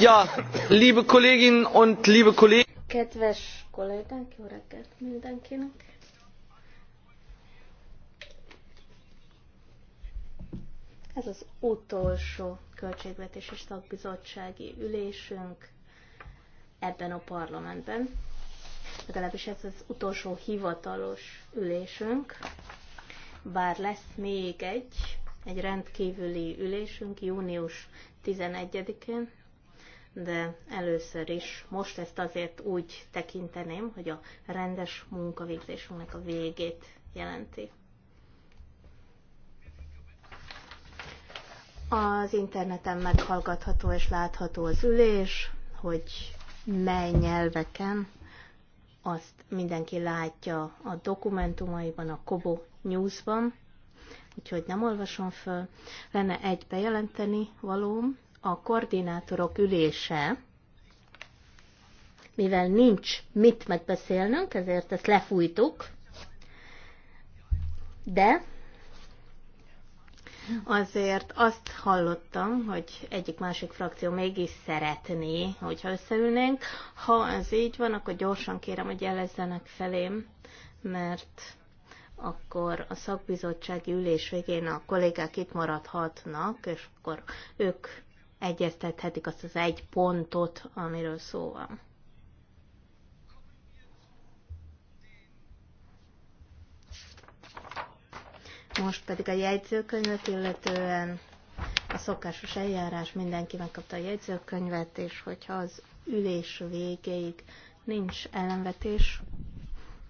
Ja, liebe Kolleginnen und liebe Kollegen. Kedves kollégánk, jó reggelt mindenkinek. Ez az utolsó költségvetési szakbizottsági ülésünk ebben a parlamentben. Legalábbis ez az utolsó hivatalos ülésünk, bár lesz még egy, egy rendkívüli ülésünk június 11-én, de először is most ezt azért úgy tekinteném, hogy a rendes munkavégzésünknek a végét jelenti. Az interneten meghallgatható és látható az ülés, hogy mely nyelveken, azt mindenki látja a dokumentumaiban, a Kobo Newsban, úgyhogy nem olvasom föl. Lenne egy bejelenteni valóm, a koordinátorok ülése, mivel nincs mit megbeszélnünk, ezért ezt lefújtuk, de azért azt hallottam, hogy egyik másik frakció mégis szeretné, hogyha összeülnénk. Ha ez így van, akkor gyorsan kérem, hogy jelezzenek felém, mert akkor a szakbizottsági ülés végén a kollégák itt maradhatnak, és akkor ők egyeztethetik azt az egy pontot, amiről szó van. Most pedig a jegyzőkönyvet illetően a szokásos eljárás, mindenki megkapta a jegyzőkönyvet, és hogyha az ülés végéig nincs ellenvetés,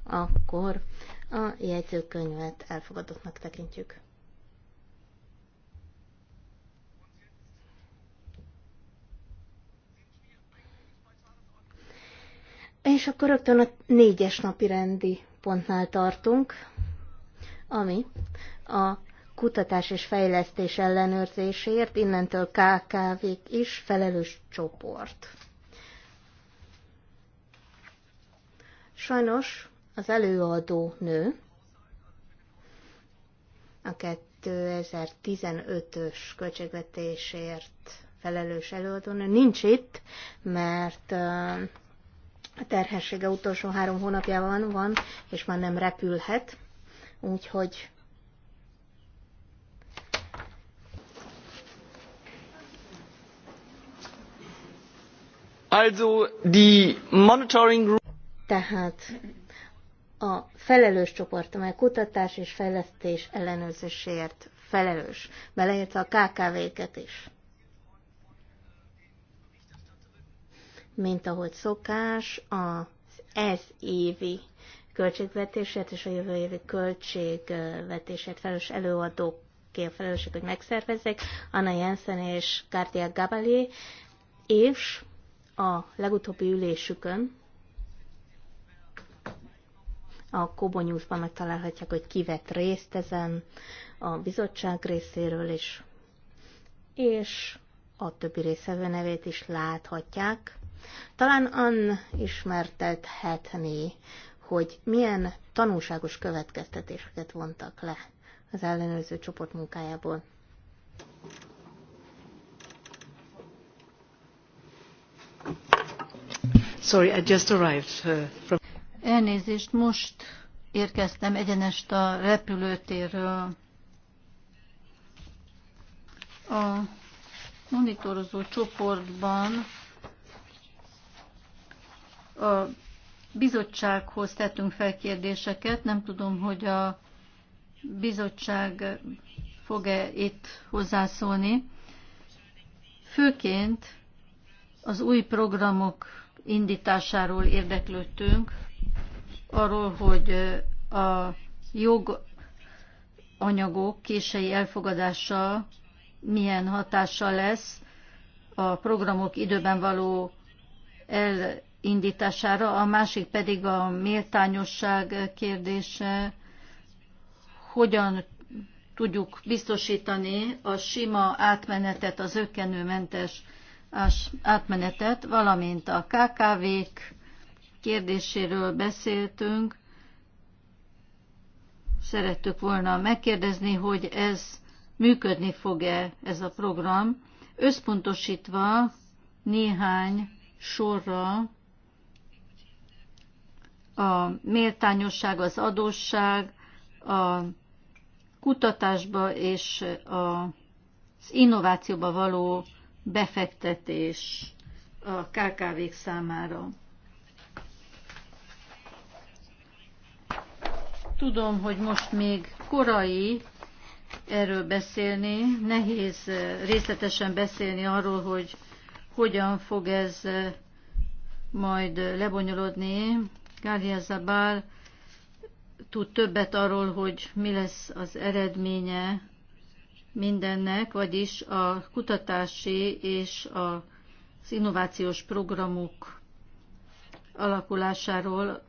akkor a jegyzőkönyvet elfogadottnak tekintjük. És akkor rögtön a négyes napi rendi pontnál tartunk, ami a kutatás és fejlesztés ellenőrzéséért, innentől kkv is felelős csoport. Sajnos az előadó nő, a 2015-ös költségvetésért felelős előadónő nincs itt, mert a terhessége utolsó három hónapjában van, és már nem repülhet, úgyhogy Also the monitoring group tehát a felelős csoport, amely kutatás és fejlesztés ellenőrzéséért felelős, beleértve a KKV-ket is. mint ahogy szokás, az ez évi költségvetését és a jövő évi költségvetését felelős előadók ki a felelősség, hogy megszervezzék, Anna Jensen és Kártia Gabalé, és a legutóbbi ülésükön a News-ban megtalálhatják, hogy kivett részt ezen a bizottság részéről is, és a többi részevő nevét is láthatják talán Ann ismertethetné, hogy milyen tanulságos következtetéseket vontak le az ellenőrző csoport munkájából. Sorry, I just arrived uh, from... Elnézést, most érkeztem egyenest a repülőtérről. A monitorozó csoportban a bizottsághoz tettünk fel kérdéseket, nem tudom, hogy a bizottság fog-e itt hozzászólni. Főként az új programok indításáról érdeklődtünk, arról, hogy a joganyagok késői elfogadása milyen hatása lesz a programok időben való el indítására, a másik pedig a méltányosság kérdése, hogyan tudjuk biztosítani a sima átmenetet, az ökkenőmentes átmenetet, valamint a KKV-k kérdéséről beszéltünk. Szerettük volna megkérdezni, hogy ez működni fog-e ez a program, összpontosítva néhány sorra a méltányosság, az adósság, a kutatásba és az innovációba való befektetés a KKV-k számára. Tudom, hogy most még korai erről beszélni, nehéz eh, részletesen beszélni arról, hogy hogyan fog ez eh, majd eh, lebonyolodni Gália Zabál tud többet arról, hogy mi lesz az eredménye mindennek, vagyis a kutatási és az innovációs programok alakulásáról,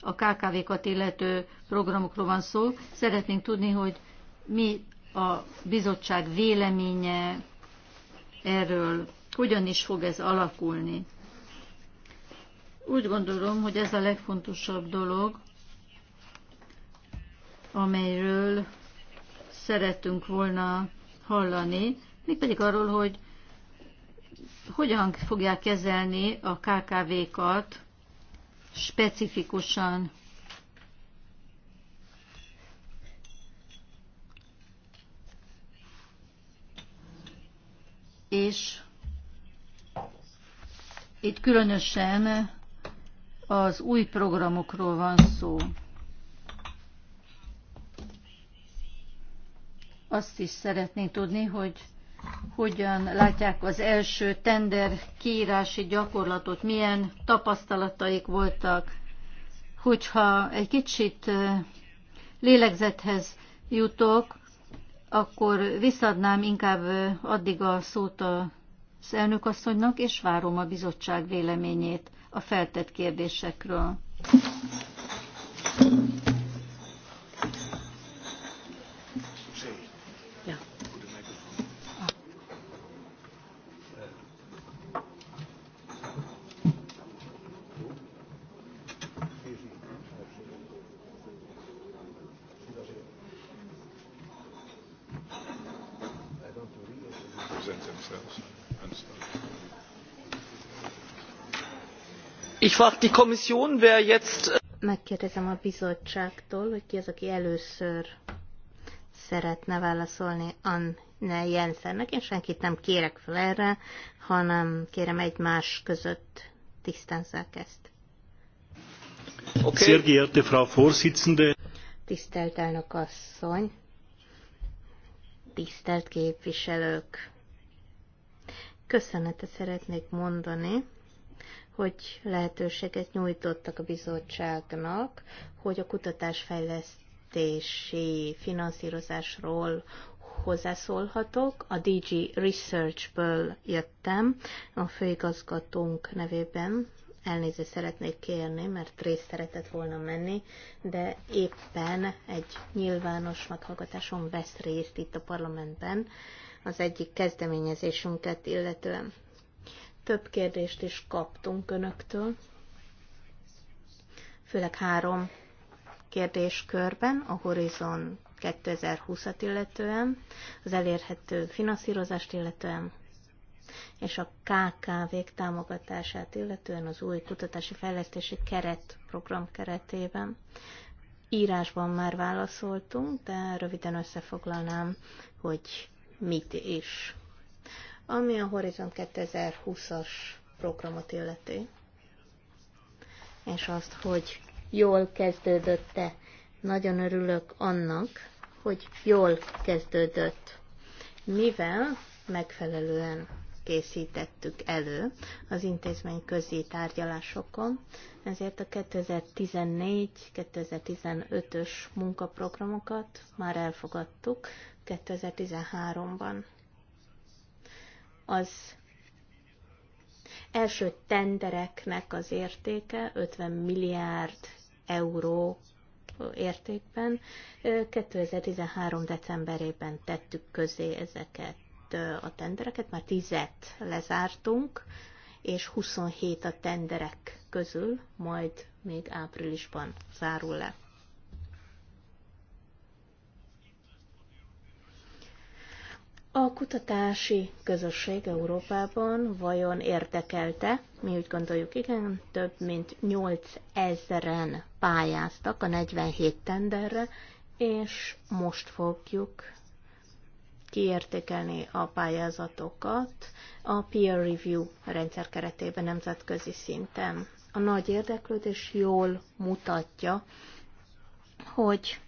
a KKV-kat illető programokról van szó. Szeretnénk tudni, hogy mi a bizottság véleménye erről, hogyan is fog ez alakulni. Úgy gondolom, hogy ez a legfontosabb dolog, amelyről szerettünk volna hallani, mégpedig arról, hogy hogyan fogják kezelni a KKV-kat specifikusan. És itt különösen az új programokról van szó. Azt is szeretnénk tudni, hogy hogyan látják az első tender kiírási gyakorlatot, milyen tapasztalataik voltak, hogyha egy kicsit lélegzethez jutok, akkor visszadnám inkább addig a szót az elnökasszonynak, és várom a bizottság véleményét a feltett kérdésekről. Äh, Megkérdezem a bizottságtól, hogy ki az, aki először szeretne válaszolni Anne Jensennek. Én senkit nem kérek fel erre, hanem kérem egymás között tisztázzák ezt. Okay. Frau Vorsitzende. Tisztelt elnök asszony, tisztelt képviselők! Köszönetet szeretnék mondani hogy lehetőséget nyújtottak a bizottságnak, hogy a kutatásfejlesztési finanszírozásról hozzászólhatok. A DG Research-ből jöttem, a főigazgatónk nevében. Elnézést szeretnék kérni, mert részt szeretett volna menni, de éppen egy nyilvános meghallgatáson vesz részt itt a parlamentben az egyik kezdeményezésünket illetően. Több kérdést is kaptunk önöktől, főleg három kérdéskörben, a Horizon 2020-at illetően, az elérhető finanszírozást illetően, és a KKV-k támogatását illetően az új kutatási fejlesztési keret program keretében. Írásban már válaszoltunk, de röviden összefoglalnám, hogy mit is ami a Horizont 2020-as programot illeti, és azt, hogy jól kezdődött-e. Nagyon örülök annak, hogy jól kezdődött, mivel megfelelően készítettük elő az intézmény közé tárgyalásokon, ezért a 2014-2015-ös munkaprogramokat már elfogadtuk 2013-ban az első tendereknek az értéke 50 milliárd euró értékben. 2013. decemberében tettük közé ezeket a tendereket, már tizet lezártunk, és 27 a tenderek közül, majd még áprilisban zárul le. A kutatási közösség Európában vajon érdekelte? Mi úgy gondoljuk, igen, több mint 8000-en pályáztak a 47 tenderre, és most fogjuk kiértékelni a pályázatokat a peer review rendszer keretében nemzetközi szinten. A nagy érdeklődés jól mutatja, hogy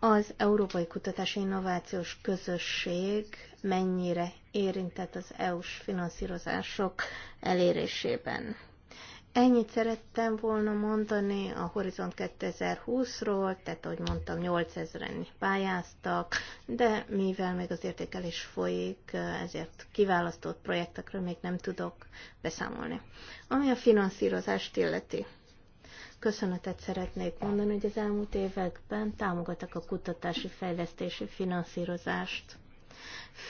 az Európai Kutatási Innovációs Közösség mennyire érintett az EU-s finanszírozások elérésében. Ennyit szerettem volna mondani a Horizont 2020-ról, tehát ahogy mondtam, 8000-en pályáztak, de mivel még az értékelés folyik, ezért kiválasztott projektekről még nem tudok beszámolni. Ami a finanszírozást illeti köszönetet szeretnék mondani, hogy az elmúlt években támogattak a kutatási fejlesztési finanszírozást,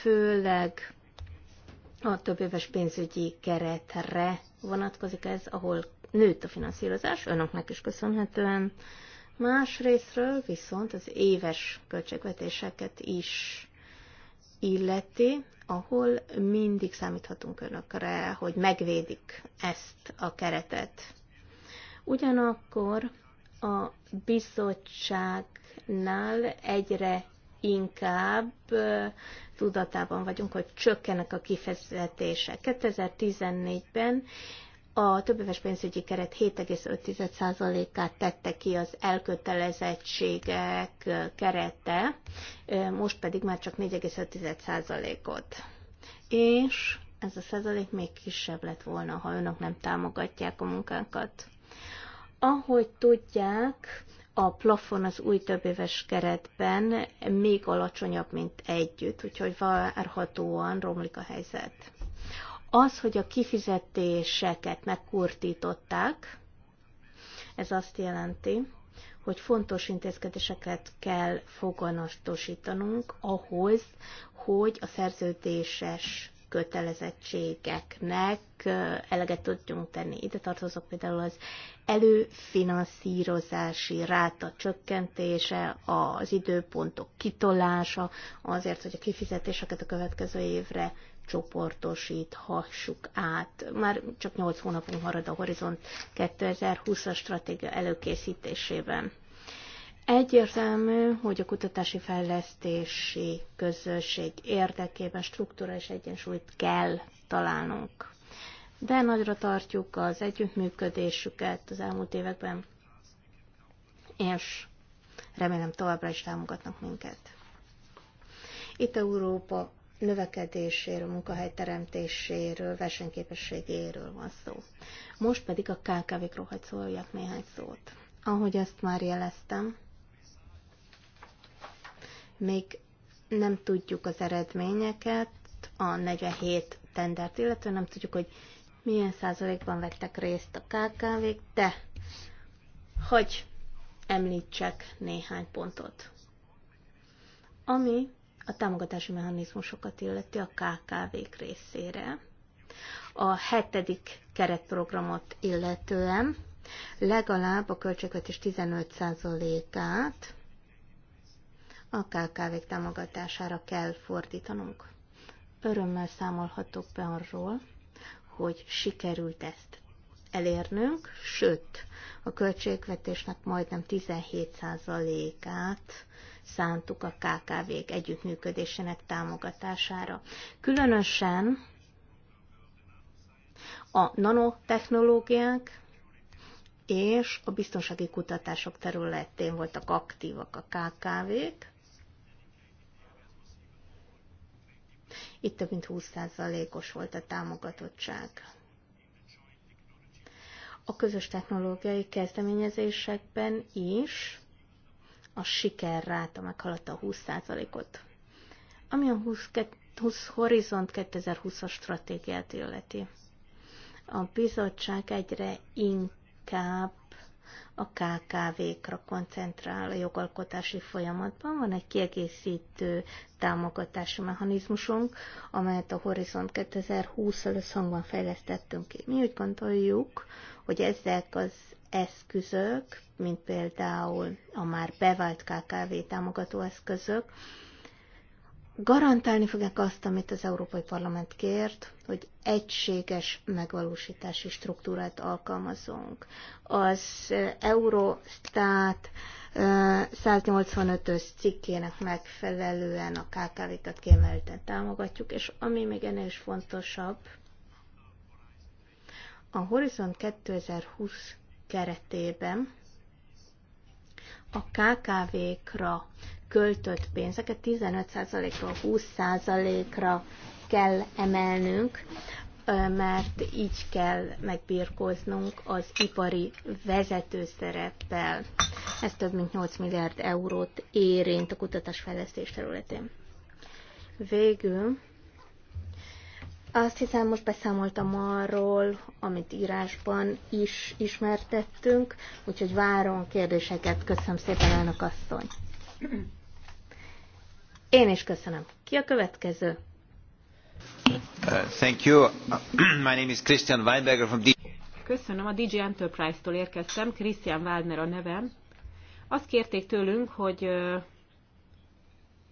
főleg a több éves pénzügyi keretre vonatkozik ez, ahol nőtt a finanszírozás, önöknek is köszönhetően. Másrésztről viszont az éves költségvetéseket is illeti, ahol mindig számíthatunk önökre, hogy megvédik ezt a keretet. Ugyanakkor a bizottságnál egyre inkább tudatában vagyunk, hogy csökkenek a kifizetések. 2014-ben a többéves pénzügyi keret 7,5%-át tette ki az elkötelezettségek kerete, most pedig már csak 4,5%-ot. És ez a százalék még kisebb lett volna, ha önök nem támogatják a munkánkat. Ahogy tudják, a plafon az új többéves keretben még alacsonyabb, mint együtt, úgyhogy várhatóan romlik a helyzet. Az, hogy a kifizetéseket megkurtították, ez azt jelenti, hogy fontos intézkedéseket kell foganatosítanunk ahhoz, hogy a szerződéses kötelezettségeknek eh, eleget tudjunk tenni. Ide tartozok például az előfinanszírozási ráta csökkentése, az időpontok kitolása, azért, hogy a kifizetéseket a következő évre csoportosíthassuk át. Már csak 8 hónapunk marad a Horizont 2020-as stratégia előkészítésében. Egyértelmű, hogy a kutatási fejlesztési közösség érdekében struktúra és egyensúlyt kell találnunk de nagyra tartjuk az együttműködésüket az elmúlt években, és remélem továbbra is támogatnak minket. Itt Európa növekedéséről, munkahelyteremtéséről, versenyképességéről van szó. Most pedig a KKV-król hagy szóljak néhány szót. Ahogy ezt már jeleztem, még nem tudjuk az eredményeket, a 47 tendert, illetve nem tudjuk, hogy milyen százalékban vettek részt a KKV-k, de hogy említsek néhány pontot. Ami a támogatási mechanizmusokat illeti a KKV-k részére, a hetedik keretprogramot illetően legalább a költségvetés 15%-át a KKV-k támogatására kell fordítanunk. Örömmel számolhatok be arról, hogy sikerült ezt elérnünk, sőt, a költségvetésnek majdnem 17%-át szántuk a KKV-k együttműködésének támogatására. Különösen a nanotechnológiák és a biztonsági kutatások területén voltak aktívak a KKV-k, Itt több mint 20%-os volt a támogatottság. A közös technológiai kezdeményezésekben is a siker ráta meghaladta a 20%-ot. Ami a 20, 20 Horizont 2020-as stratégiát illeti. A bizottság egyre inkább a KKV-kra koncentrál a jogalkotási folyamatban. Van egy kiegészítő támogatási mechanizmusunk, amelyet a Horizont 2020-szal összhangban fejlesztettünk ki. Mi úgy gondoljuk, hogy ezek az eszközök, mint például a már bevált KKV támogató eszközök, garantálni fogják azt, amit az Európai Parlament kért, hogy egységes megvalósítási struktúrát alkalmazunk. Az Eurostat 185-ös cikkének megfelelően a KKV-kat kiemelten támogatjuk, és ami még ennél is fontosabb, a Horizon 2020 keretében a KKV-kra költött pénzeket 15%-ról 20%-ra kell emelnünk, mert így kell megbírkoznunk az ipari vezető Ez több mint 8 milliárd eurót érint a kutatásfejlesztés területén. Végül azt hiszem, most beszámoltam arról, amit írásban is ismertettünk, úgyhogy várom kérdéseket. Köszönöm szépen, elnök asszony! Én is köszönöm. Ki a következő? Uh, thank you. My name is Christian Weinberger from Köszönöm, a DJ Enterprise-tól érkeztem, Christian Waldner a nevem. Azt kérték tőlünk, hogy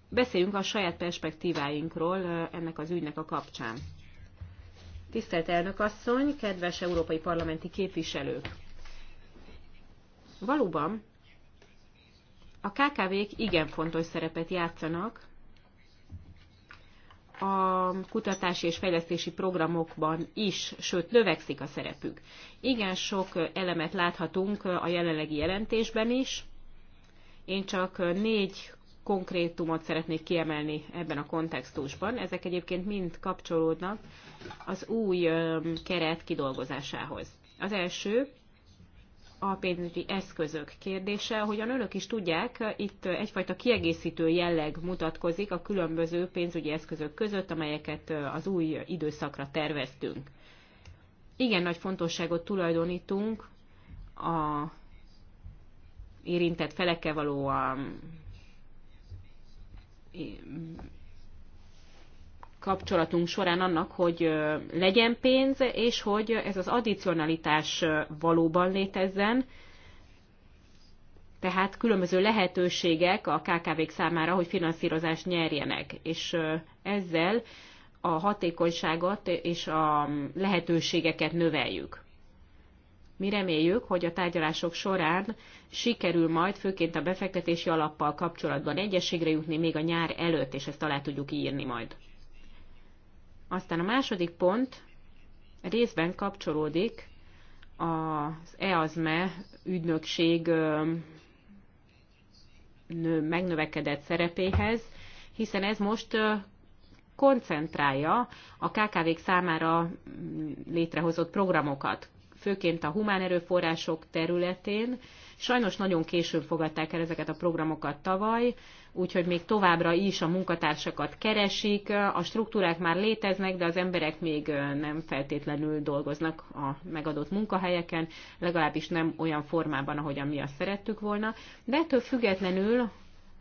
beszéljünk a saját perspektíváinkról ennek az ügynek a kapcsán. Tisztelt elnök asszony, kedves európai parlamenti képviselők! Valóban a KKV-k igen fontos szerepet játszanak a kutatási és fejlesztési programokban is, sőt növekszik a szerepük. Igen sok elemet láthatunk a jelenlegi jelentésben is. Én csak négy konkrétumot szeretnék kiemelni ebben a kontextusban. Ezek egyébként mind kapcsolódnak az új keret kidolgozásához. Az első a pénzügyi eszközök kérdése. Ahogyan önök is tudják, itt egyfajta kiegészítő jelleg mutatkozik a különböző pénzügyi eszközök között, amelyeket az új időszakra terveztünk. Igen nagy fontosságot tulajdonítunk a érintett felekkel való a kapcsolatunk során annak, hogy legyen pénz, és hogy ez az addicionalitás valóban létezzen, tehát különböző lehetőségek a KKV-k számára, hogy finanszírozást nyerjenek, és ezzel a hatékonyságot és a lehetőségeket növeljük. Mi reméljük, hogy a tárgyalások során sikerül majd főként a befektetési alappal kapcsolatban egyességre jutni még a nyár előtt, és ezt alá tudjuk írni majd. Aztán a második pont részben kapcsolódik az EASME ügynökség megnövekedett szerepéhez, hiszen ez most koncentrálja a KKV-k számára mm, létrehozott programokat, főként a humán erőforrások területén, Sajnos nagyon későn fogadták el ezeket a programokat tavaly, úgyhogy még továbbra is a munkatársakat keresik. A struktúrák már léteznek, de az emberek még nem feltétlenül dolgoznak a megadott munkahelyeken, legalábbis nem olyan formában, ahogyan mi azt szerettük volna. De ettől függetlenül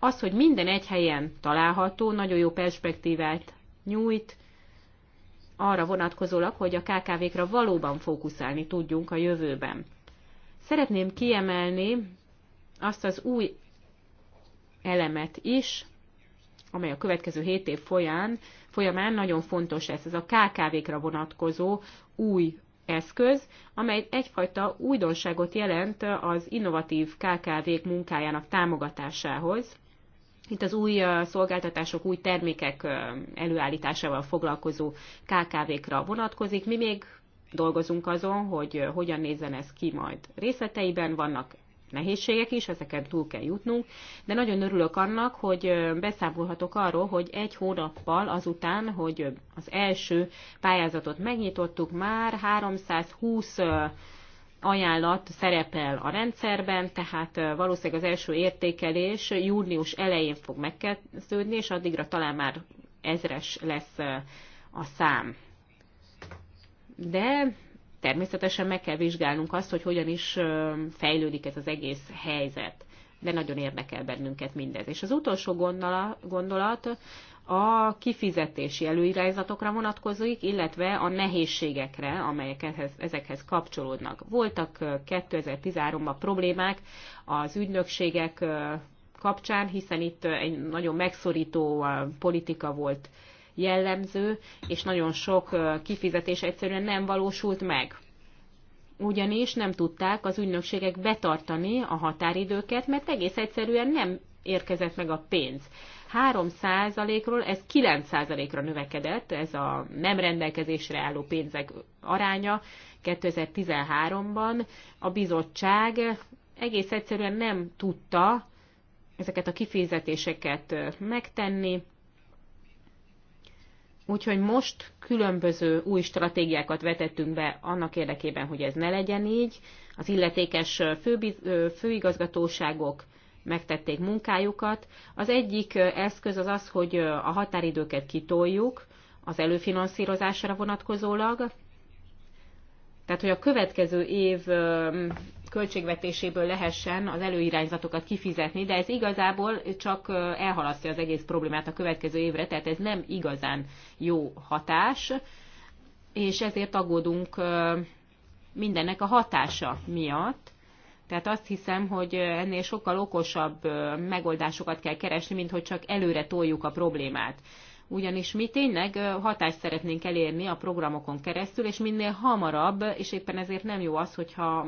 az, hogy minden egy helyen található, nagyon jó perspektívát nyújt, arra vonatkozólag, hogy a KKV-kra valóban fókuszálni tudjunk a jövőben. Szeretném kiemelni azt az új elemet is, amely a következő 7 év folyán, folyamán nagyon fontos lesz. Ez a KKV-kra vonatkozó új eszköz, amely egyfajta újdonságot jelent az innovatív KKV-k munkájának támogatásához. Itt az új szolgáltatások, új termékek előállításával foglalkozó KKV-kra vonatkozik. Mi még dolgozunk azon, hogy hogyan nézzen ez ki majd részleteiben. Vannak nehézségek is, ezeket túl kell jutnunk, de nagyon örülök annak, hogy beszámolhatok arról, hogy egy hónappal azután, hogy az első pályázatot megnyitottuk, már 320 ajánlat szerepel a rendszerben, tehát valószínűleg az első értékelés június elején fog megkezdődni, és addigra talán már ezres lesz a szám de természetesen meg kell vizsgálnunk azt, hogy hogyan is fejlődik ez az egész helyzet. De nagyon érdekel bennünket mindez. És az utolsó gondolat a kifizetési előirányzatokra vonatkozik, illetve a nehézségekre, amelyek ehhez, ezekhez kapcsolódnak. Voltak 2013-ban problémák az ügynökségek kapcsán, hiszen itt egy nagyon megszorító politika volt jellemző, és nagyon sok kifizetés egyszerűen nem valósult meg. Ugyanis nem tudták az ügynökségek betartani a határidőket, mert egész egyszerűen nem érkezett meg a pénz. 3%-ról ez 9%-ra növekedett, ez a nem rendelkezésre álló pénzek aránya 2013-ban. A bizottság egész egyszerűen nem tudta ezeket a kifizetéseket megtenni, Úgyhogy most különböző új stratégiákat vetettünk be annak érdekében, hogy ez ne legyen így. Az illetékes főigazgatóságok megtették munkájukat. Az egyik eszköz az az, hogy a határidőket kitoljuk az előfinanszírozásra vonatkozólag. Tehát, hogy a következő év költségvetéséből lehessen az előirányzatokat kifizetni, de ez igazából csak elhalasztja az egész problémát a következő évre, tehát ez nem igazán jó hatás, és ezért aggódunk mindennek a hatása miatt. Tehát azt hiszem, hogy ennél sokkal okosabb megoldásokat kell keresni, mint hogy csak előre toljuk a problémát ugyanis mi tényleg hatást szeretnénk elérni a programokon keresztül, és minél hamarabb, és éppen ezért nem jó az, hogyha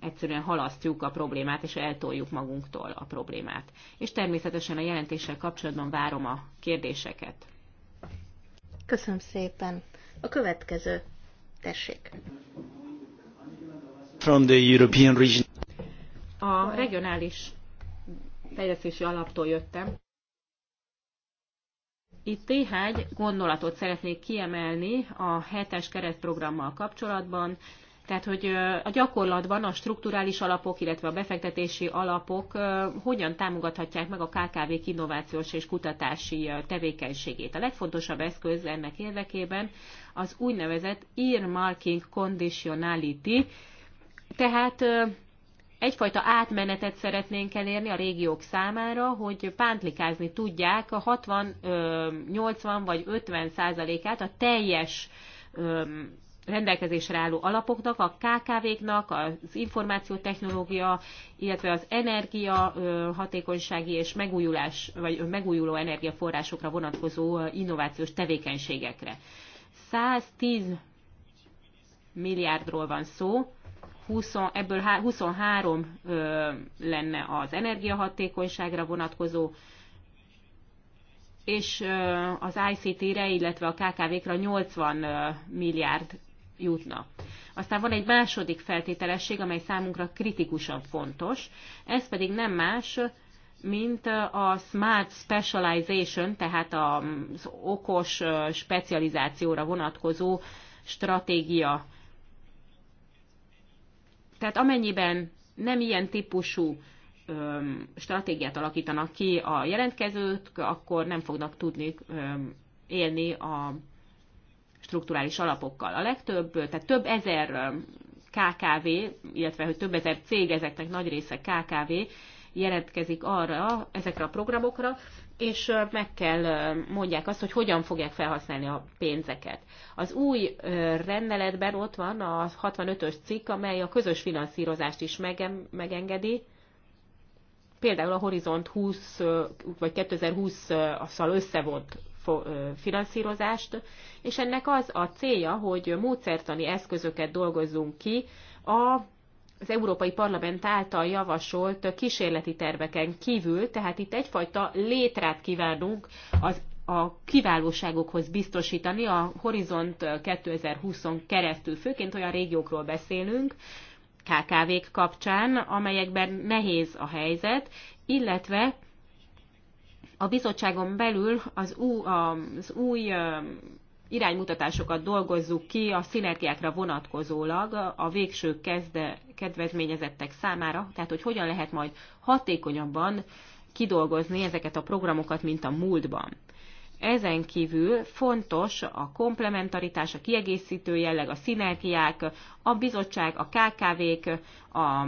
egyszerűen halasztjuk a problémát, és eltoljuk magunktól a problémát. És természetesen a jelentéssel kapcsolatban várom a kérdéseket. Köszönöm szépen. A következő. Tessék. From the European region. A regionális fejlesztési alaptól jöttem. Itt néhány gondolatot szeretnék kiemelni a hetes keretprogrammal kapcsolatban tehát, hogy a gyakorlatban a strukturális alapok, illetve a befektetési alapok hogyan támogathatják meg a KKV innovációs és kutatási tevékenységét. A legfontosabb eszköz ennek érdekében az úgynevezett earmarking conditionality, tehát egyfajta átmenetet szeretnénk elérni a régiók számára, hogy pántlikázni tudják a 60, 80 vagy 50 százalékát a teljes rendelkezésre álló alapoknak, a KKV-knak, az információtechnológia, illetve az energia hatékonysági és megújulás, vagy megújuló energiaforrásokra vonatkozó innovációs tevékenységekre. 110 milliárdról van szó, 20, ebből 23 ö, lenne az energiahatékonyságra vonatkozó, és ö, az ICT-re, illetve a KKV-kra 80 ö, milliárd jutna. Aztán van egy második feltételesség, amely számunkra kritikusan fontos, ez pedig nem más, mint a smart specialization, tehát az okos specializációra vonatkozó stratégia. Tehát amennyiben nem ilyen típusú stratégiát alakítanak ki a jelentkezők, akkor nem fognak tudni élni a strukturális alapokkal. A legtöbb, tehát több ezer um, KKV, illetve hogy több ezer cég, ezeknek nagy része KKV jelentkezik arra, ezekre a programokra, és uh, meg kell uh, mondják azt, hogy hogyan fogják felhasználni a pénzeket. Az új uh, rendeletben ott van a 65-ös cikk, amely a közös finanszírozást is megengedi, például a Horizont 20 vagy 2020-szal összevont finanszírozást, és ennek az a célja, hogy módszertani eszközöket dolgozzunk ki a az Európai Parlament által javasolt kísérleti terveken kívül, tehát itt egyfajta létrát kívánunk az a kiválóságokhoz biztosítani a Horizont 2020-on keresztül. Főként olyan régiókról beszélünk, KKV-k kapcsán, amelyekben nehéz a helyzet, illetve a bizottságon belül az, ú, az új iránymutatásokat dolgozzuk ki a szinergiákra vonatkozólag a végső kezde, kedvezményezettek számára, tehát hogy hogyan lehet majd hatékonyabban kidolgozni ezeket a programokat, mint a múltban. Ezen kívül fontos a komplementaritás, a kiegészítő jelleg, a szinergiák, a bizottság, a KKV-k, a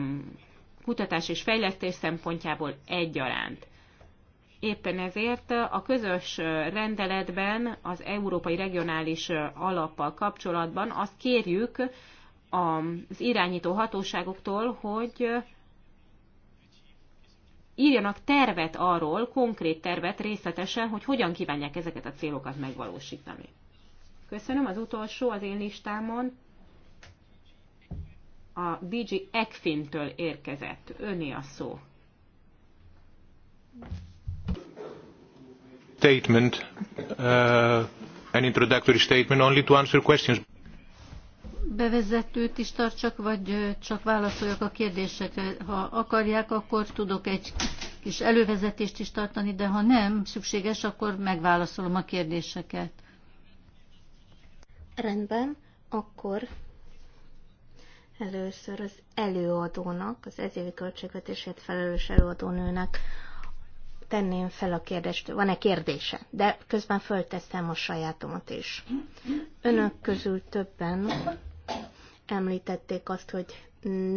kutatás és fejlesztés szempontjából egyaránt. Éppen ezért a közös rendeletben az Európai Regionális Alappal kapcsolatban azt kérjük az irányító hatóságoktól, hogy írjanak tervet arról, konkrét tervet részletesen, hogy hogyan kívánják ezeket a célokat megvalósítani. Köszönöm, az utolsó az én listámon a DG ECFIN-től érkezett. Öné a szó statement, uh, an introductory statement only to answer questions. Bevezetőt is tartsak, vagy uh, csak válaszoljak a kérdésekre. Ha akarják, akkor tudok egy kis elővezetést is tartani, de ha nem szükséges, akkor megválaszolom a kérdéseket. Rendben, akkor először az előadónak, az ezévi költségvetését felelős előadónőnek tenném fel a kérdést, van-e kérdése, de közben fölteszem a sajátomat is. Önök közül többen említették azt, hogy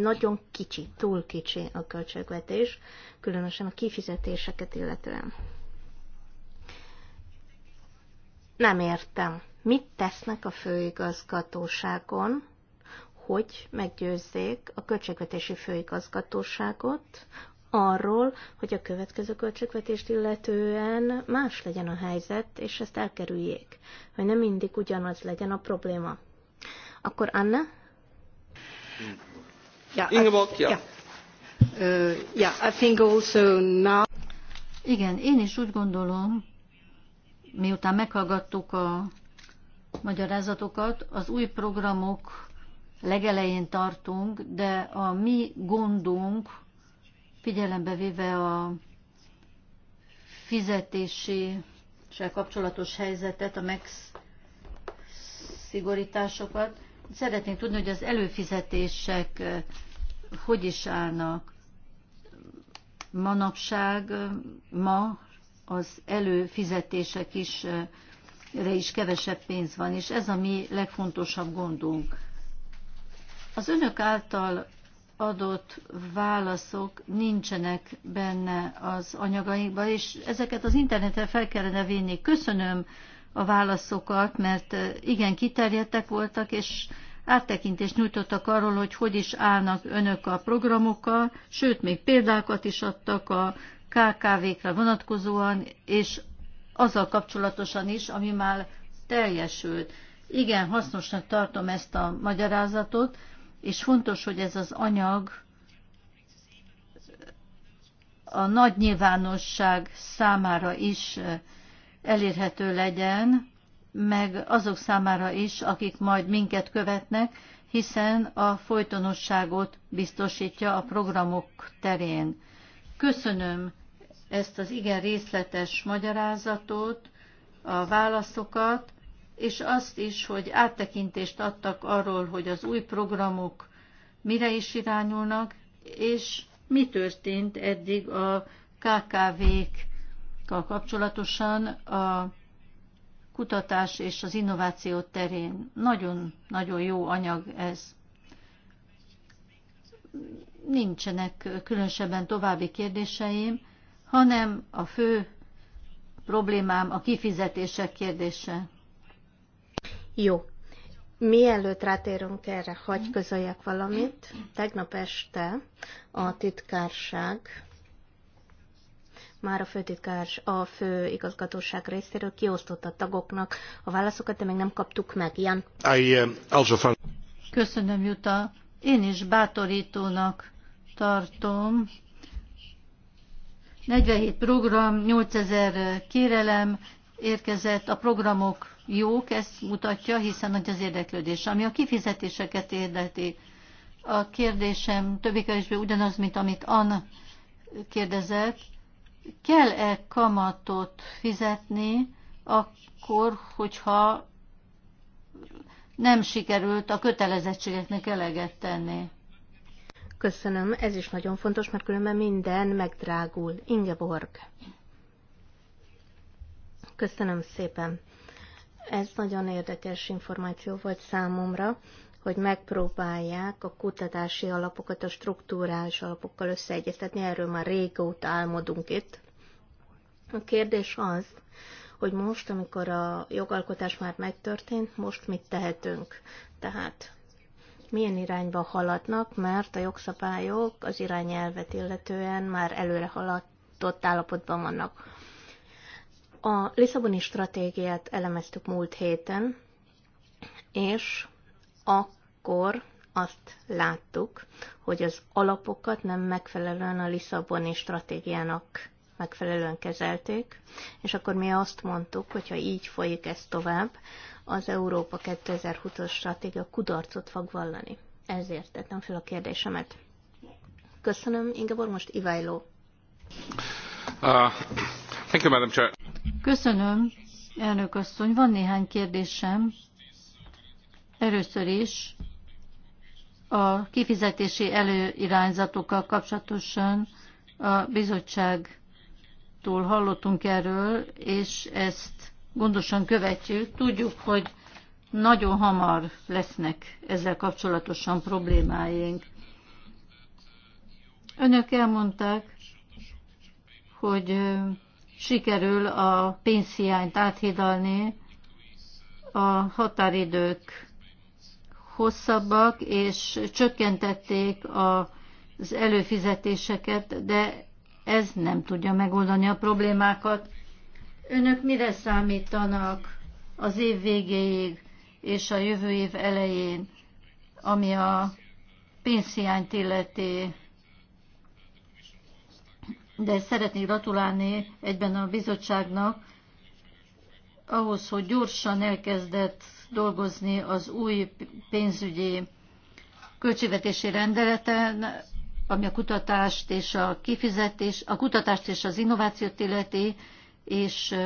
nagyon kicsi, túl kicsi a költségvetés, különösen a kifizetéseket illetően. Nem értem. Mit tesznek a főigazgatóságon, hogy meggyőzzék a költségvetési főigazgatóságot arról, hogy a következő költségvetést illetően más legyen a helyzet, és ezt elkerüljék, hogy nem mindig ugyanaz legyen a probléma. Akkor Anna? Uh, I think also now... Igen, én is úgy gondolom, miután meghallgattuk a magyarázatokat, az új programok legelején tartunk, de a mi gondunk figyelembe véve a fizetési kapcsolatos helyzetet, a megszigorításokat. Szeretnénk tudni, hogy az előfizetések eh, hogy is állnak. Manapság eh, ma az előfizetések is eh, re is kevesebb pénz van, és ez a mi legfontosabb gondunk. Az önök által adott válaszok nincsenek benne az anyagainkban, és ezeket az interneten fel kellene vinni. Köszönöm a válaszokat, mert igen, kiterjedtek voltak, és áttekintést nyújtottak arról, hogy hogy is állnak önök a programokkal, sőt, még példákat is adtak a KKV-kra vonatkozóan, és azzal kapcsolatosan is, ami már teljesült. Igen, hasznosnak tartom ezt a magyarázatot, és fontos, hogy ez az anyag a nagy nyilvánosság számára is elérhető legyen, meg azok számára is, akik majd minket követnek, hiszen a folytonosságot biztosítja a programok terén. Köszönöm ezt az igen részletes magyarázatot, a válaszokat, és azt is, hogy áttekintést adtak arról, hogy az új programok mire is irányulnak, és mi történt eddig a KKV-kkal kapcsolatosan a kutatás és az innováció terén. Nagyon-nagyon jó anyag ez. Nincsenek különösebben további kérdéseim, hanem a fő problémám a kifizetések kérdése. Jó. Mielőtt rátérünk erre, hagyj közöljek valamit. Tegnap este a titkárság, már a főtitkárs, a fő igazgatóság részéről kiosztotta a tagoknak a válaszokat, de még nem kaptuk meg. ilyen. I, uh, also found... Köszönöm, Juta. Én is bátorítónak tartom. 47 program, 8000 kérelem érkezett a programok jók, ezt mutatja, hiszen nagy az érdeklődés. Ami a kifizetéseket érdeti, a kérdésem többé kevésbé ugyanaz, mint amit Anna kérdezett. Kell-e kamatot fizetni akkor, hogyha nem sikerült a kötelezettségeknek eleget tenni? Köszönöm, ez is nagyon fontos, mert különben minden megdrágul. Ingeborg. Köszönöm szépen. Ez nagyon érdekes információ volt számomra, hogy megpróbálják a kutatási alapokat a struktúrás alapokkal összeegyeztetni, erről már régóta álmodunk itt. A kérdés az, hogy most, amikor a jogalkotás már megtörtént, most mit tehetünk? Tehát milyen irányba haladnak, mert a jogszabályok az irányelvet illetően már előre haladtott állapotban vannak. A Lisszaboni stratégiát elemeztük múlt héten, és akkor azt láttuk, hogy az alapokat nem megfelelően a Lisszaboni stratégiának megfelelően kezelték, és akkor mi azt mondtuk, hogy ha így folyik ez tovább, az Európa 2020-as stratégia kudarcot fog vallani. Ezért tettem fel a kérdésemet. Köszönöm, Ingeborg, most Iváló. Uh, thank you, Madam Chair. Köszönöm, elnök asszony. Van néhány kérdésem. Először is a kifizetési előirányzatokkal kapcsolatosan a bizottságtól hallottunk erről, és ezt gondosan követjük. Tudjuk, hogy nagyon hamar lesznek ezzel kapcsolatosan problémáink. Önök elmondták, hogy sikerül a pénzhiányt áthidalni, a határidők hosszabbak, és csökkentették az előfizetéseket, de ez nem tudja megoldani a problémákat. Önök mire számítanak az év végéig és a jövő év elején, ami a pénzhiányt illeti? de szeretnék gratulálni egyben a bizottságnak ahhoz, hogy gyorsan elkezdett dolgozni az új pénzügyi költségvetési rendeleten, ami a kutatást és a kifizetés, a kutatást és az innovációt illeti, és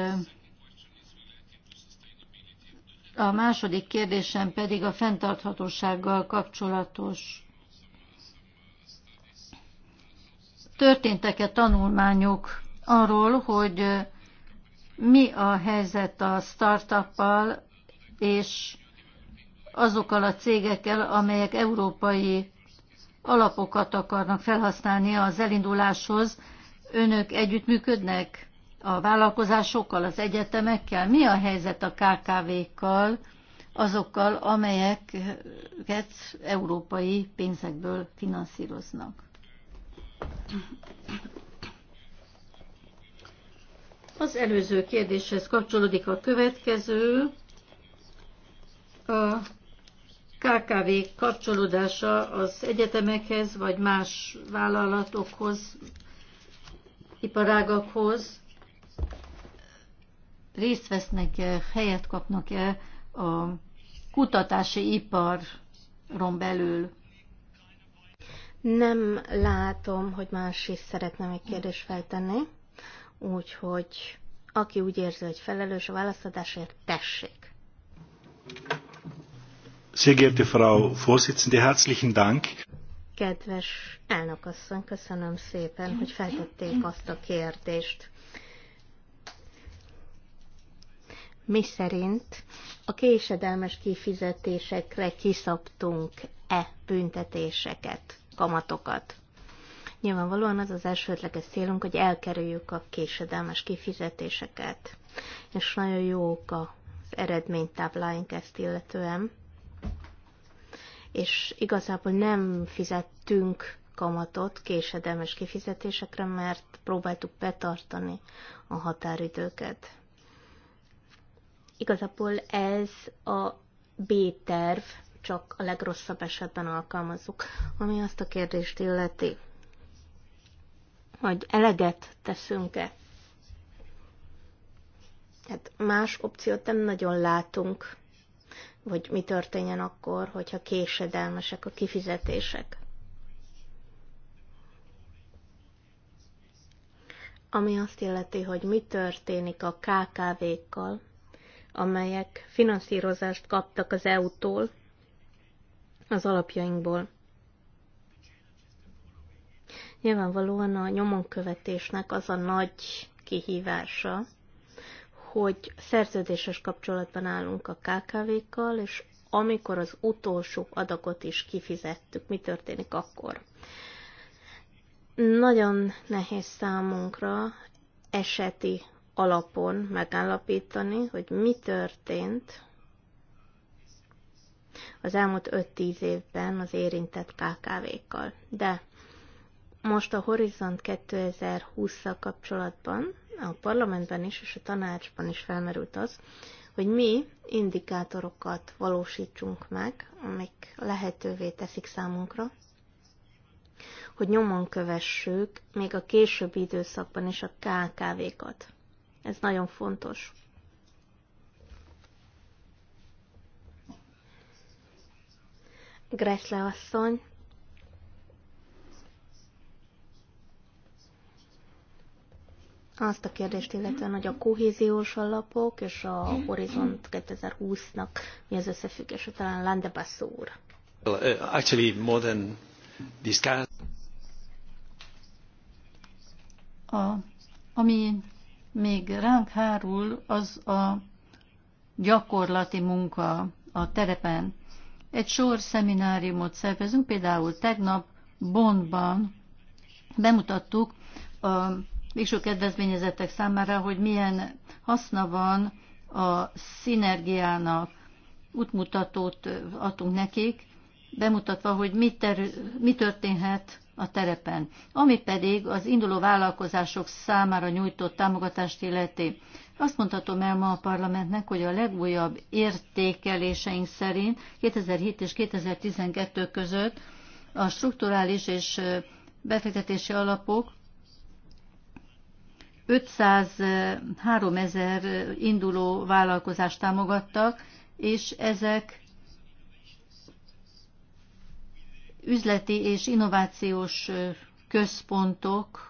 a második kérdésem pedig a fenntarthatósággal kapcsolatos. Történtek-e tanulmányok arról, hogy mi a helyzet a startuppal és azokkal a cégekkel, amelyek európai alapokat akarnak felhasználni az elinduláshoz, önök együttműködnek a vállalkozásokkal, az egyetemekkel? Mi a helyzet a KKV-kkal, azokkal, amelyeket európai pénzekből finanszíroznak? Az előző kérdéshez kapcsolódik a következő. A KKV kapcsolódása az egyetemekhez, vagy más vállalatokhoz, iparágakhoz részt vesznek -e, helyet kapnak-e a kutatási iparon belül. Nem látom, hogy más is szeretne még kérdést feltenni, úgyhogy aki úgy érzi, hogy felelős a választásért, tessék. Sehr geehrte Frau Vorsitzende, herzlichen Dank. Kedves elnökasszony, köszönöm szépen, hogy feltették azt a kérdést. Mi szerint a késedelmes kifizetésekre kiszabtunk-e büntetéseket? kamatokat. Nyilvánvalóan az az elsődleges célunk, hogy elkerüljük a késedelmes kifizetéseket, és nagyon jók az eredménytábláink ezt illetően, és igazából nem fizettünk kamatot késedelmes kifizetésekre, mert próbáltuk betartani a határidőket. Igazából ez a B-terv, csak a legrosszabb esetben alkalmazzuk, ami azt a kérdést illeti, hogy eleget teszünk-e. Hát más opciót nem nagyon látunk, vagy mi történjen akkor, hogyha késedelmesek a kifizetések. Ami azt illeti, hogy mi történik a KKV-kkal, amelyek finanszírozást kaptak az EU-tól, az alapjainkból. Nyilvánvalóan a nyomonkövetésnek az a nagy kihívása, hogy szerződéses kapcsolatban állunk a KKV-kkal, és amikor az utolsó adagot is kifizettük, mi történik akkor. Nagyon nehéz számunkra eseti alapon megállapítani, hogy mi történt az elmúlt 5-10 évben az érintett KKV-kkal. De most a Horizont 2020-szal kapcsolatban a parlamentben is és a tanácsban is felmerült az, hogy mi indikátorokat valósítsunk meg, amik lehetővé teszik számunkra, hogy nyomon kövessük még a későbbi időszakban is a KKV-kat. Ez nagyon fontos. Gressle asszony. Azt a kérdést illetően, hogy a kohéziós alapok és a Horizont 2020-nak mi az összefüggés? talán Landebass úr. Well, uh, actually, more than discuss... A, ami még ránk hárul, az a gyakorlati munka a terepen egy sor szemináriumot szervezünk, például tegnap Bondban bemutattuk a végső kedvezményezettek számára, hogy milyen haszna van a szinergiának, útmutatót adtunk nekik, bemutatva, hogy mi, ter- mi történhet a terepen. Ami pedig az induló vállalkozások számára nyújtott támogatást illeti. Azt mondhatom el ma a parlamentnek, hogy a legújabb értékeléseink szerint 2007 és 2012 között a strukturális és befektetési alapok 503 ezer induló vállalkozást támogattak, és ezek üzleti és innovációs központok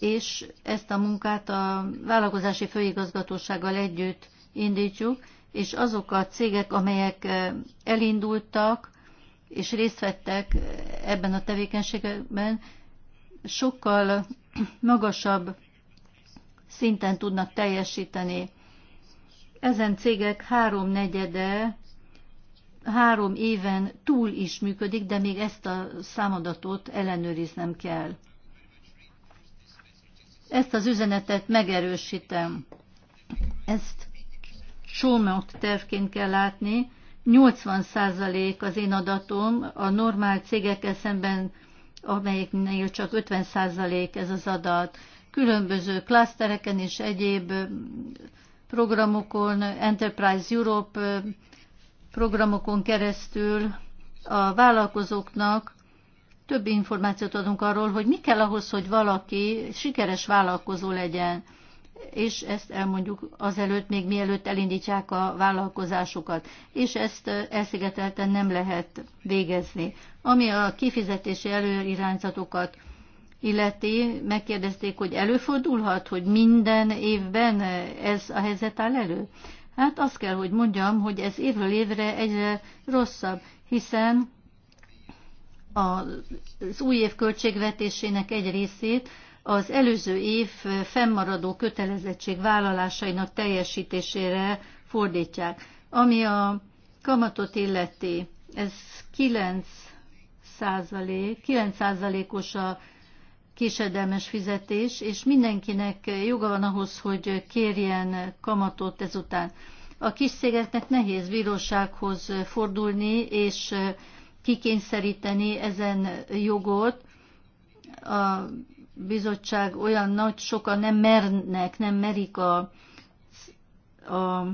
és ezt a munkát a vállalkozási főigazgatósággal együtt indítjuk, és azok a cégek, amelyek eh, elindultak és részt vettek eh, ebben a tevékenységben, sokkal magasabb szinten tudnak teljesíteni. Ezen cégek háromnegyede három éven túl is működik, de még ezt a számadatot ellenőriznem kell. Ezt az üzenetet megerősítem. Ezt csomag tervként kell látni. 80% az én adatom, a normál cégekkel szemben, amelyeknél csak 50% ez az adat. Különböző klasztereken és egyéb programokon, Enterprise Europe programokon keresztül a vállalkozóknak több információt adunk arról, hogy mi kell ahhoz, hogy valaki sikeres vállalkozó legyen, és ezt elmondjuk azelőtt, még mielőtt elindítják a vállalkozásukat, és ezt elszigetelten nem lehet végezni. Ami a kifizetési előirányzatokat illeti, megkérdezték, hogy előfordulhat, hogy minden évben ez a helyzet áll elő? Hát azt kell, hogy mondjam, hogy ez évről évre egyre rosszabb, hiszen az új év költségvetésének egy részét az előző év fennmaradó kötelezettség vállalásainak teljesítésére fordítják. Ami a kamatot illeti, ez 9 százalék, 9 százalékos a késedelmes fizetés, és mindenkinek joga van ahhoz, hogy kérjen kamatot ezután. A kis szégeknek nehéz bírósághoz fordulni, és kikényszeríteni ezen jogot. A bizottság olyan nagy, sokan nem mernek, nem merik a, a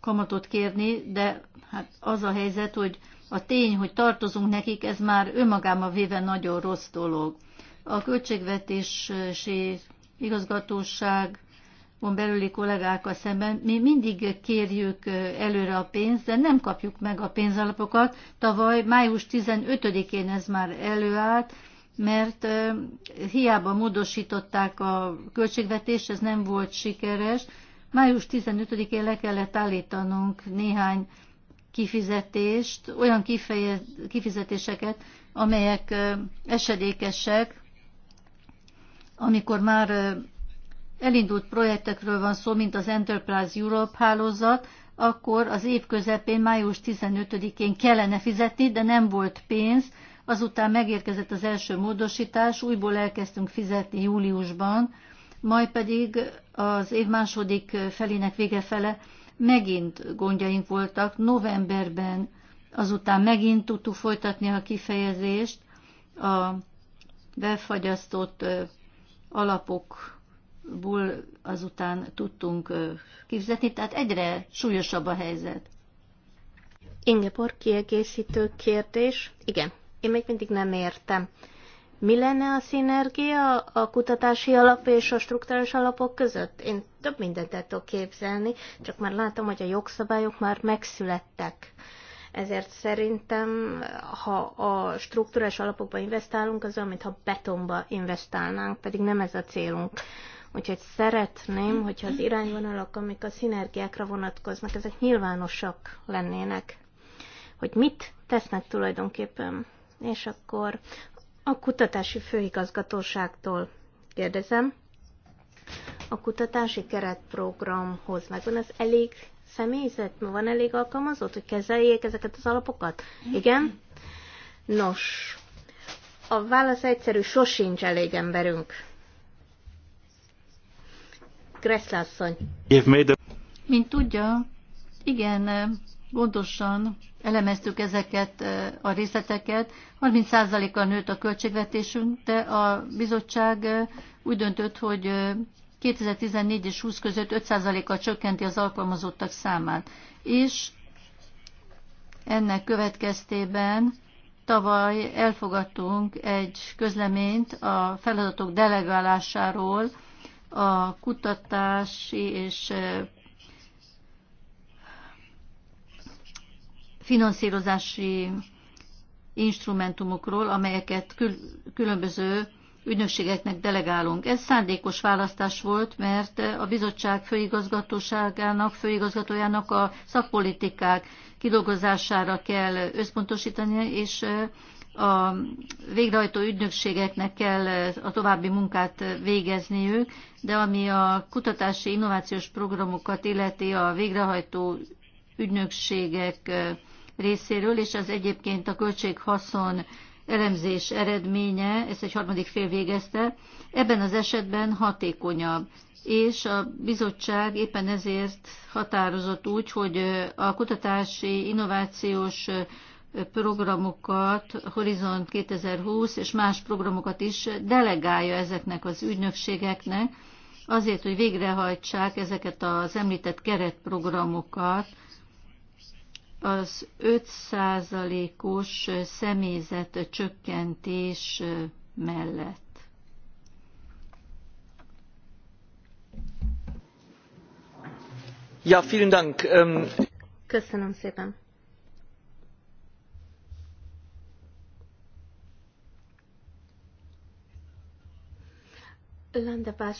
kamatot kérni, de hát az a helyzet, hogy a tény, hogy tartozunk nekik, ez már önmagában véve nagyon rossz dolog. A költségvetési igazgatóság belüli kollégákkal szemben, mi mindig kérjük előre a pénzt, de nem kapjuk meg a pénzalapokat. Tavaly május 15-én ez már előállt, mert hiába módosították a költségvetést, ez nem volt sikeres. Május 15-én le kellett állítanunk néhány kifizetést, olyan kifeje, kifizetéseket, amelyek esedékesek, amikor már elindult projektekről van szó, mint az Enterprise Europe hálózat, akkor az év közepén, május 15-én kellene fizetni, de nem volt pénz, azután megérkezett az első módosítás, újból elkezdtünk fizetni júliusban, majd pedig az év második felének vége fele megint gondjaink voltak. Novemberben azután megint tudtuk folytatni a kifejezést, a befagyasztott alapok ból azután tudtunk kifizetni, tehát egyre súlyosabb a helyzet. Ingeborg kiegészítő kérdés. Igen, én még mindig nem értem. Mi lenne a szinergia a kutatási alap és a struktúrás alapok között? Én több mindent el tudok képzelni, csak már látom, hogy a jogszabályok már megszülettek. Ezért szerintem, ha a struktúrás alapokba investálunk, az olyan, mintha betonba investálnánk, pedig nem ez a célunk. Úgyhogy szeretném, hogyha az irányvonalak, amik a szinergiákra vonatkoznak, ezek nyilvánosak lennének, hogy mit tesznek tulajdonképpen. És akkor a kutatási főigazgatóságtól kérdezem, a kutatási keretprogramhoz megvan az elég személyzet, van elég alkalmazott, hogy kezeljék ezeket az alapokat? Igen? Nos, a válasz egyszerű, sosincs elég emberünk. Kresszlászony. Mint tudja, igen, gondosan elemeztük ezeket eh, a részleteket. 30%-kal nőtt a költségvetésünk, de a bizottság eh, úgy döntött, hogy 2014 eh, és 20 között 5%-kal csökkenti az alkalmazottak számát. És ennek következtében tavaly elfogadtunk egy közleményt a feladatok delegálásáról, a kutatási és finanszírozási instrumentumokról, amelyeket különböző ügynökségeknek delegálunk. Ez szándékos választás volt, mert a bizottság főigazgatóságának, főigazgatójának a szakpolitikák kidolgozására kell összpontosítani, és a végrehajtó ügynökségeknek kell eh, a további munkát eh, végezniük, de ami a kutatási innovációs programokat illeti a végrehajtó ügynökségek eh, részéről, és az egyébként a költséghaszon elemzés eredménye, ezt egy harmadik fél végezte, ebben az esetben hatékonyabb. És a bizottság éppen ezért határozott úgy, hogy a kutatási innovációs programokat, Horizont 2020 és más programokat is delegálja ezeknek az ügynökségeknek, azért, hogy végrehajtsák ezeket az említett keretprogramokat, az 5%-os személyzet csökkentés mellett. Ja, vielen Dank. Ähm, Köszönöm szépen.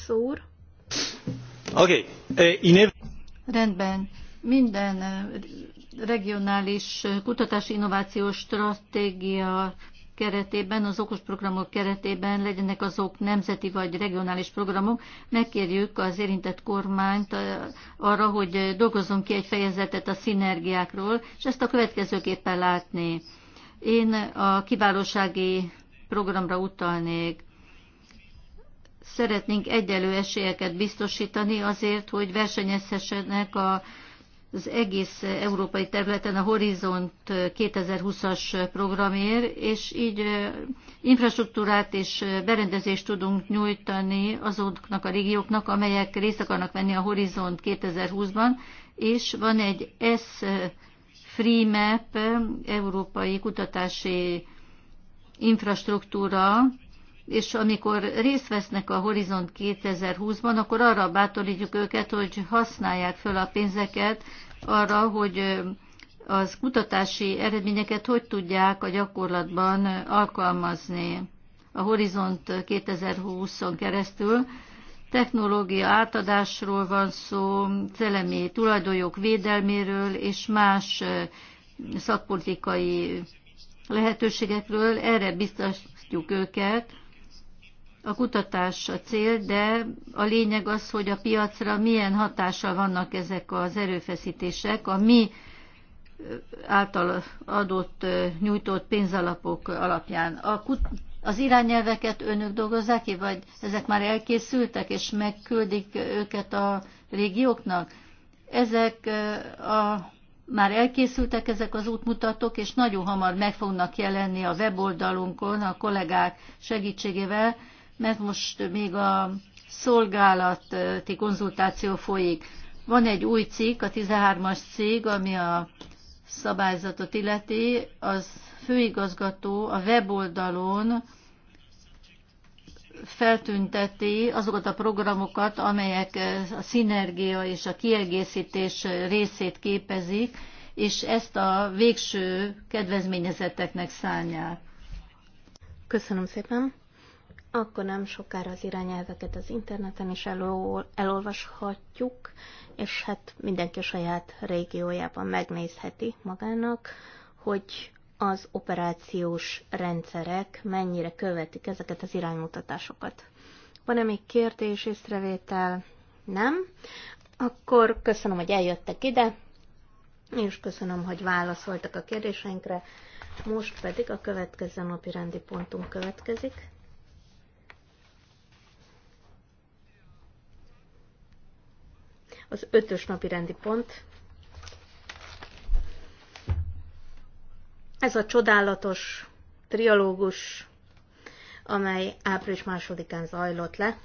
úr. Oké. Okay. Eh, Rendben. Minden eh, regionális eh, kutatási innovációs stratégia keretében, az okos programok keretében legyenek azok nemzeti vagy regionális programok, megkérjük az érintett kormányt arra, hogy dolgozzon ki egy fejezetet a szinergiákról, és ezt a következőképpen látni. Én a kiválósági programra utalnék szeretnénk egyelő esélyeket biztosítani azért, hogy versenyezhessenek a az egész európai területen a Horizont 2020-as programért, és így infrastruktúrát és berendezést tudunk nyújtani azoknak a régióknak, amelyek részt akarnak venni a Horizont 2020-ban, és van egy S-Free Map, Európai Kutatási Infrastruktúra, és amikor részt vesznek a Horizont 2020-ban, akkor arra bátorítjuk őket, hogy használják föl a pénzeket arra, hogy az kutatási eredményeket hogy tudják a gyakorlatban alkalmazni a Horizont 2020-on keresztül. Technológia átadásról van szó, szellemi tulajdonjog védelméről és más szakpolitikai lehetőségekről. Erre biztosítjuk őket, a kutatás a cél, de a lényeg az, hogy a piacra milyen hatással vannak ezek az erőfeszítések, a mi által adott, nyújtott pénzalapok alapján. A kut- az irányelveket önök dolgozzák ki, vagy ezek már elkészültek, és megküldik őket a régióknak? Ezek a, már elkészültek ezek az útmutatók, és nagyon hamar meg fognak jelenni a weboldalunkon a kollégák segítségével, mert most még a szolgálati konzultáció folyik. Van egy új cikk, a 13-as cikk, ami a szabályzatot illeti, az főigazgató a weboldalon feltünteti azokat a programokat, amelyek a szinergia és a kiegészítés részét képezik, és ezt a végső kedvezményezetteknek szállják. Köszönöm szépen akkor nem sokára az irányelveket az interneten is elol, elolvashatjuk, és hát mindenki a saját régiójában megnézheti magának, hogy az operációs rendszerek mennyire követik ezeket az iránymutatásokat. Van-e még kérdés, észrevétel? Nem? Akkor köszönöm, hogy eljöttek ide, és köszönöm, hogy válaszoltak a kérdéseinkre. Most pedig a következő napi rendi pontunk következik. Az ötös napi rendi pont. Ez a csodálatos trialógus, amely április másodikán zajlott le.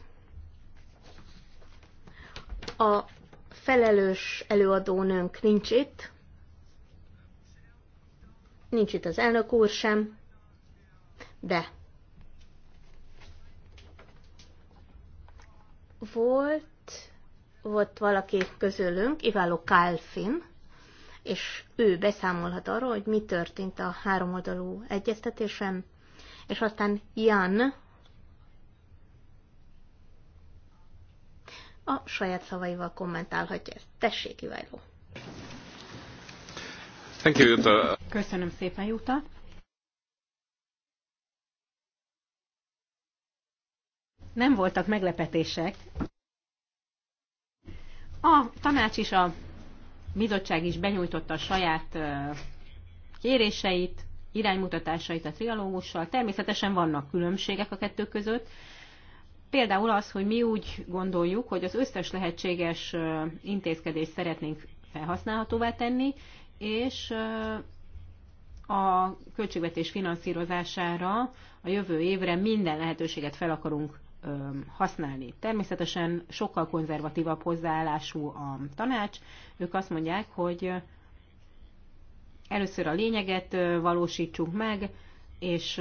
A felelős előadónőnk nincs itt, nincs itt az elnök úr sem, de volt volt valaki közülünk, Iváló Kálfin, és ő beszámolhat arról, hogy mi történt a háromoldalú egyeztetésen, és aztán Jan a saját szavaival kommentálhatja ezt. Tessék, Iváló! Thank you, Jutta. Köszönöm szépen, Jutta. Nem voltak meglepetések. A tanács is a bizottság is benyújtotta a saját kéréseit, iránymutatásait a trialógussal. Természetesen vannak különbségek a kettő között. Például az, hogy mi úgy gondoljuk, hogy az összes lehetséges intézkedést szeretnénk felhasználhatóvá tenni, és a költségvetés finanszírozására a jövő évre minden lehetőséget fel akarunk használni. Természetesen sokkal konzervatívabb hozzáállású a tanács. Ők azt mondják, hogy először a lényeget valósítsunk meg, és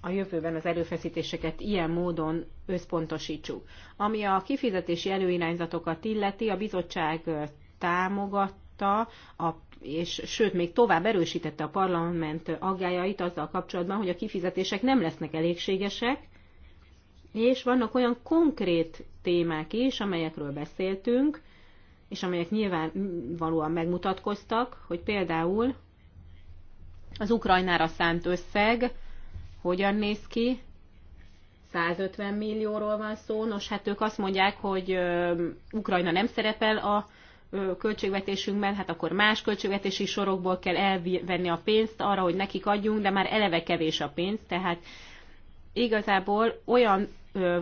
a jövőben az erőfeszítéseket ilyen módon összpontosítsuk. Ami a kifizetési előirányzatokat illeti, a bizottság támogatta a és sőt, még tovább erősítette a parlament aggájait azzal kapcsolatban, hogy a kifizetések nem lesznek elégségesek, és vannak olyan konkrét témák is, amelyekről beszéltünk, és amelyek nyilvánvalóan megmutatkoztak, hogy például az Ukrajnára szánt összeg hogyan néz ki, 150 millióról van szó, nos hát ők azt mondják, hogy Ukrajna nem szerepel a költségvetésünkben, hát akkor más költségvetési sorokból kell elvenni a pénzt arra, hogy nekik adjunk, de már eleve kevés a pénz, tehát igazából olyan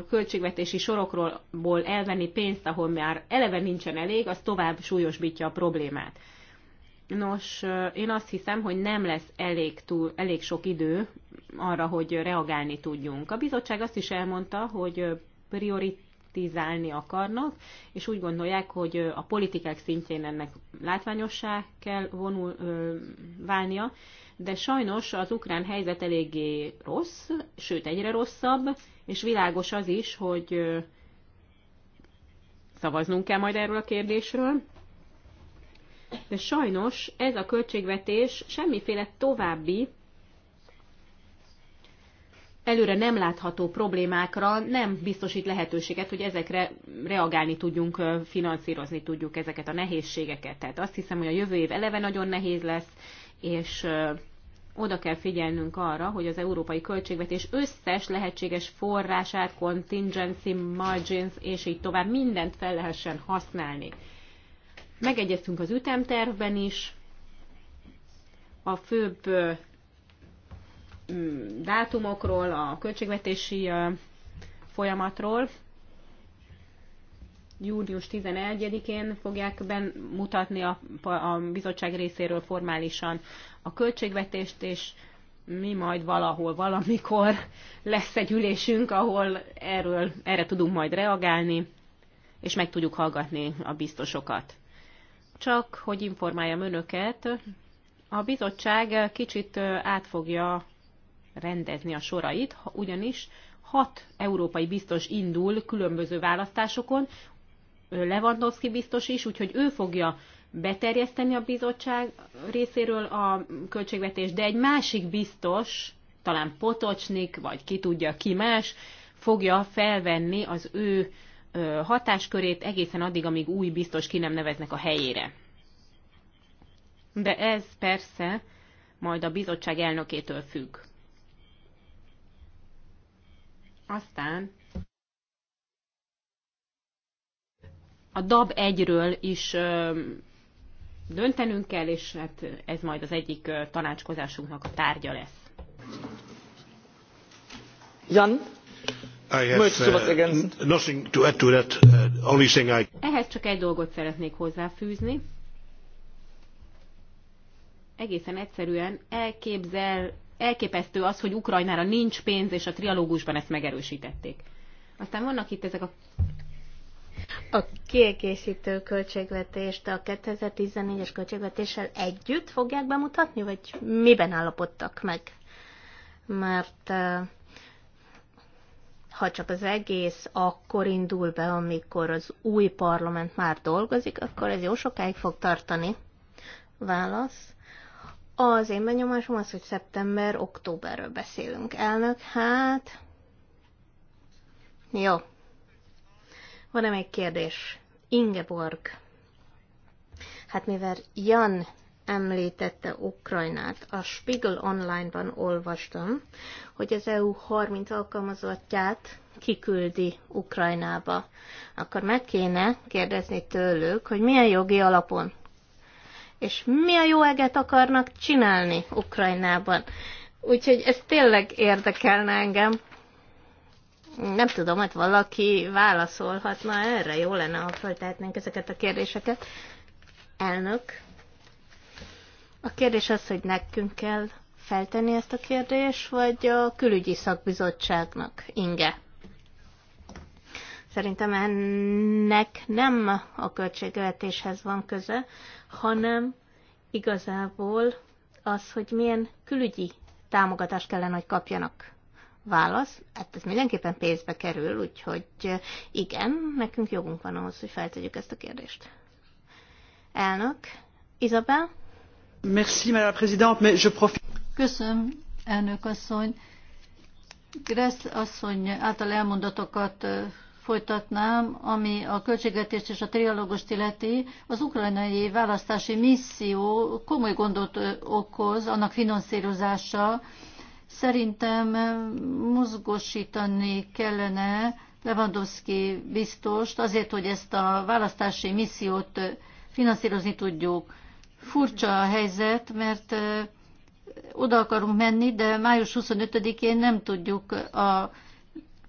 költségvetési sorokról elvenni pénzt, ahol már eleve nincsen elég, az tovább súlyosbítja a problémát. Nos, én azt hiszem, hogy nem lesz elég, túl, elég sok idő arra, hogy reagálni tudjunk. A bizottság azt is elmondta, hogy priorit politizálni akarnak, és úgy gondolják, hogy a politikák szintjén ennek látványossá kell vonul, ö, válnia, de sajnos az ukrán helyzet eléggé rossz, sőt egyre rosszabb, és világos az is, hogy ö, szavaznunk kell majd erről a kérdésről, de sajnos ez a költségvetés semmiféle további előre nem látható problémákra nem biztosít lehetőséget, hogy ezekre reagálni tudjunk, finanszírozni tudjuk ezeket a nehézségeket. Tehát azt hiszem, hogy a jövő év eleve nagyon nehéz lesz, és oda kell figyelnünk arra, hogy az európai költségvetés összes lehetséges forrását, contingency, margins, és így tovább mindent fel lehessen használni. Megegyeztünk az ütemtervben is, a főbb Mm, dátumokról, a költségvetési folyamatról. Június 11-én fogják bemutatni a, a bizottság részéről formálisan a költségvetést, és mi majd valahol, valamikor lesz egy ülésünk, ahol erről, erre tudunk majd reagálni, és meg tudjuk hallgatni a biztosokat. Csak, hogy informáljam önöket, a bizottság kicsit át fogja rendezni a sorait, ugyanis hat európai biztos indul különböző választásokon, Lewandowski biztos is, úgyhogy ő fogja beterjeszteni a bizottság részéről a költségvetést, de egy másik biztos, talán Potocsnik, vagy ki tudja ki más, fogja felvenni az ő hatáskörét egészen addig, amíg új biztos ki nem neveznek a helyére. De ez persze majd a bizottság elnökétől függ. Aztán a DAB 1-ről is döntenünk kell, és hát ez majd az egyik tanácskozásunknak a tárgya lesz. Jan? Ehhez csak egy dolgot szeretnék hozzáfűzni. Egészen egyszerűen elképzel elképesztő az, hogy Ukrajnára nincs pénz, és a trialógusban ezt megerősítették. Aztán vannak itt ezek a a kiegészítő költségvetést a 2014-es költségvetéssel együtt fogják bemutatni, vagy miben állapodtak meg? Mert ha csak az egész akkor indul be, amikor az új parlament már dolgozik, akkor ez jó sokáig fog tartani. Válasz. Az én benyomásom az, hogy szeptember-októberről beszélünk. Elnök, hát... Jó. Van-e még kérdés? Ingeborg. Hát mivel Jan említette Ukrajnát, a Spiegel Online-ban olvastam, hogy az EU 30 alkalmazottját kiküldi Ukrajnába. Akkor meg kéne kérdezni tőlük, hogy milyen jogi alapon és mi a jó eget akarnak csinálni Ukrajnában. Úgyhogy ez tényleg érdekelne engem. Nem tudom, hogy hát valaki válaszolhatna erre. Jó lenne, ha feltehetnénk ezeket a kérdéseket. Elnök. A kérdés az, hogy nekünk kell feltenni ezt a kérdést, vagy a külügyi szakbizottságnak, Inge? Szerintem ennek nem a költségvetéshez van köze, hanem igazából az, hogy milyen külügyi támogatást kellene, hogy kapjanak. Válasz, hát ez mindenképpen pénzbe kerül, úgyhogy igen, nekünk jogunk van ahhoz, hogy feltegyük ezt a kérdést. Elnök, Izabel? Merci, madame la présidente, mais je profite. Köszönöm, elnök asszony. Gressz asszony által elmondatokat folytatnám, ami a költségvetést és a trialógust illeti, az ukrajnai választási misszió komoly gondot okoz, annak finanszírozása. Szerintem mozgósítani kellene Lewandowski biztost azért, hogy ezt a választási missziót finanszírozni tudjuk. Furcsa a helyzet, mert oda akarunk menni, de május 25-én nem tudjuk a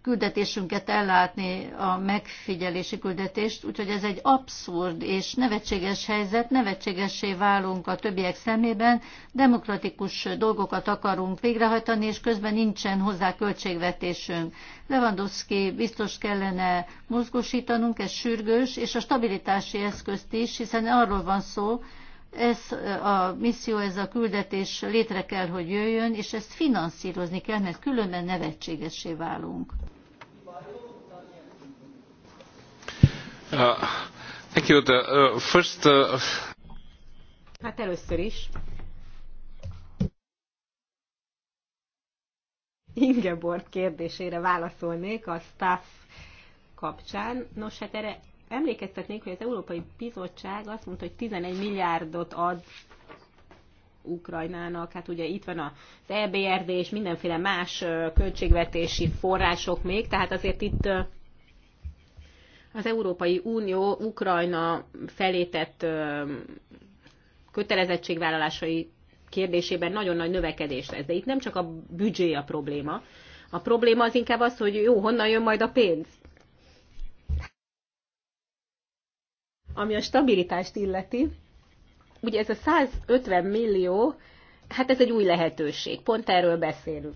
küldetésünket ellátni, a megfigyelési küldetést, úgyhogy ez egy abszurd és nevetséges helyzet, nevetségessé válunk a többiek szemében, demokratikus dolgokat akarunk végrehajtani, és közben nincsen hozzá költségvetésünk. Lewandowski biztos kellene mozgósítanunk, ez sürgős, és a stabilitási eszközt is, hiszen arról van szó, ez a misszió, ez a küldetés létre kell, hogy jöjjön, és ezt finanszírozni kell, mert különben nevetségessé válunk. Uh, thank you. The, uh, first, uh... Hát először is. Ingeborg kérdésére válaszolnék a staff kapcsán. Nos, hát erre emlékeztetnék, hogy az Európai Bizottság azt mondta, hogy 11 milliárdot ad Ukrajnának. Hát ugye itt van az EBRD és mindenféle más költségvetési források még, tehát azért itt az Európai Unió Ukrajna felé tett kötelezettségvállalásai kérdésében nagyon nagy növekedés lesz. De itt nem csak a büdzsé a probléma. A probléma az inkább az, hogy jó, honnan jön majd a pénz. Ami a stabilitást illeti, ugye ez a 150 millió, hát ez egy új lehetőség, pont erről beszélünk.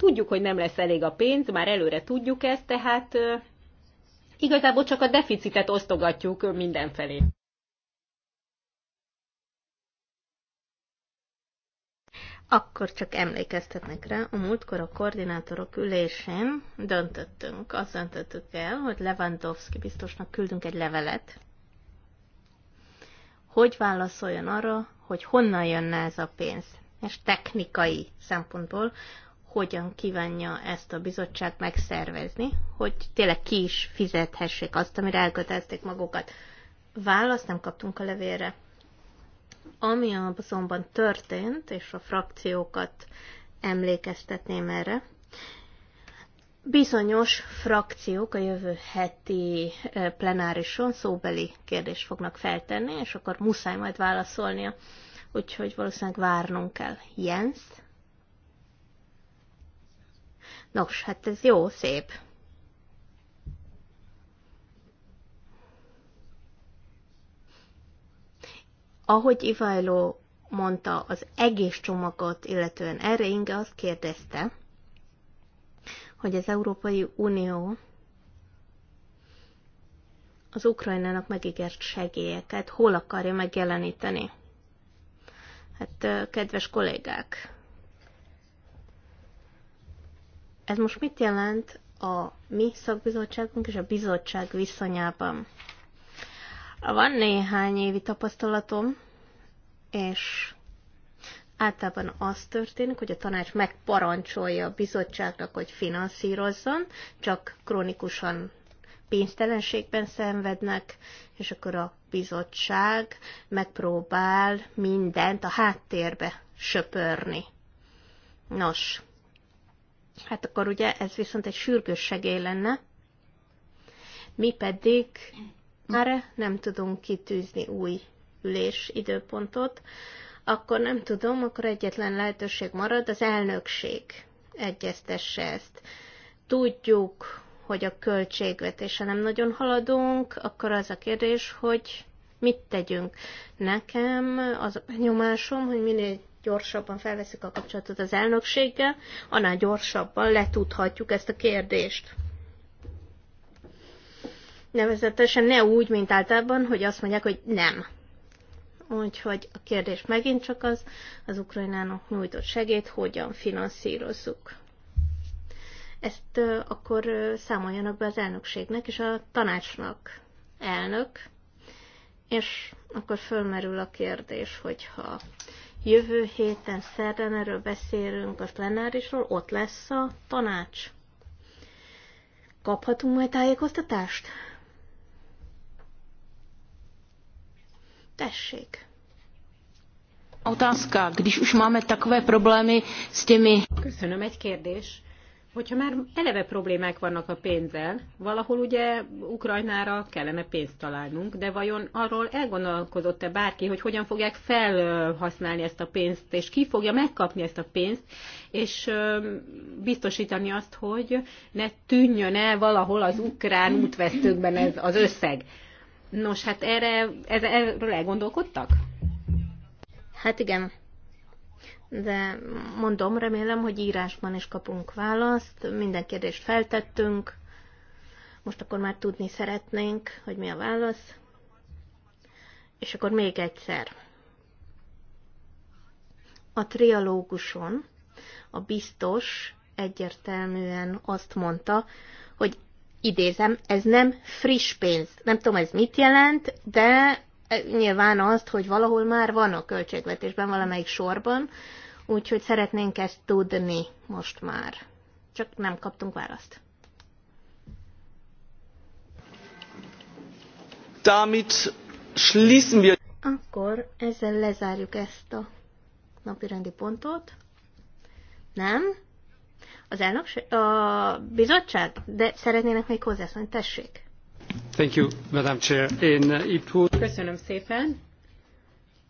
Tudjuk, hogy nem lesz elég a pénz, már előre tudjuk ezt, tehát igazából csak a deficitet osztogatjuk mindenfelé. Akkor csak emlékeztetnek rá, a múltkor a koordinátorok ülésén döntöttünk, azt döntöttük el, hogy Lewandowski biztosnak küldünk egy levelet, hogy válaszoljon arra, hogy honnan jönne ez a pénz. És technikai szempontból hogyan kívánja ezt a bizottság megszervezni, hogy tényleg ki is fizethessék azt, amire elkötelezték magukat. Választ nem kaptunk a levélre. Ami azonban történt, és a frakciókat emlékeztetném erre, bizonyos frakciók a jövő heti eh, plenárison szóbeli kérdést fognak feltenni, és akkor muszáj majd válaszolnia. Úgyhogy valószínűleg várnunk kell. Jens, Nos, hát ez jó, szép. Ahogy Ivajló mondta az egész csomagot, illetően erre Inge azt kérdezte, hogy az Európai Unió az Ukrajnának megígért segélyeket hol akarja megjeleníteni. Hát, kedves kollégák, Ez most mit jelent a mi szakbizottságunk és a bizottság viszonyában? Van néhány évi tapasztalatom, és általában az történik, hogy a tanács megparancsolja a bizottságnak, hogy finanszírozzon, csak krónikusan pénztelenségben szenvednek, és akkor a bizottság megpróbál mindent a háttérbe söpörni. Nos, Hát akkor ugye ez viszont egy sürgős segély lenne, mi pedig már nem tudunk kitűzni új ülés időpontot, akkor nem tudom, akkor egyetlen lehetőség marad, az elnökség egyeztesse ezt. Tudjuk, hogy a költségvetése nem nagyon haladunk, akkor az a kérdés, hogy mit tegyünk. Nekem az a nyomásom, hogy minél gyorsabban felveszik a kapcsolatot az elnökséggel, annál gyorsabban letudhatjuk ezt a kérdést. Nevezetesen ne úgy, mint általában, hogy azt mondják, hogy nem. Úgyhogy a kérdés megint csak az, az ukrajnának nyújtott segét hogyan finanszírozzuk. Ezt akkor számoljanak be az elnökségnek és a tanácsnak elnök, és akkor fölmerül a kérdés, hogyha Jövő héten szerdán erről beszélünk a plenárisról, ott lesz a tanács. Kaphatunk majd tájékoztatást? Tessék. Otázka, když už máme takové problémy s těmi... Köszönöm, egy kérdés hogyha már eleve problémák vannak a pénzzel, valahol ugye Ukrajnára kellene pénzt találnunk, de vajon arról elgondolkozott-e bárki, hogy hogyan fogják felhasználni ezt a pénzt, és ki fogja megkapni ezt a pénzt, és biztosítani azt, hogy ne tűnjön el valahol az ukrán útvesztőkben ez az összeg. Nos, hát erre, erről elgondolkodtak? Hát igen, de mondom, remélem, hogy írásban is kapunk választ, minden kérdést feltettünk, most akkor már tudni szeretnénk, hogy mi a válasz. És akkor még egyszer. A trialóguson a biztos egyértelműen azt mondta, hogy idézem, ez nem friss pénz. Nem tudom, ez mit jelent, de nyilván azt, hogy valahol már van a költségvetésben valamelyik sorban, úgyhogy szeretnénk ezt tudni most már. Csak nem kaptunk választ. Damit schließen wir. Akkor ezzel lezárjuk ezt a napirendi pontot. Nem? Az elnök, a bizottság, de szeretnének még hozzászólni, tessék. Thank you, Madam Chair. Én itt Köszönöm szépen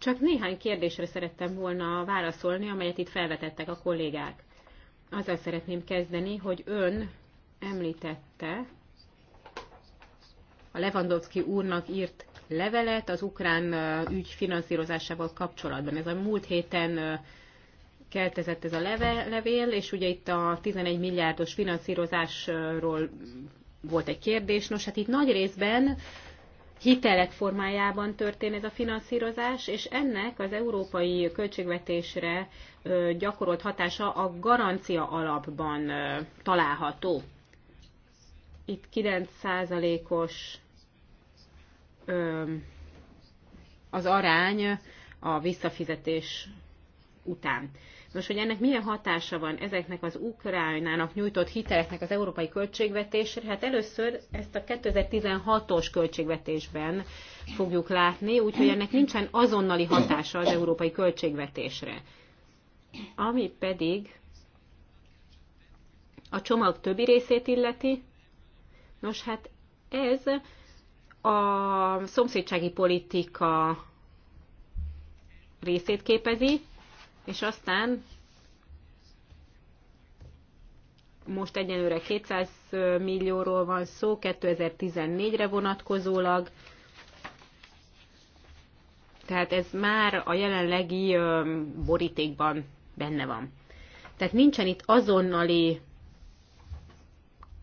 csak néhány kérdésre szerettem volna válaszolni, amelyet itt felvetettek a kollégák. Azzal szeretném kezdeni, hogy ön említette a Lewandowski úrnak írt levelet az ukrán ügy finanszírozásával kapcsolatban. Ez a múlt héten keltezett ez a leve, levél, és ugye itt a 11 milliárdos finanszírozásról volt egy kérdés. Nos, hát itt nagy részben hitelek formájában történ ez a finanszírozás, és ennek az európai költségvetésre gyakorolt hatása a garancia alapban található. Itt 9%-os az arány a visszafizetés után. Nos, hogy ennek milyen hatása van ezeknek az Ukrajnának nyújtott hiteleknek az európai költségvetésre, hát először ezt a 2016-os költségvetésben fogjuk látni, úgyhogy ennek nincsen azonnali hatása az európai költségvetésre. Ami pedig a csomag többi részét illeti, nos hát ez a szomszédsági politika részét képezi, és aztán most egyenőre 200 millióról van szó 2014-re vonatkozólag, tehát ez már a jelenlegi borítékban benne van. Tehát nincsen itt azonnali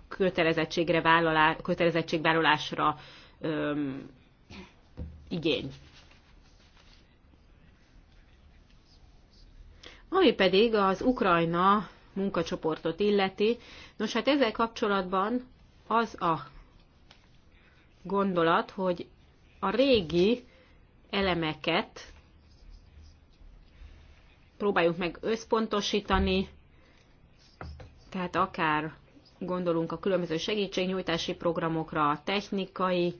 kötelezettségre vállalá, kötelezettségvállalásra öm, igény. Ami pedig az Ukrajna munkacsoportot illeti, nos hát ezzel kapcsolatban az a gondolat, hogy a régi elemeket próbáljuk meg összpontosítani, tehát akár gondolunk a különböző segítségnyújtási programokra, a technikai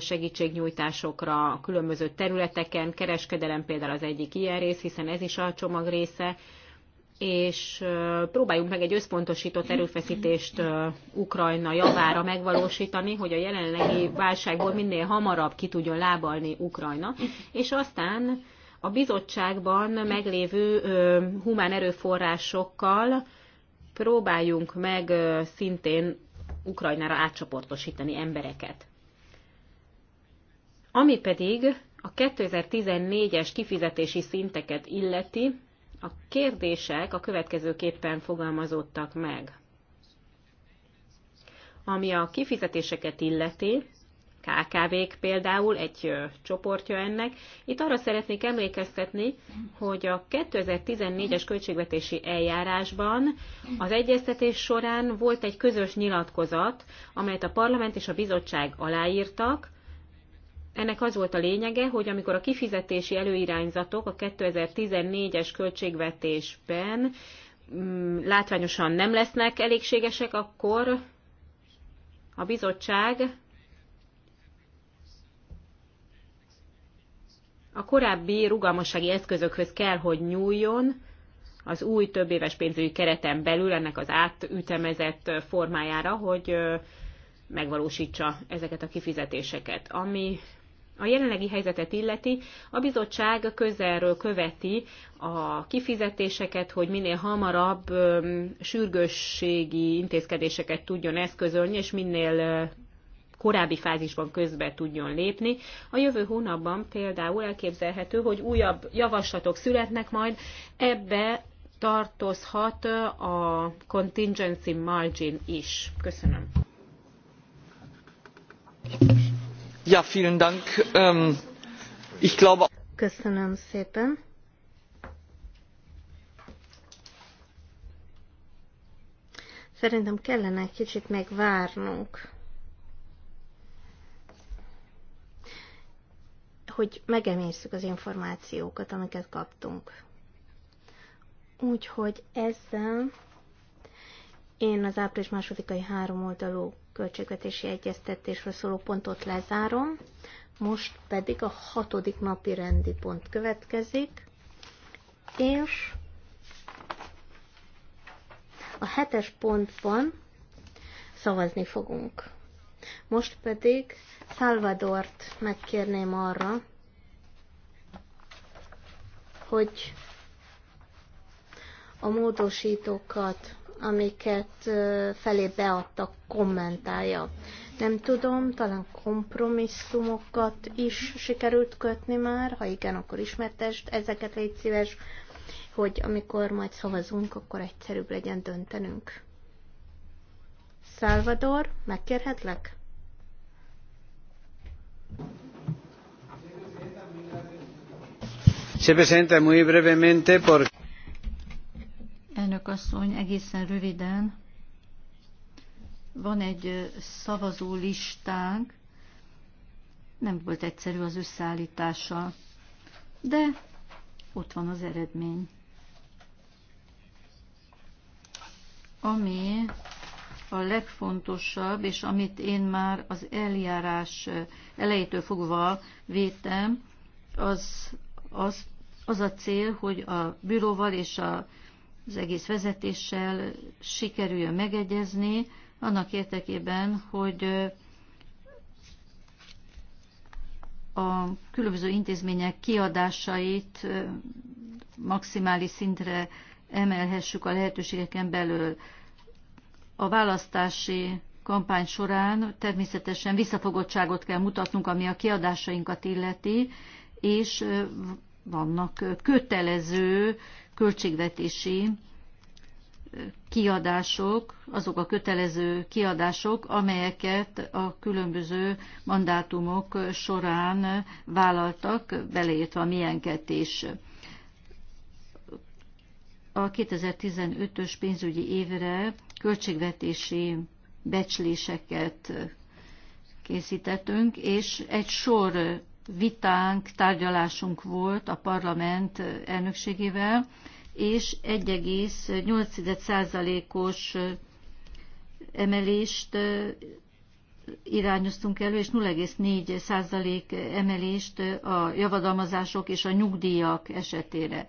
segítségnyújtásokra a különböző területeken. Kereskedelem például az egyik ilyen rész, hiszen ez is a csomag része és próbáljuk meg egy összpontosított erőfeszítést Ukrajna javára megvalósítani, hogy a jelenlegi válságból minél hamarabb ki tudjon lábalni Ukrajna, és aztán a bizottságban meglévő humán erőforrásokkal próbáljunk meg szintén Ukrajnára átcsoportosítani embereket. Ami pedig a 2014-es kifizetési szinteket illeti, a kérdések a következőképpen fogalmazódtak meg. Ami a kifizetéseket illeti, KKV-k például egy csoportja ennek. Itt arra szeretnék emlékeztetni, hogy a 2014-es költségvetési eljárásban az egyeztetés során volt egy közös nyilatkozat, amelyet a parlament és a bizottság aláírtak, ennek az volt a lényege, hogy amikor a kifizetési előirányzatok a 2014-es költségvetésben mm, látványosan nem lesznek elégségesek, akkor a bizottság a korábbi rugalmassági eszközökhöz kell, hogy nyúljon az új többéves pénzügyi kereten belül ennek az átütemezett formájára, hogy megvalósítsa ezeket a kifizetéseket. Ami a jelenlegi helyzetet illeti, a bizottság közelről követi a kifizetéseket, hogy minél hamarabb sürgősségi intézkedéseket tudjon eszközölni, és minél korábbi fázisban közbe tudjon lépni. A jövő hónapban például elképzelhető, hogy újabb javaslatok születnek majd, ebbe tartozhat a contingency margin is. Köszönöm. Ähm, Köszönöm szépen. Szerintem kellene egy kicsit még várnunk, hogy megemészszük az információkat, amiket kaptunk. Úgyhogy ezzel én az április másodikai három oldalú költségvetési egyeztetésről szóló pontot lezárom. Most pedig a hatodik napi rendi pont következik, és a hetes pontban szavazni fogunk. Most pedig Salvadort megkérném arra, hogy a módosítókat amiket felé beadtak, kommentálja. Nem tudom, talán kompromisszumokat is sikerült kötni már, ha igen, akkor ismertest ezeket légy szíves, hogy amikor majd szavazunk, akkor egyszerűbb legyen döntenünk. Salvador, megkérhetlek? Se presenta muy brevemente porque elnök asszony, egészen röviden. Van egy szavazó listánk, nem volt egyszerű az összeállítása, de ott van az eredmény. Ami a legfontosabb, és amit én már az eljárás elejétől fogva vétem, az, az, az a cél, hogy a bíróval és a az egész vezetéssel sikerüljön megegyezni, annak érdekében, hogy a különböző intézmények kiadásait maximális szintre emelhessük a lehetőségeken belül. A választási kampány során természetesen visszafogottságot kell mutatnunk, ami a kiadásainkat illeti, és vannak kötelező költségvetési kiadások, azok a kötelező kiadások, amelyeket a különböző mandátumok során vállaltak, beleértve a milyenket is. A 2015-ös pénzügyi évre költségvetési becsléseket készítettünk, és egy sor vitánk, tárgyalásunk volt a parlament elnökségével, és 1,8%-os emelést irányoztunk elő, és 0,4% emelést a javadalmazások és a nyugdíjak esetére.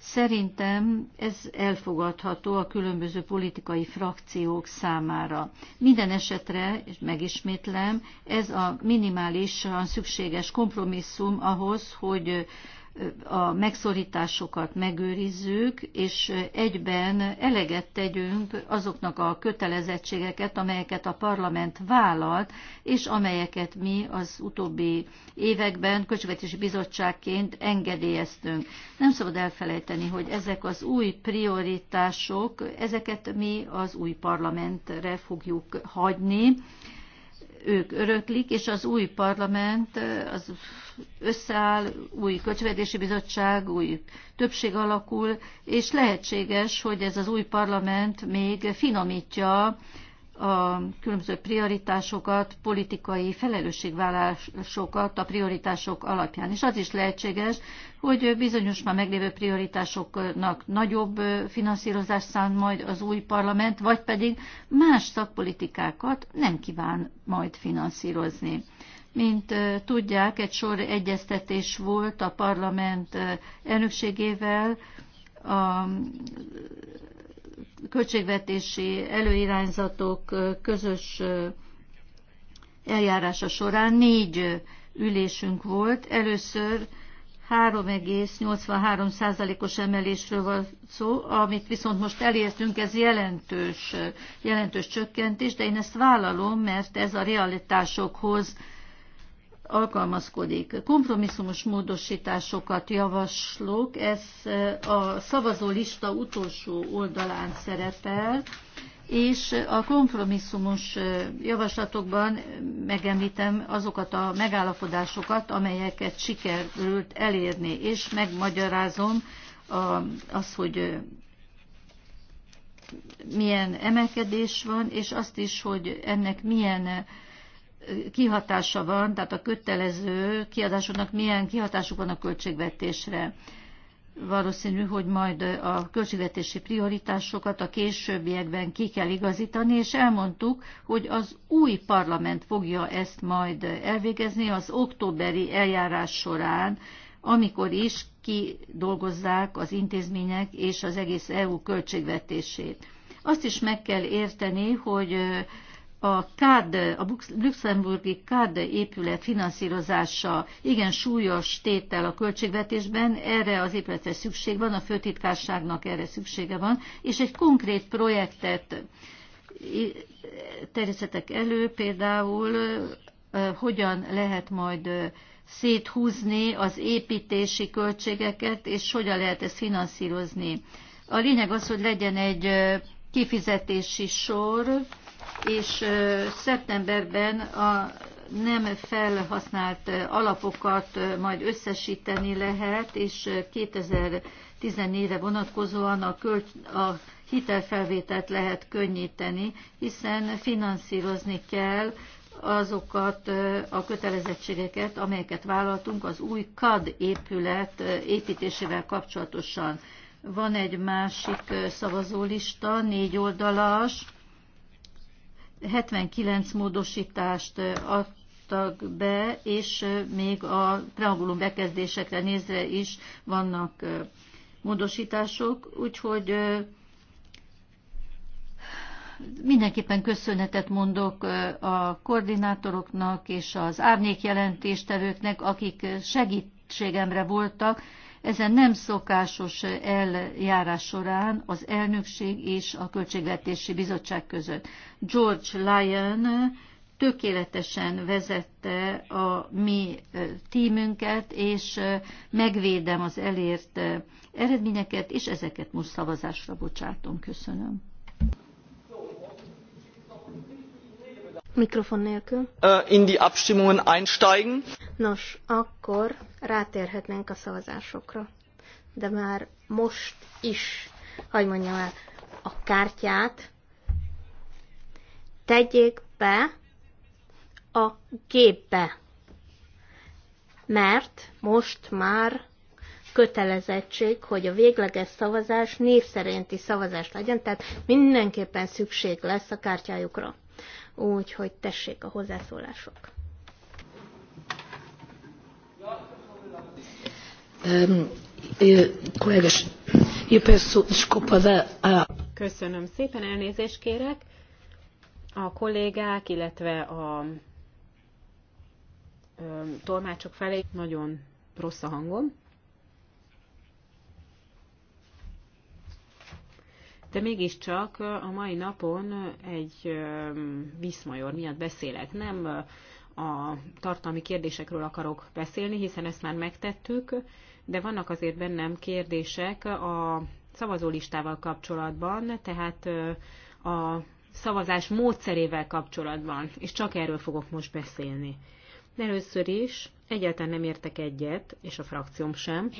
Szerintem ez elfogadható a különböző politikai frakciók számára. Minden esetre, és megismétlem, ez a minimálisan szükséges kompromisszum ahhoz, hogy a megszorításokat megőrizzük, és egyben eleget tegyünk azoknak a kötelezettségeket, amelyeket a parlament vállalt, és amelyeket mi az utóbbi években Költségvetési Bizottságként engedélyeztünk. Nem szabad elfelejteni, hogy ezek az új prioritások, ezeket mi az új parlamentre fogjuk hagyni, ők öröklik, és az új parlament az összeáll, új költségvetési bizottság, új többség alakul, és lehetséges, hogy ez az új parlament még finomítja a különböző prioritásokat, politikai felelősségvállásokat a prioritások alapján. És az is lehetséges, hogy bizonyos már meglévő prioritásoknak nagyobb finanszírozás szán majd az új parlament, vagy pedig más szakpolitikákat nem kíván majd finanszírozni. Mint tudják, egy sor egyeztetés volt a parlament elnökségével, a költségvetési előirányzatok közös eljárása során négy ülésünk volt. Először 3,83%-os emelésről van szó, amit viszont most elértünk, ez jelentős, jelentős csökkentés, de én ezt vállalom, mert ez a realitásokhoz alkalmazkodik. Kompromisszumos módosításokat javaslok, ez eh, a szavazólista utolsó oldalán szerepel, és a kompromisszumos eh, javaslatokban megemlítem azokat a megállapodásokat, amelyeket sikerült elérni, és megmagyarázom az, hogy eh, milyen emelkedés van, és azt is, hogy ennek milyen kihatása van, tehát a kötelező kiadásoknak milyen kihatásuk van a költségvetésre. Valószínű, hogy majd a költségvetési prioritásokat a későbbiekben ki kell igazítani, és elmondtuk, hogy az új parlament fogja ezt majd elvégezni az októberi eljárás során, amikor is kidolgozzák az intézmények és az egész EU költségvetését. Azt is meg kell érteni, hogy a KAD, a luxemburgi KAD épület finanszírozása igen súlyos tétel a költségvetésben, erre az épületre szükség van, a főtitkárságnak erre szüksége van, és egy konkrét projektet terjesztetek elő, például hogyan lehet majd széthúzni az építési költségeket, és hogyan lehet ezt finanszírozni. A lényeg az, hogy legyen egy kifizetési sor, és szeptemberben a nem felhasznált alapokat majd összesíteni lehet, és 2014-re vonatkozóan a, költ, a hitelfelvételt lehet könnyíteni, hiszen finanszírozni kell azokat a kötelezettségeket, amelyeket vállaltunk az új CAD épület építésével kapcsolatosan. Van egy másik szavazólista, négy oldalas, 79 módosítást adtak be, és még a preambulum bekezdésekre nézve is vannak módosítások, úgyhogy mindenképpen köszönetet mondok a koordinátoroknak és az árnyékjelentéstevőknek, akik segítségemre voltak, ezen nem szokásos eljárás során az elnökség és a Költségvetési Bizottság között. George Lyon tökéletesen vezette a mi tímünket, és megvédem az elért eredményeket, és ezeket most szavazásra bocsátom. Köszönöm. Mikrofon nélkül. In die Abstimmungen einsteigen. Nos, akkor rátérhetnénk a szavazásokra. De már most is, hogy mondjam el, a kártyát tegyék be a gépbe. Mert most már kötelezettség, hogy a végleges szavazás név szerinti szavazás legyen, tehát mindenképpen szükség lesz a kártyájukra úgyhogy tessék a hozzászólások. Köszönöm szépen, elnézést kérek. A kollégák, illetve a tolmácsok felé nagyon rossz a hangom. de mégiscsak a mai napon egy viszmajor miatt beszélek. Nem a tartalmi kérdésekről akarok beszélni, hiszen ezt már megtettük, de vannak azért bennem kérdések a szavazólistával kapcsolatban, tehát a szavazás módszerével kapcsolatban, és csak erről fogok most beszélni. Először is egyáltalán nem értek egyet, és a frakcióm sem,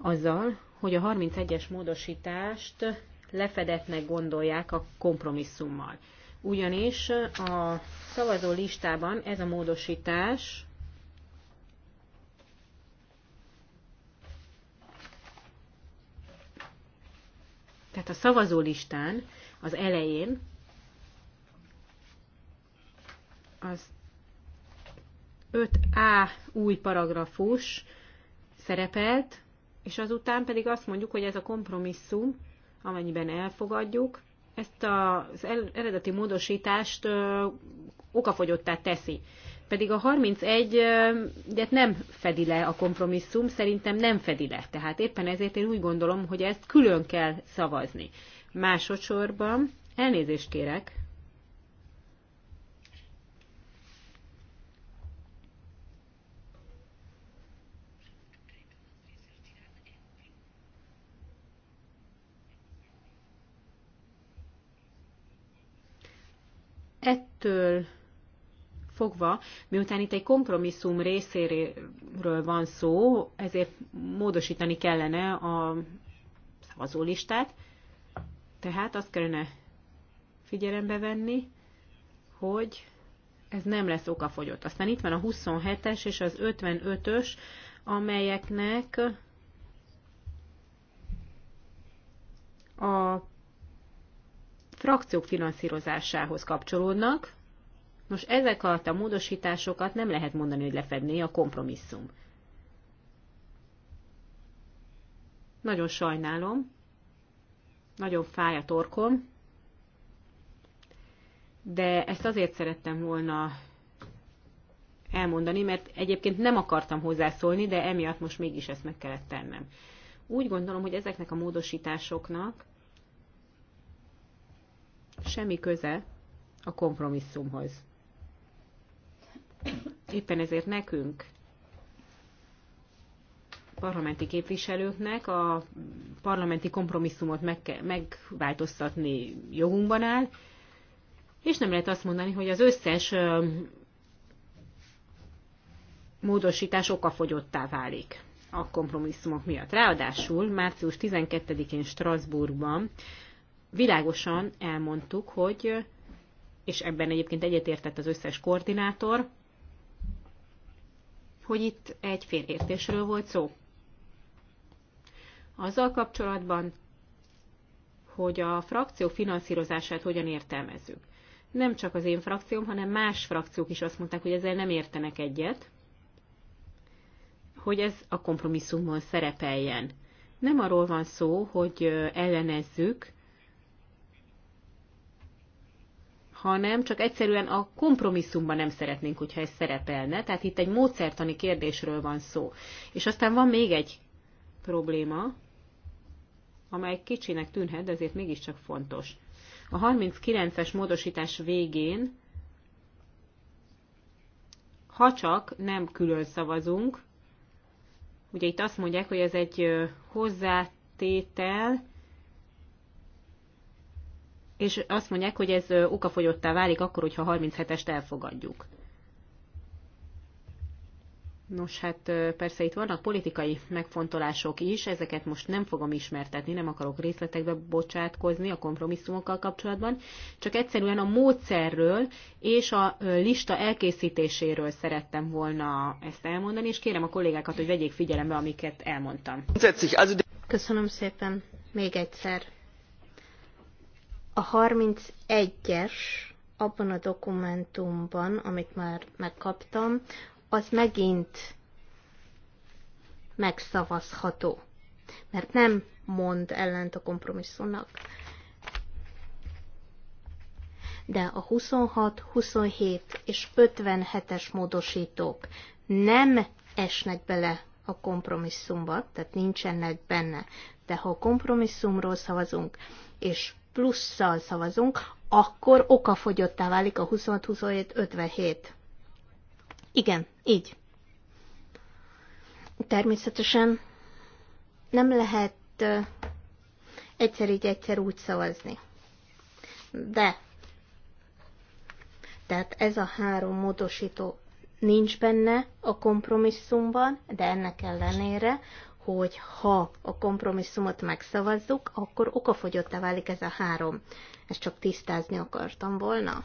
azzal, hogy a 31-es módosítást lefedetnek gondolják a kompromisszummal. Ugyanis a szavazó listában ez a módosítás Tehát a szavazó listán az elején az 5A új paragrafus szerepelt, és azután pedig azt mondjuk, hogy ez a kompromisszum, amennyiben elfogadjuk, ezt az eredeti módosítást ö, okafogyottá teszi. Pedig a 31 de nem fedi le a kompromisszum, szerintem nem fedi le. Tehát éppen ezért én úgy gondolom, hogy ezt külön kell szavazni. Másodszorban elnézést kérek, ettől fogva, miután itt egy kompromisszum részéről van szó, ezért módosítani kellene a szavazólistát, tehát azt kellene figyelembe venni, hogy ez nem lesz okafogyott. Aztán itt van a 27-es és az 55-ös, amelyeknek a frakciók finanszírozásához kapcsolódnak. Most ezek alatt a módosításokat nem lehet mondani, hogy lefedné a kompromisszum. Nagyon sajnálom, nagyon fáj a torkom, de ezt azért szerettem volna elmondani, mert egyébként nem akartam hozzászólni, de emiatt most mégis ezt meg kellett tennem. Úgy gondolom, hogy ezeknek a módosításoknak semmi köze a kompromisszumhoz. Éppen ezért nekünk, parlamenti képviselőknek a parlamenti kompromisszumot meg, megváltoztatni jogunkban áll, és nem lehet azt mondani, hogy az összes módosítás okafogyottá válik a kompromisszumok miatt. Ráadásul március 12-én Strasbourgban világosan elmondtuk, hogy, és ebben egyébként egyetértett az összes koordinátor, hogy itt egy félértésről volt szó. Azzal kapcsolatban, hogy a frakció finanszírozását hogyan értelmezzük. Nem csak az én frakcióm, hanem más frakciók is azt mondták, hogy ezzel nem értenek egyet, hogy ez a kompromisszumon szerepeljen. Nem arról van szó, hogy ellenezzük hanem csak egyszerűen a kompromisszumban nem szeretnénk, hogyha ez szerepelne. Tehát itt egy módszertani kérdésről van szó. És aztán van még egy probléma, amely kicsinek tűnhet, de azért mégiscsak fontos. A 39-es módosítás végén, ha csak nem külön szavazunk, ugye itt azt mondják, hogy ez egy hozzátétel, és azt mondják, hogy ez okafogyottá válik akkor, hogyha 37-est elfogadjuk. Nos, hát persze itt vannak politikai megfontolások is, ezeket most nem fogom ismertetni, nem akarok részletekbe bocsátkozni a kompromisszumokkal kapcsolatban, csak egyszerűen a módszerről és a lista elkészítéséről szerettem volna ezt elmondani, és kérem a kollégákat, hogy vegyék figyelembe, amiket elmondtam. Köszönöm szépen még egyszer. A 31-es abban a dokumentumban, amit már megkaptam, az megint megszavazható. Mert nem mond ellent a kompromisszumnak. De a 26, 27 és 57-es módosítók nem esnek bele a kompromisszumba, tehát nincsenek benne. De ha a kompromisszumról szavazunk, és plusszal szavazunk, akkor okafogyottá válik a 26, 27, 57. Igen, így. Természetesen nem lehet egyszer így, egyszer úgy szavazni. De, tehát ez a három módosító nincs benne a kompromisszumban, de ennek ellenére hogy ha a kompromisszumot megszavazzuk, akkor okafogyottá válik ez a három. Ezt csak tisztázni akartam volna.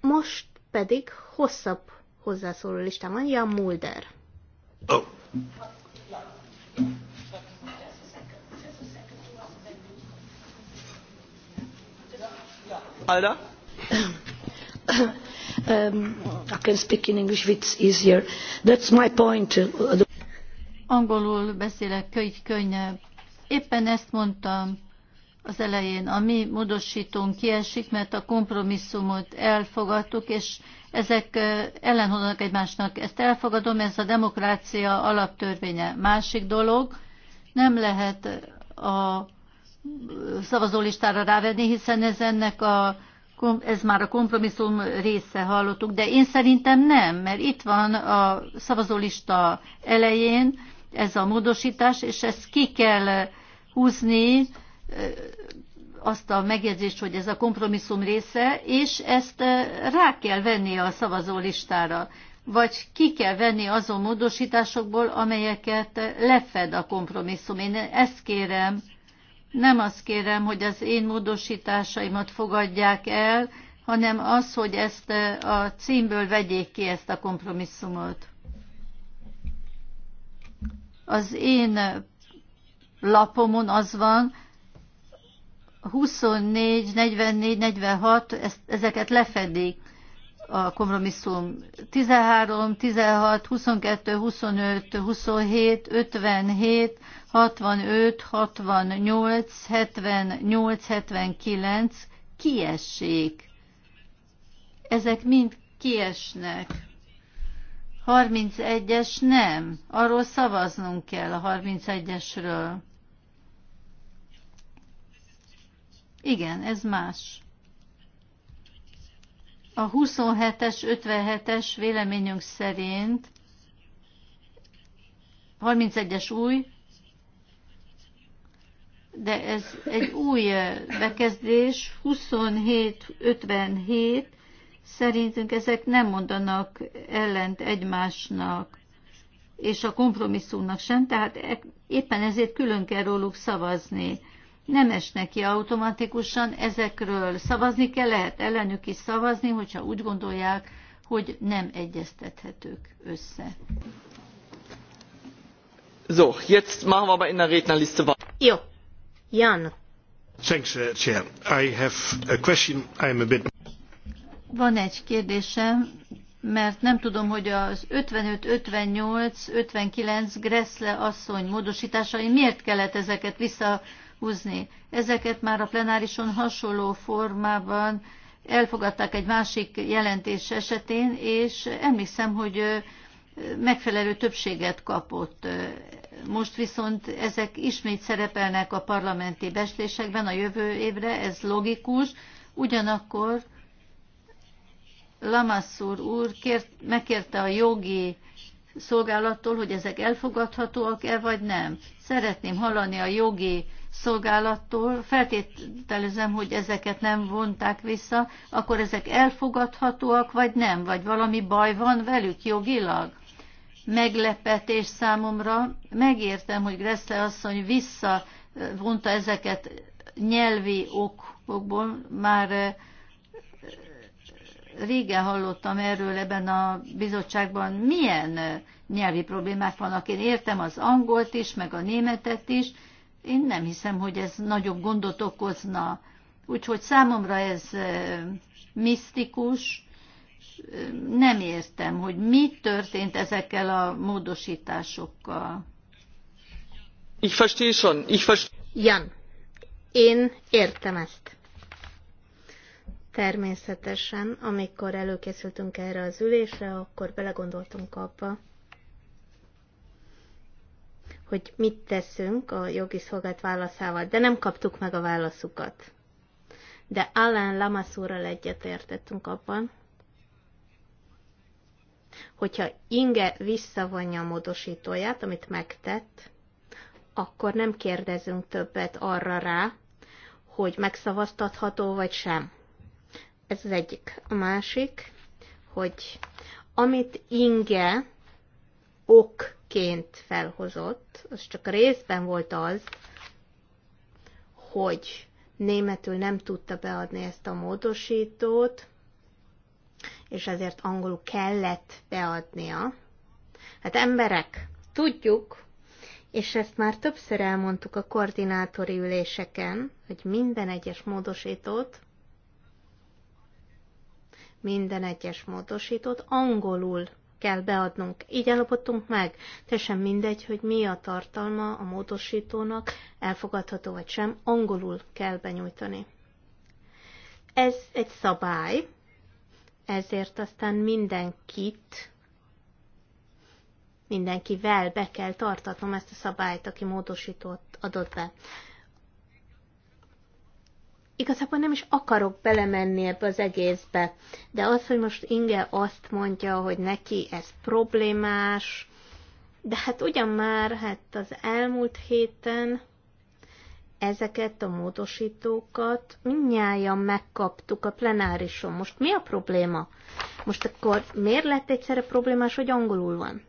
Most pedig hosszabb hozzászóló listám van, Jan Mulder. Oh. Alda? Angolul beszélek, könyv könnyebb. Éppen ezt mondtam az elején. A mi módosítónk kiesik, mert a kompromisszumot elfogadtuk, és ezek uh, ellenhozanak egymásnak. Ezt elfogadom, ez a demokrácia alaptörvénye. Másik dolog, nem lehet a szavazólistára rávenni, hiszen ez ennek a ez már a kompromisszum része hallottuk, de én szerintem nem, mert itt van a szavazólista elején ez a módosítás, és ezt ki kell húzni azt a megjegyzést, hogy ez a kompromisszum része, és ezt rá kell venni a szavazólistára, vagy ki kell venni azon módosításokból, amelyeket lefed a kompromisszum. Én ezt kérem nem azt kérem, hogy az én módosításaimat fogadják el, hanem az, hogy ezt eh, a címből vegyék ki ezt a kompromisszumot. Az én lapomon az van, 24, 44, 46, ezt, ezeket lefedik a kompromisszum 13, 16, 22, 25, 27, 57, 65, 68, 78, 79 kiessék. Ezek mind kiesnek. 31-es nem. Arról szavaznunk kell a 31-esről. Igen, ez más. A 27-es, 57-es véleményünk szerint 31-es új, de ez egy új bekezdés, 27-57, szerintünk ezek nem mondanak ellent egymásnak, és a kompromisszumnak sem, tehát e- éppen ezért külön kell róluk szavazni nem esnek ki automatikusan, ezekről szavazni kell, lehet ellenük is szavazni, hogyha úgy gondolják, hogy nem egyeztethetők össze. So, jetzt machen wir aber in der Rednerliste weiter. Jo, Jan. Thanks, uh, Chair. I have a question. I'm a bit... Van egy kérdésem, mert nem tudom, hogy az 55, 58, 59 Gressle asszony módosításai miért kellett ezeket vissza húzni. Ezeket már a plenárison hasonló formában elfogadták egy másik jelentés esetén, és emlékszem, hogy megfelelő többséget kapott. Most viszont ezek ismét szerepelnek a parlamenti beszélésekben a jövő évre, ez logikus, ugyanakkor Lamassur úr kért, megkérte a jogi szolgálattól, hogy ezek elfogadhatóak-e vagy nem. Szeretném hallani a jogi szolgálattól, feltételezem, hogy ezeket nem vonták vissza, akkor ezek elfogadhatóak vagy nem, vagy valami baj van velük jogilag? Meglepetés számomra, megértem, hogy Gressle asszony visszavonta ezeket nyelvi okokból, már régen hallottam erről ebben a bizottságban, milyen nyelvi problémák vannak. Én értem az angolt is, meg a németet is. Én nem hiszem, hogy ez nagyobb gondot okozna. Úgyhogy számomra ez misztikus. Nem értem, hogy mi történt ezekkel a módosításokkal. Ich verstehe schon. Ich verstehe. Jan, én értem ezt. Természetesen, amikor előkészültünk erre az ülésre, akkor belegondoltunk abba, hogy mit teszünk a jogi szolgált válaszával, de nem kaptuk meg a válaszukat. De Alan Lamassúrral egyetértettünk abban, hogyha Inge visszavonja a módosítóját, amit megtett, akkor nem kérdezünk többet arra rá, hogy megszavaztatható vagy sem. Ez az egyik. A másik, hogy amit Inge okként felhozott, az csak részben volt az, hogy németül nem tudta beadni ezt a módosítót, és ezért angolul kellett beadnia. Hát emberek, tudjuk, és ezt már többször elmondtuk a koordinátori üléseken, hogy minden egyes módosítót minden egyes módosítót angolul kell beadnunk. Így állapodtunk meg. Te mindegy, hogy mi a tartalma a módosítónak, elfogadható vagy sem, angolul kell benyújtani. Ez egy szabály, ezért aztán mindenkit, mindenkivel be kell tartatnom ezt a szabályt, aki módosítót adott be igazából nem is akarok belemenni ebbe az egészbe, de az, hogy most Inge azt mondja, hogy neki ez problémás, de hát ugyan már, hát az elmúlt héten ezeket a módosítókat mindnyájan megkaptuk a plenárison. Most mi a probléma? Most akkor miért lett egyszerre problémás, hogy angolul van?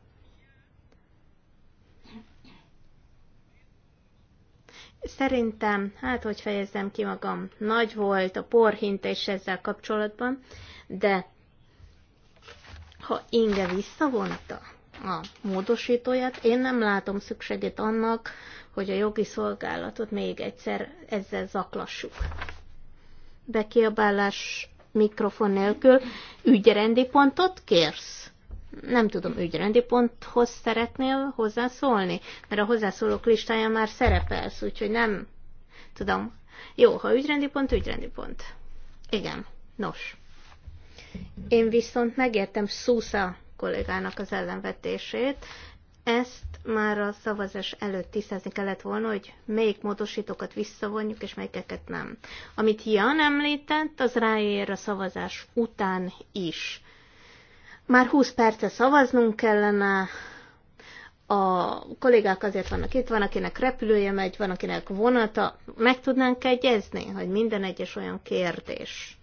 Szerintem, hát hogy fejezzem ki magam, nagy volt a és ezzel kapcsolatban, de ha Inge visszavonta a módosítóját, én nem látom szükségét annak, hogy a jogi szolgálatot még egyszer ezzel zaklassuk. Bekiabálás mikrofon nélkül ügyrendi pontot kérsz? nem tudom, ügyrendi ponthoz szeretnél hozzászólni? Mert a hozzászólók listája már szerepelsz, úgyhogy nem tudom. Jó, ha ügyrendi pont, ügyrendi pont. Igen, nos. Én viszont megértem Szúsza kollégának az ellenvetését. Ezt már a szavazás előtt tisztázni kellett volna, hogy melyik módosítókat visszavonjuk, és melyikeket nem. Amit Jan említett, az ráér a szavazás után is már 20 perce szavaznunk kellene, a kollégák azért vannak itt, van akinek repülője megy, van akinek vonata, meg tudnánk egyezni, hogy minden egyes olyan kérdés,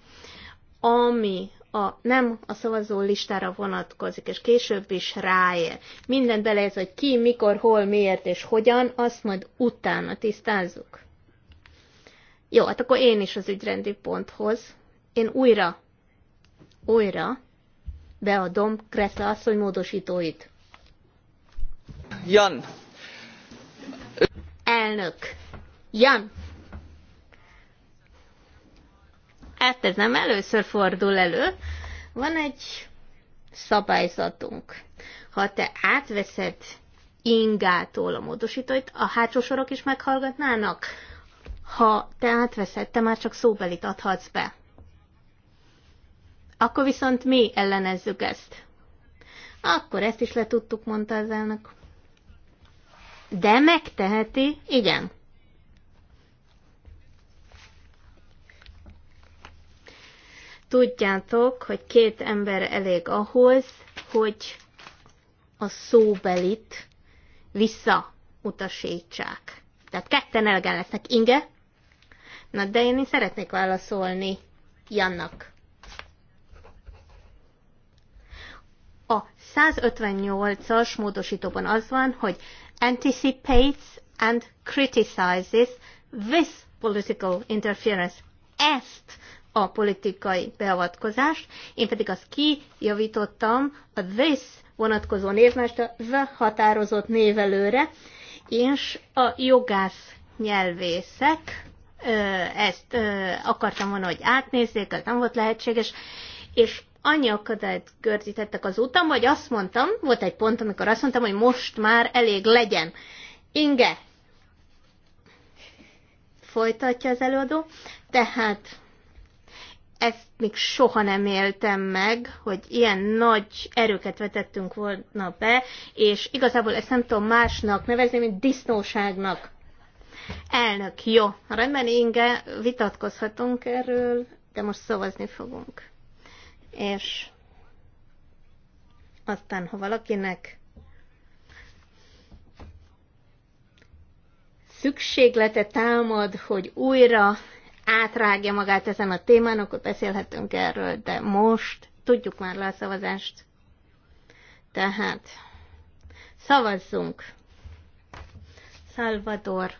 ami a, nem a szavazó listára vonatkozik, és később is ráér. Minden ez, hogy ki, mikor, hol, miért és hogyan, azt majd utána tisztázzuk. Jó, hát akkor én is az ügyrendi ponthoz. Én újra, újra beadom Kreszle asszony Jan. Elnök. Jan. Hát ez nem először fordul elő. Van egy szabályzatunk. Ha te átveszed ingától a módosítóit, a hátsó sorok is meghallgatnának. Ha te átveszed, te már csak szóbelit adhatsz be. Akkor viszont mi ellenezzük ezt. Akkor ezt is letudtuk, mondta az elnök. De megteheti, igen. Tudjátok, hogy két ember elég ahhoz, hogy a szóbelit visszautasítsák. Tehát ketten elegen lesznek. Inge? Na, de én is szeretnék válaszolni Jannak. A 158-as módosítóban az van, hogy anticipates and criticizes this political interference. Ezt a politikai beavatkozást, én pedig azt kijavítottam a this vonatkozó névmást a the határozott névelőre, és a jogász nyelvészek ezt akartam volna, hogy átnézzék, ez nem volt lehetséges, és annyi akadályt gördítettek az utam, hogy azt mondtam, volt egy pont, amikor azt mondtam, hogy most már elég legyen. Inge, folytatja az előadó, tehát ezt még soha nem éltem meg, hogy ilyen nagy erőket vetettünk volna be, és igazából ezt nem tudom másnak nevezni, mint disznóságnak. Elnök, jó. Rendben, Inge, vitatkozhatunk erről, de most szavazni fogunk és aztán, ha valakinek szükséglete támad, hogy újra átrágja magát ezen a témán, akkor beszélhetünk erről, de most tudjuk már le a szavazást. Tehát szavazzunk. Salvador.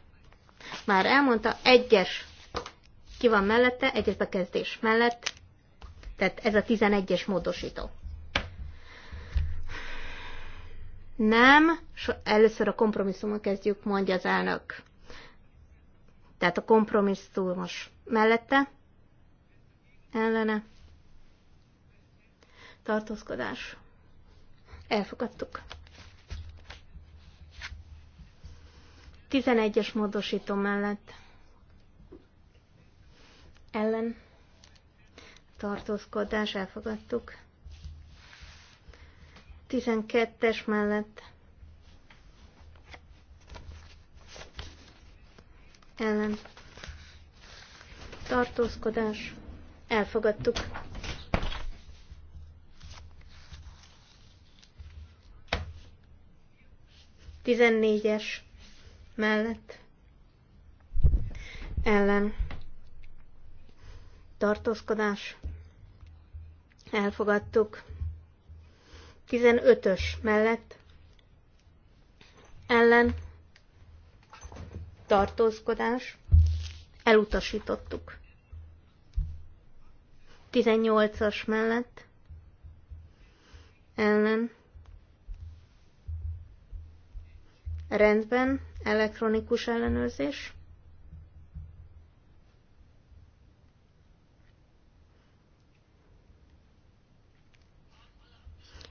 Már elmondta, egyes. Ki van mellette? Egyes bekezdés mellett. Tehát ez a 11-es módosító. Nem, először a kompromisszumot kezdjük, mondja az elnök. Tehát a kompromisszumos mellette, ellene, tartózkodás. Elfogadtuk. 11-es módosító mellett, ellen, tartózkodás, elfogadtuk. 12-es mellett ellen tartózkodás, elfogadtuk. Tizennégyes mellett ellen tartózkodás, elfogadtuk. 15-ös mellett ellen tartózkodás elutasítottuk. 18-as mellett ellen rendben elektronikus ellenőrzés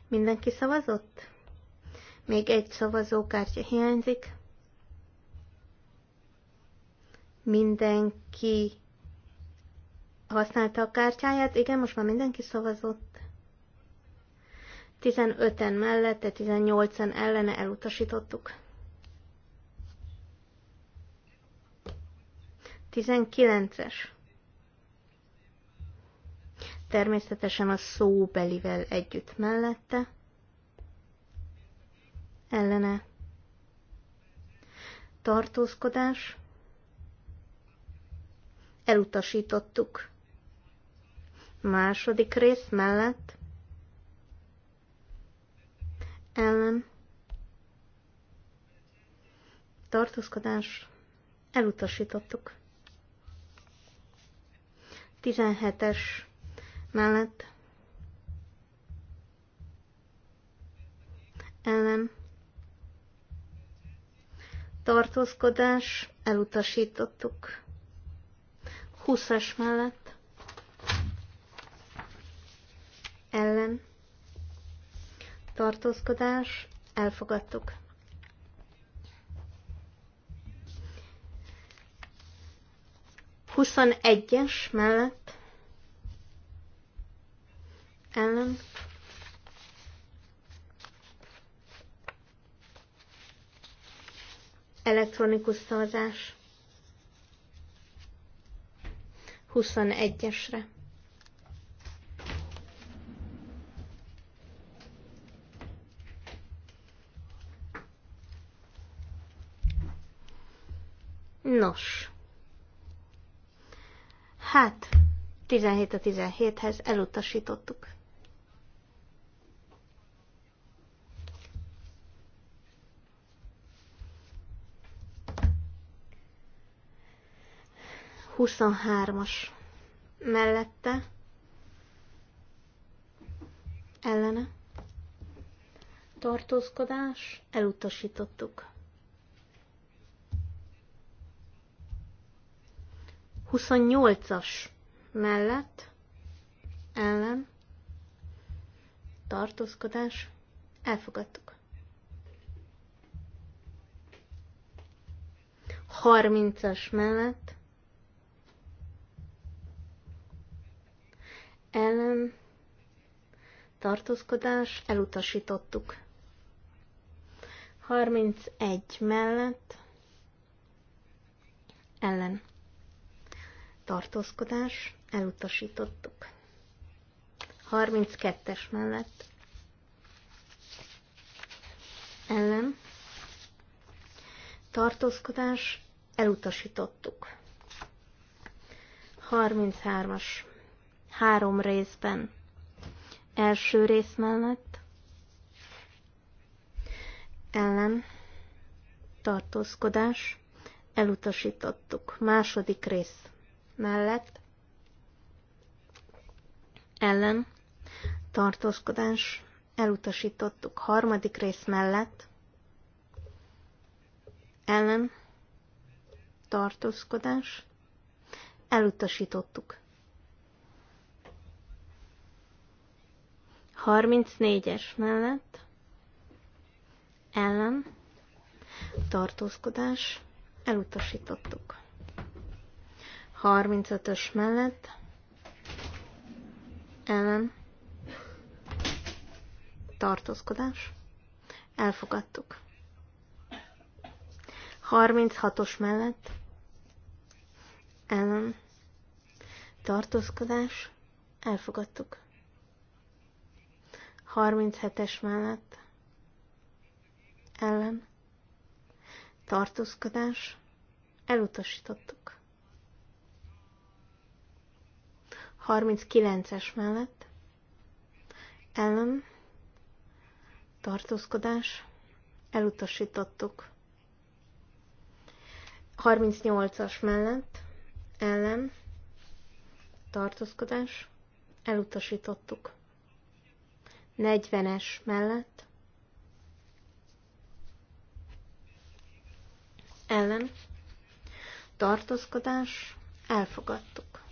Mindenki szavazott? Még egy szavazókártya hiányzik. Mindenki használta a kártyáját. Igen, most már mindenki szavazott. 15-en mellette, 18-en ellene elutasítottuk. 19-es természetesen a szóbelivel együtt mellette, ellene tartózkodás, elutasítottuk. Második rész mellett ellen tartózkodás, elutasítottuk. 17-es mellett ellen tartózkodás elutasítottuk. 20-as mellett ellen tartózkodás elfogadtuk. Huszonegyes mellett ellen elektronikus szavazás 21-esre. Nos. Hát, 17 a 17-hez elutasítottuk. 23-as mellette ellene tartózkodás elutasítottuk. 28-as mellett ellen tartózkodás elfogadtuk. 30-as mellett ellen tartózkodás elutasítottuk. 31 mellett ellen tartózkodás elutasítottuk. 32-es mellett ellen tartózkodás elutasítottuk. 33-as három részben. Első rész mellett ellen tartózkodás elutasítottuk. Második rész mellett ellen tartózkodás elutasítottuk. Harmadik rész mellett ellen tartózkodás elutasítottuk. 34-es mellett ellen tartózkodás elutasítottuk. 35-ös mellett ellen tartózkodás elfogadtuk. 36-os mellett ellen tartózkodás elfogadtuk. 37-es mellett ellen tartózkodás elutasítottuk. 39-es mellett ellen tartózkodás elutasítottuk. 38-as mellett ellen tartózkodás elutasítottuk. 40-es mellett ellen tartózkodás elfogadtuk.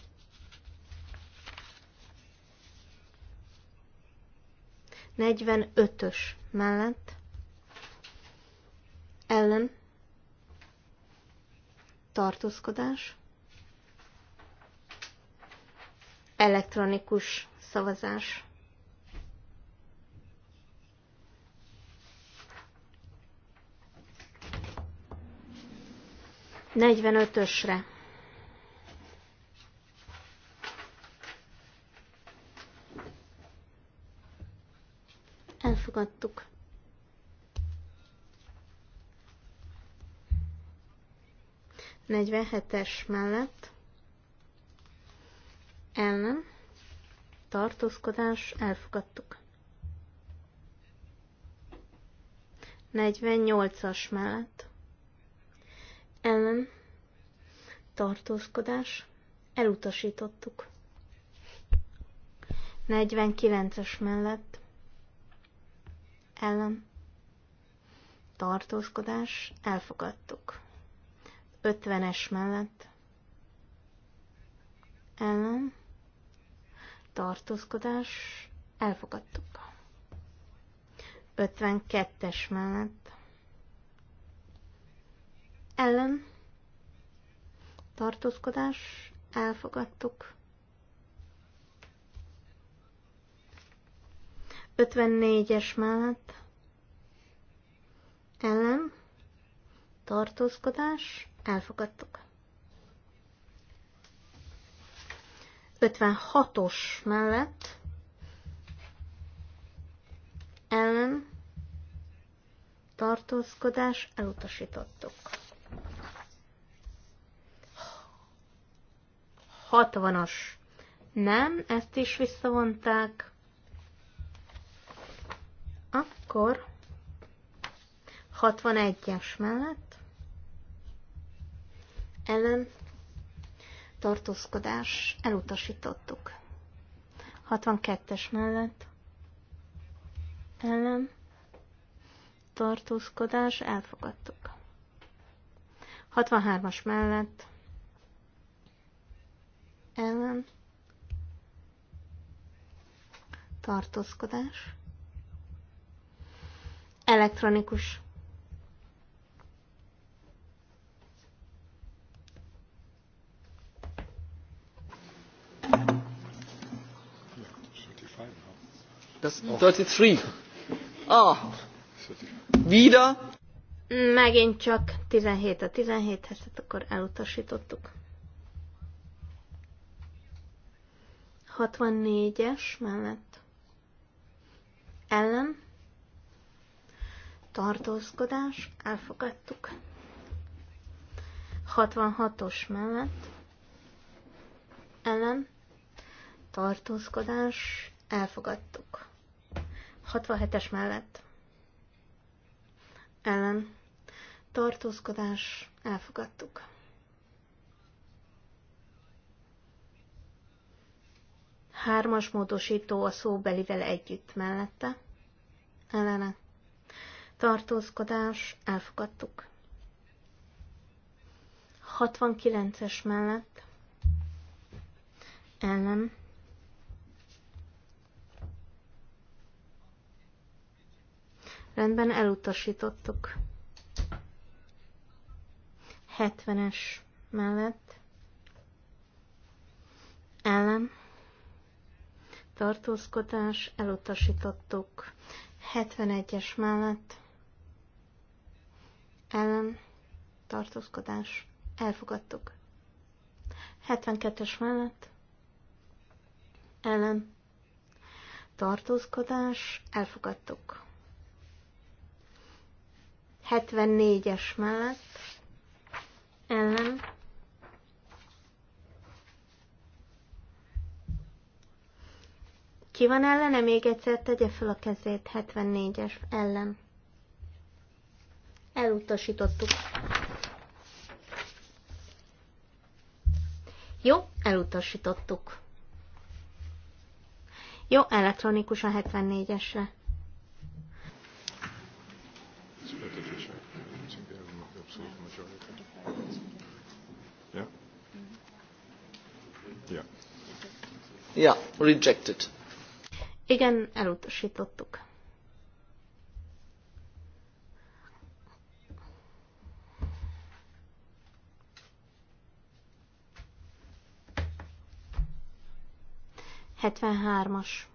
Negyven ötös mellett ellen tartózkodás elektronikus szavazás. 45-ösre. Elfogadtuk. Negyvenhetes mellett ellen tartózkodás elfogadtuk. 48-as mellett ellen tartózkodás elutasítottuk. 49-es mellett ellen tartózkodás elfogadtuk. 50-es mellett ellen tartózkodás elfogadtuk. 52-es mellett ellen tartózkodás elfogadtuk. 54-es mellett ellen tartózkodás elfogadtuk. 56-os mellett ellen tartózkodás elutasítottuk. 60-as. Nem, ezt is visszavonták. Akkor 61-es mellett ellen tartózkodás elutasítottuk. 62-es mellett ellen tartózkodás elfogadtuk. 63-as mellett ellen tartózkodás elektronikus Das 33. Ah. Wieder. Megint csak 17 a 17-hez, akkor elutasítottuk. 64-es mellett ellen tartózkodás, elfogadtuk. 66-os mellett ellen tartózkodás, elfogadtuk. 67-es mellett ellen tartózkodás, elfogadtuk. Hármas módosító a szóbelivel együtt mellette. Ellene. Tartózkodás. Elfogadtuk. 69-es mellett. Ellen. Rendben, elutasítottuk. 70-es mellett. Ellen tartózkodás, elutasítottuk 71-es mellett, ellen, tartózkodás, elfogadtuk. 72-es mellett, ellen, tartózkodás, elfogadtuk. 74-es mellett, ellen, Ki van ellene? Még egyszer tegye fel a kezét 74-es ellen. Elutasítottuk. Jó, elutasítottuk. Jó, elektronikus a 74-esre. Yeah, rejected. Igen, elutasítottuk. Hetvenhármas.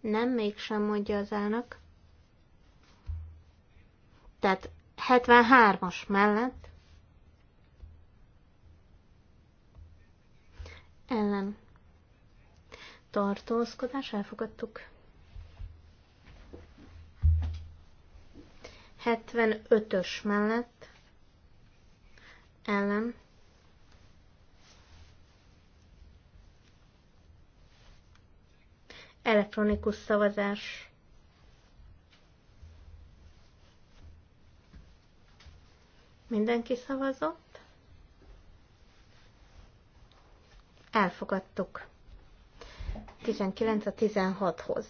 Nem, mégsem mondja az elnök. Tehát 73-as mellett ellen tartózkodás, elfogadtuk. 75-ös mellett ellen elektronikus szavazás mindenki szavazott elfogadtuk 19 a 16-hoz.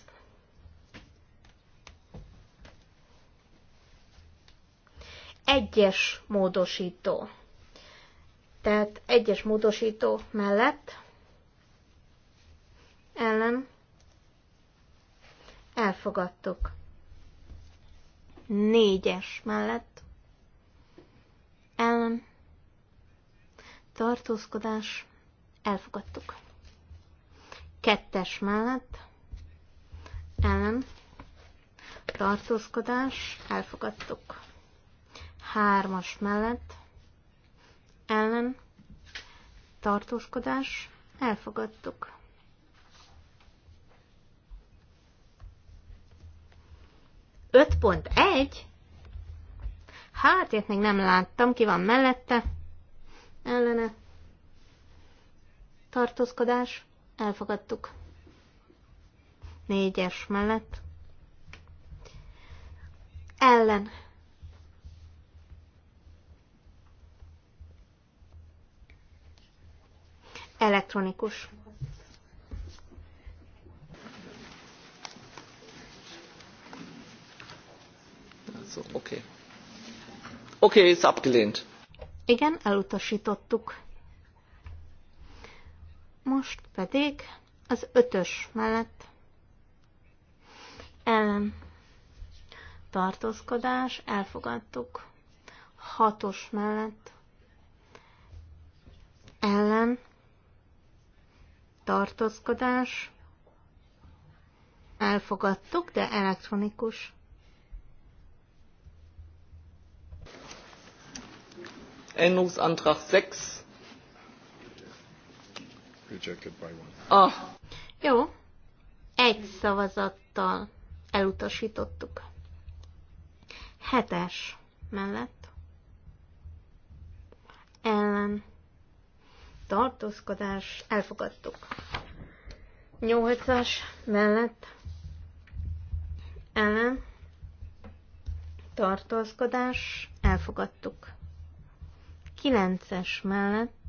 Egyes módosító. Tehát egyes módosító mellett ellen elfogadtuk. Négyes mellett ellen tartózkodás elfogadtuk. Kettes mellett ellen tartózkodás elfogadtuk. Hármas mellett ellen tartózkodás elfogadtuk. Öt pont egy? Hát, én még nem láttam, ki van mellette, ellene, tartózkodás, elfogadtuk. Négyes mellett. Ellen. Elektronikus. So, okay. Okay, ist abgelehnt. Igen, elutasítottuk. Most pedig az ötös mellett ellen tartózkodás, elfogadtuk. Hatos mellett ellen tartózkodás, elfogadtuk, de elektronikus. Änderungsantrag 6 Rejected by one. Oh. Jó. Egy szavazattal elutasítottuk. Hetes mellett. Ellen. Tartózkodás. Elfogadtuk. Nyolcas mellett. Ellen. Tartózkodás. Elfogadtuk. Kilences mellett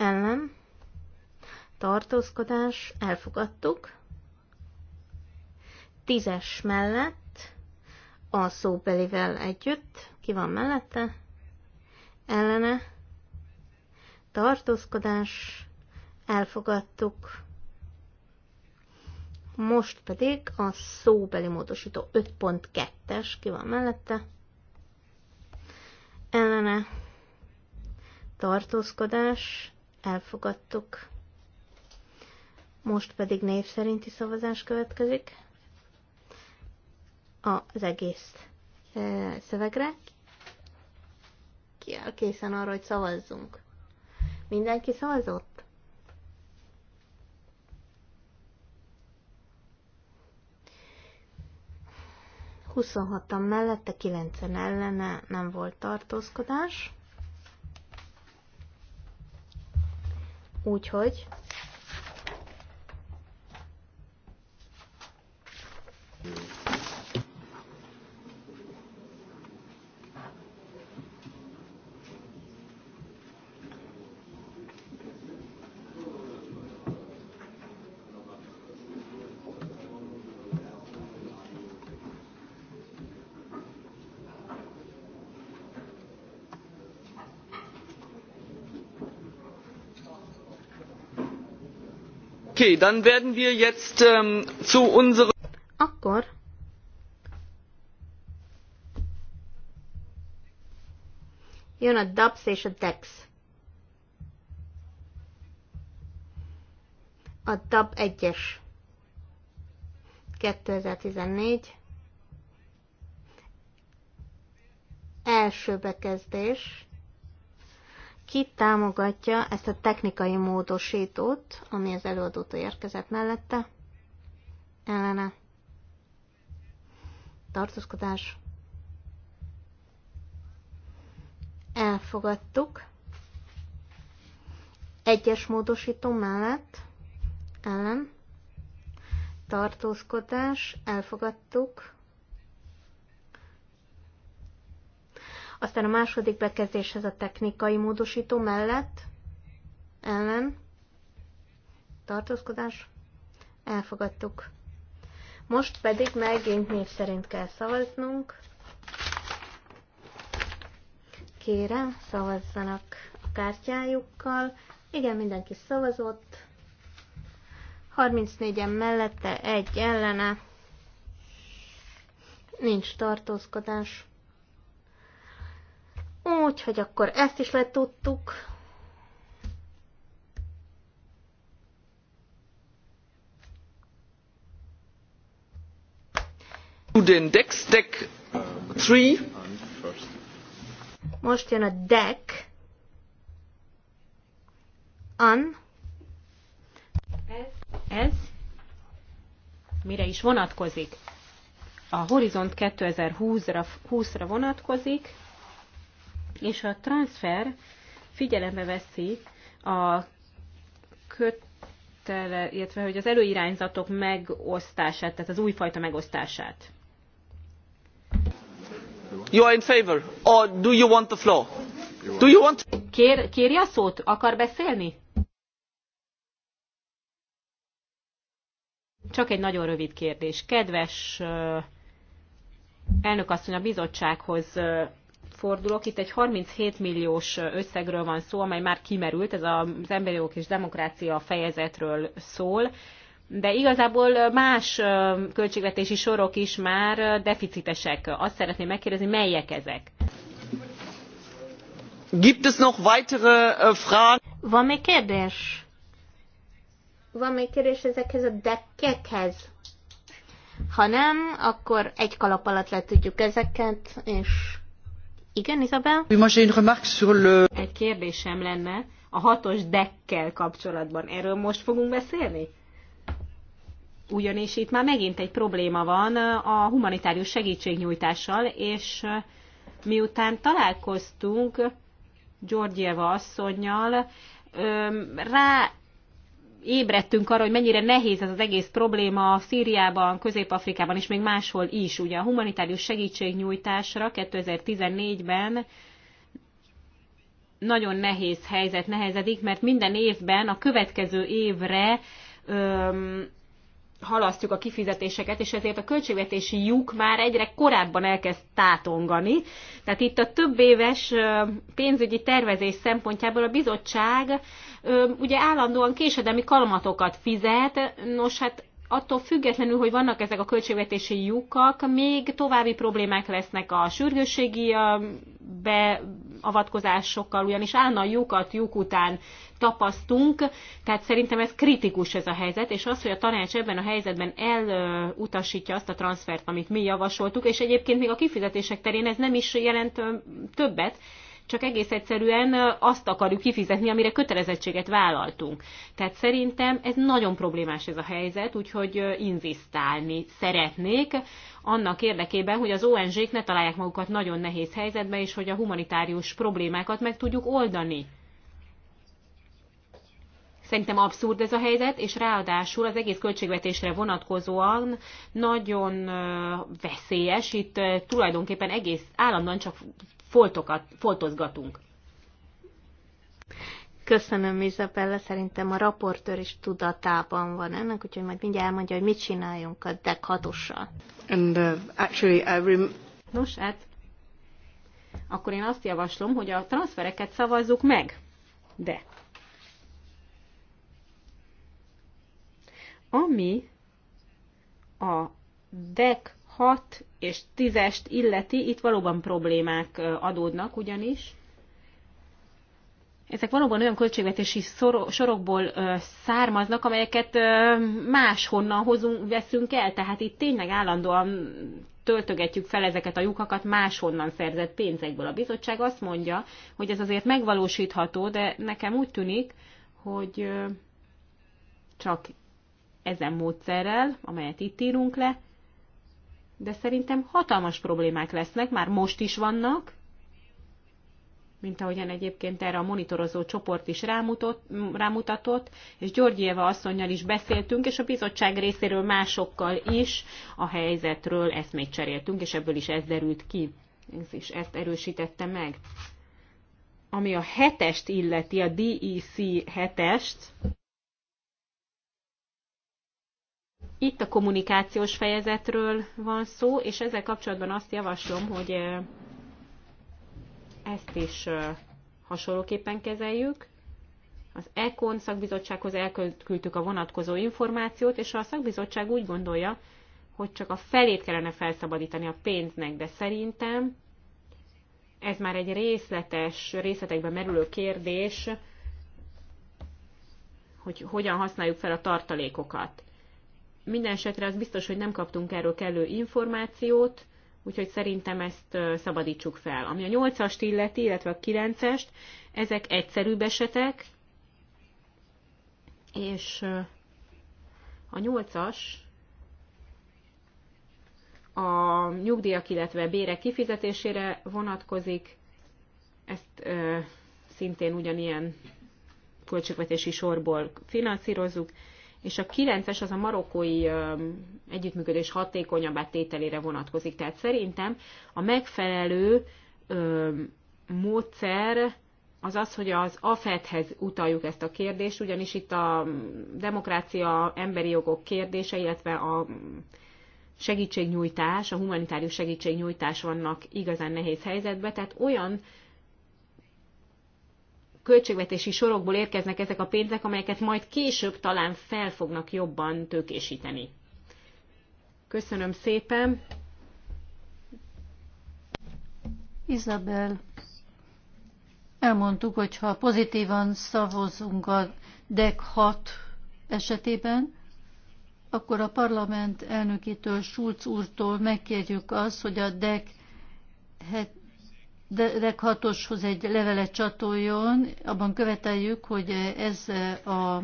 ellen, tartózkodás, elfogadtuk. Tízes mellett, a szóbelivel együtt, ki van mellette, ellene, tartózkodás, elfogadtuk. Most pedig a szóbeli módosító 5.2-es, ki van mellette, ellene, tartózkodás, elfogadtuk. Most pedig név szerinti szavazás következik az egész e, szövegre. Ki áll készen arra, hogy szavazzunk? Mindenki szavazott? Huszonhatan mellette, kilencen ellene nem volt tartózkodás. Úgyhogy Okay, dann werden wir jetzt ähm, zu unserem. Akkor. Jön a DAPS és a DEX. A DAB 1-es. 2014. Első bekezdés. Ki támogatja ezt a technikai módosítót, ami az előadótól érkezett mellette? Ellene. Tartózkodás. Elfogadtuk. Egyes módosító mellett. Ellen. Tartózkodás. Elfogadtuk Aztán a második bekezdéshez a technikai módosító mellett ellen tartózkodás elfogadtuk. Most pedig megint név szerint kell szavaznunk. Kérem, szavazzanak a kártyájukkal. Igen, mindenki szavazott. 34-en mellette, egy ellene. Nincs tartózkodás. Úgyhogy akkor ezt is letudtuk. To the Deck three. Most jön a Deck. An. Ez. Ez. Mire is vonatkozik? A Horizont 2020-ra 20 vonatkozik, és a transfer figyelembe veszi a kötele, illetve hogy az előirányzatok megosztását, tehát az újfajta megosztását. You are in favor, or do you want the floor? Do you want... Kér, kéri a szót? Akar beszélni? Csak egy nagyon rövid kérdés. Kedves elnök, asszony, a bizottsághoz fordulok. Itt egy 37 milliós összegről van szó, amely már kimerült, ez az emberi jogok és demokrácia fejezetről szól, de igazából más költségvetési sorok is már deficitesek. Azt szeretném megkérdezni, melyek ezek? Gibt es noch weitere Fragen? Van még kérdés? Van még kérdés ezekhez a dekkekhez? Ha nem, akkor egy kalap alatt le tudjuk ezeket, és igen, Isabel? Egy kérdésem lenne a hatos dekkel kapcsolatban. Erről most fogunk beszélni? Ugyanis itt már megint egy probléma van a humanitárius segítségnyújtással, és miután találkoztunk Georgieva asszonynal, rá ébredtünk arra, hogy mennyire nehéz ez az egész probléma Szíriában, Közép-Afrikában és még máshol is. Ugye a humanitárius segítségnyújtásra 2014-ben nagyon nehéz helyzet nehezedik, mert minden évben a következő évre öm, halasztjuk a kifizetéseket, és ezért a költségvetési lyuk már egyre korábban elkezd tátongani. Tehát itt a több éves pénzügyi tervezés szempontjából a bizottság ugye állandóan késedelmi kalamatokat fizet, nos hát attól függetlenül, hogy vannak ezek a költségvetési lyukak, még további problémák lesznek a sürgősségi be, avatkozásokkal, ugyanis állandóan lyukat lyuk után tapasztunk, tehát szerintem ez kritikus ez a helyzet, és az, hogy a tanács ebben a helyzetben elutasítja azt a transfert, amit mi javasoltuk, és egyébként még a kifizetések terén ez nem is jelent többet, csak egész egyszerűen azt akarjuk kifizetni, amire kötelezettséget vállaltunk. Tehát szerintem ez nagyon problémás ez a helyzet, úgyhogy inzisztálni szeretnék annak érdekében, hogy az ONG-k ne találják magukat nagyon nehéz helyzetbe, és hogy a humanitárius problémákat meg tudjuk oldani. Szerintem abszurd ez a helyzet, és ráadásul az egész költségvetésre vonatkozóan nagyon veszélyes. Itt tulajdonképpen egész állandóan csak foltokat, foltozgatunk. Köszönöm, Izabella. Szerintem a raportőr is tudatában van ennek, úgyhogy majd mindjárt elmondja, hogy mit csináljunk a DEC hatossal. And uh, actually, every... Nos, hát akkor én azt javaslom, hogy a transfereket szavazzuk meg. De. Ami a DEC 6 és tízest illeti, itt valóban problémák adódnak ugyanis. Ezek valóban olyan költségvetési sorokból származnak, amelyeket máshonnan hozunk, veszünk el, tehát itt tényleg állandóan töltögetjük fel ezeket a lyukakat máshonnan szerzett pénzekből. A bizottság azt mondja, hogy ez azért megvalósítható, de nekem úgy tűnik, hogy csak ezen módszerrel, amelyet itt írunk le, de szerintem hatalmas problémák lesznek, már most is vannak, mint ahogyan egyébként erre a monitorozó csoport is rámutott, rámutatott, és Györgyéva asszonynal is beszéltünk, és a bizottság részéről másokkal is a helyzetről eszmét cseréltünk, és ebből is ez derült ki, ez is ezt erősítette meg. Ami a hetest illeti, a DEC hetest, Itt a kommunikációs fejezetről van szó, és ezzel kapcsolatban azt javaslom, hogy ezt is hasonlóképpen kezeljük. Az ECON szakbizottsághoz elküldtük a vonatkozó információt, és a szakbizottság úgy gondolja, hogy csak a felét kellene felszabadítani a pénznek, de szerintem ez már egy részletes, részletekben merülő kérdés, hogy hogyan használjuk fel a tartalékokat. Minden esetre az biztos, hogy nem kaptunk erről kellő információt, úgyhogy szerintem ezt szabadítsuk fel. Ami a 8-ast illeti, illetve a 9-est, ezek egyszerűbb esetek, és a 8-as a nyugdíjak, illetve bérek kifizetésére vonatkozik, ezt ö, szintén ugyanilyen költségvetési sorból finanszírozzuk, és a 9-es az a marokkói együttműködés hatékonyabb tételére vonatkozik. Tehát szerintem a megfelelő módszer az az, hogy az AFET-hez utaljuk ezt a kérdést, ugyanis itt a demokrácia, emberi jogok kérdése, illetve a segítségnyújtás, a humanitárius segítségnyújtás vannak igazán nehéz helyzetben, tehát olyan költségvetési sorokból érkeznek ezek a pénzek, amelyeket majd később talán fel fognak jobban tőkésíteni. Köszönöm szépen. Izabel, elmondtuk, hogy ha pozitívan szavazunk a DEC 6 esetében, akkor a parlament elnökétől, Schulz úrtól megkérjük azt, hogy a DEC DEC6-oshoz egy levelet csatoljon, abban követeljük, hogy ez a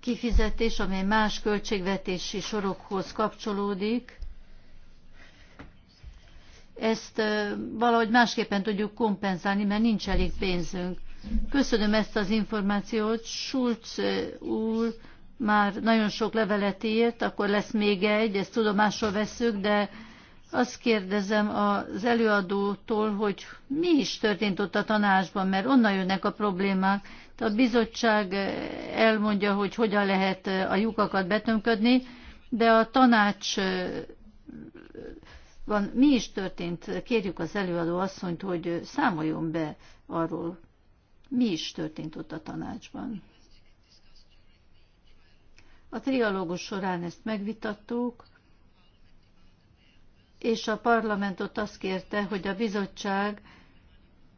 kifizetés, amely más költségvetési sorokhoz kapcsolódik, ezt valahogy másképpen tudjuk kompenzálni, mert nincs elég pénzünk. Köszönöm ezt az információt. Schulz úr már nagyon sok levelet írt, akkor lesz még egy, ezt tudomásról veszük, de azt kérdezem az előadótól, hogy mi is történt ott a tanácsban, mert onnan jönnek a problémák. A bizottság elmondja, hogy hogyan lehet a lyukakat betömködni, de a tanács van, mi is történt? Kérjük az előadó asszonyt, hogy számoljon be arról, mi is történt ott a tanácsban. A trialógus során ezt megvitattuk, és a parlamentot azt kérte, hogy a bizottság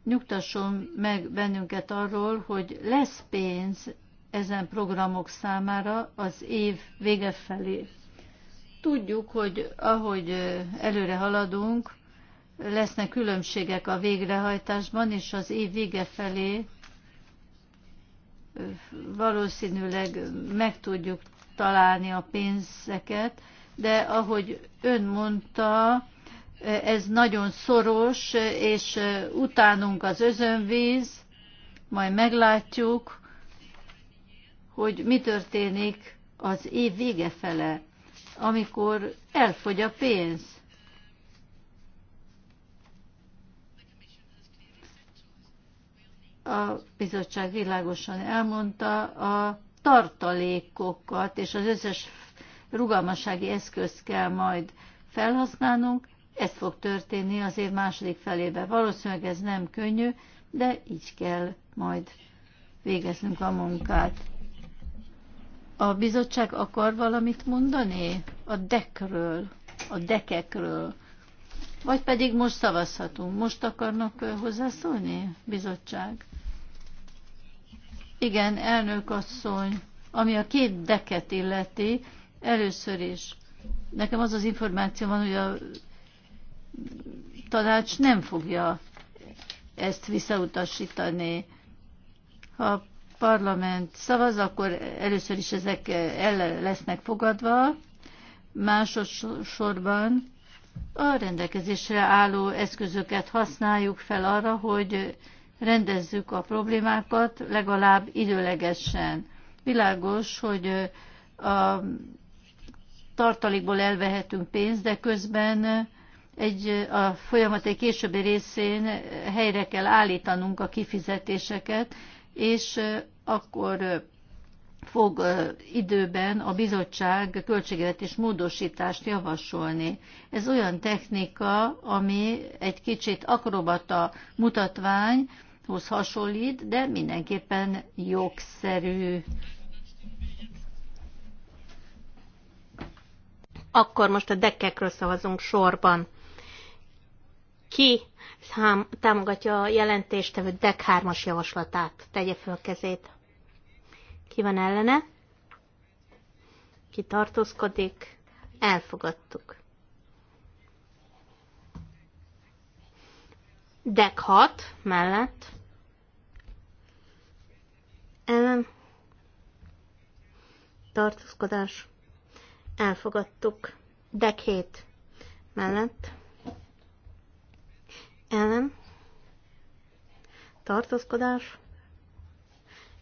nyugtasson meg bennünket arról, hogy lesz pénz ezen programok számára az év vége felé. Tudjuk, hogy ahogy előre haladunk, lesznek különbségek a végrehajtásban, és az év vége felé valószínűleg meg tudjuk találni a pénzeket, de ahogy ön mondta, ez nagyon szoros, és utánunk az özönvíz, majd meglátjuk, hogy mi történik az év vége fele, amikor elfogy a pénz. A bizottság világosan elmondta a tartalékokat és az összes rugalmassági eszközt kell majd felhasználnunk, ez fog történni az év második felébe. Valószínűleg ez nem könnyű, de így kell majd végeznünk a munkát. A bizottság akar valamit mondani? A dekről, a dekekről. Vagy pedig most szavazhatunk. Most akarnak hozzászólni, bizottság? Igen, elnök asszony, ami a két deket illeti, Először is, nekem az az információ van, hogy a tanács nem fogja ezt visszautasítani. Ha a parlament szavaz, akkor először is ezek el lesznek fogadva, másodszorban a rendelkezésre álló eszközöket használjuk fel arra, hogy rendezzük a problémákat legalább időlegesen. Világos, hogy a tartalékból elvehetünk pénzt, de közben egy, a folyamat egy későbbi részén helyre kell állítanunk a kifizetéseket, és akkor fog időben a bizottság költségvetés módosítást javasolni. Ez olyan technika, ami egy kicsit akrobata mutatványhoz hasonlít, de mindenképpen jogszerű Akkor most a dekkekről szavazunk sorban. Ki szám, támogatja a jelentéstevő DEK 3-as javaslatát? Tegye fel a kezét. Ki van ellene? Ki tartózkodik? Elfogadtuk. DEK 6 mellett. Ellen. Tartózkodás elfogadtuk. deck 7 mellett ellen tartózkodás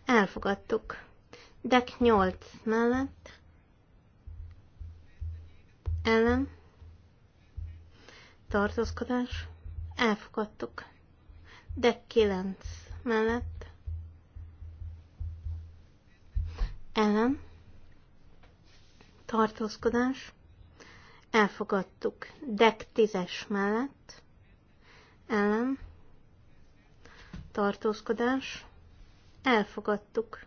elfogadtuk. deck 8 mellett ellen tartózkodás elfogadtuk. deck 9 mellett ellen tartózkodás, elfogadtuk. deck 10-es mellett, ellen, tartózkodás, elfogadtuk.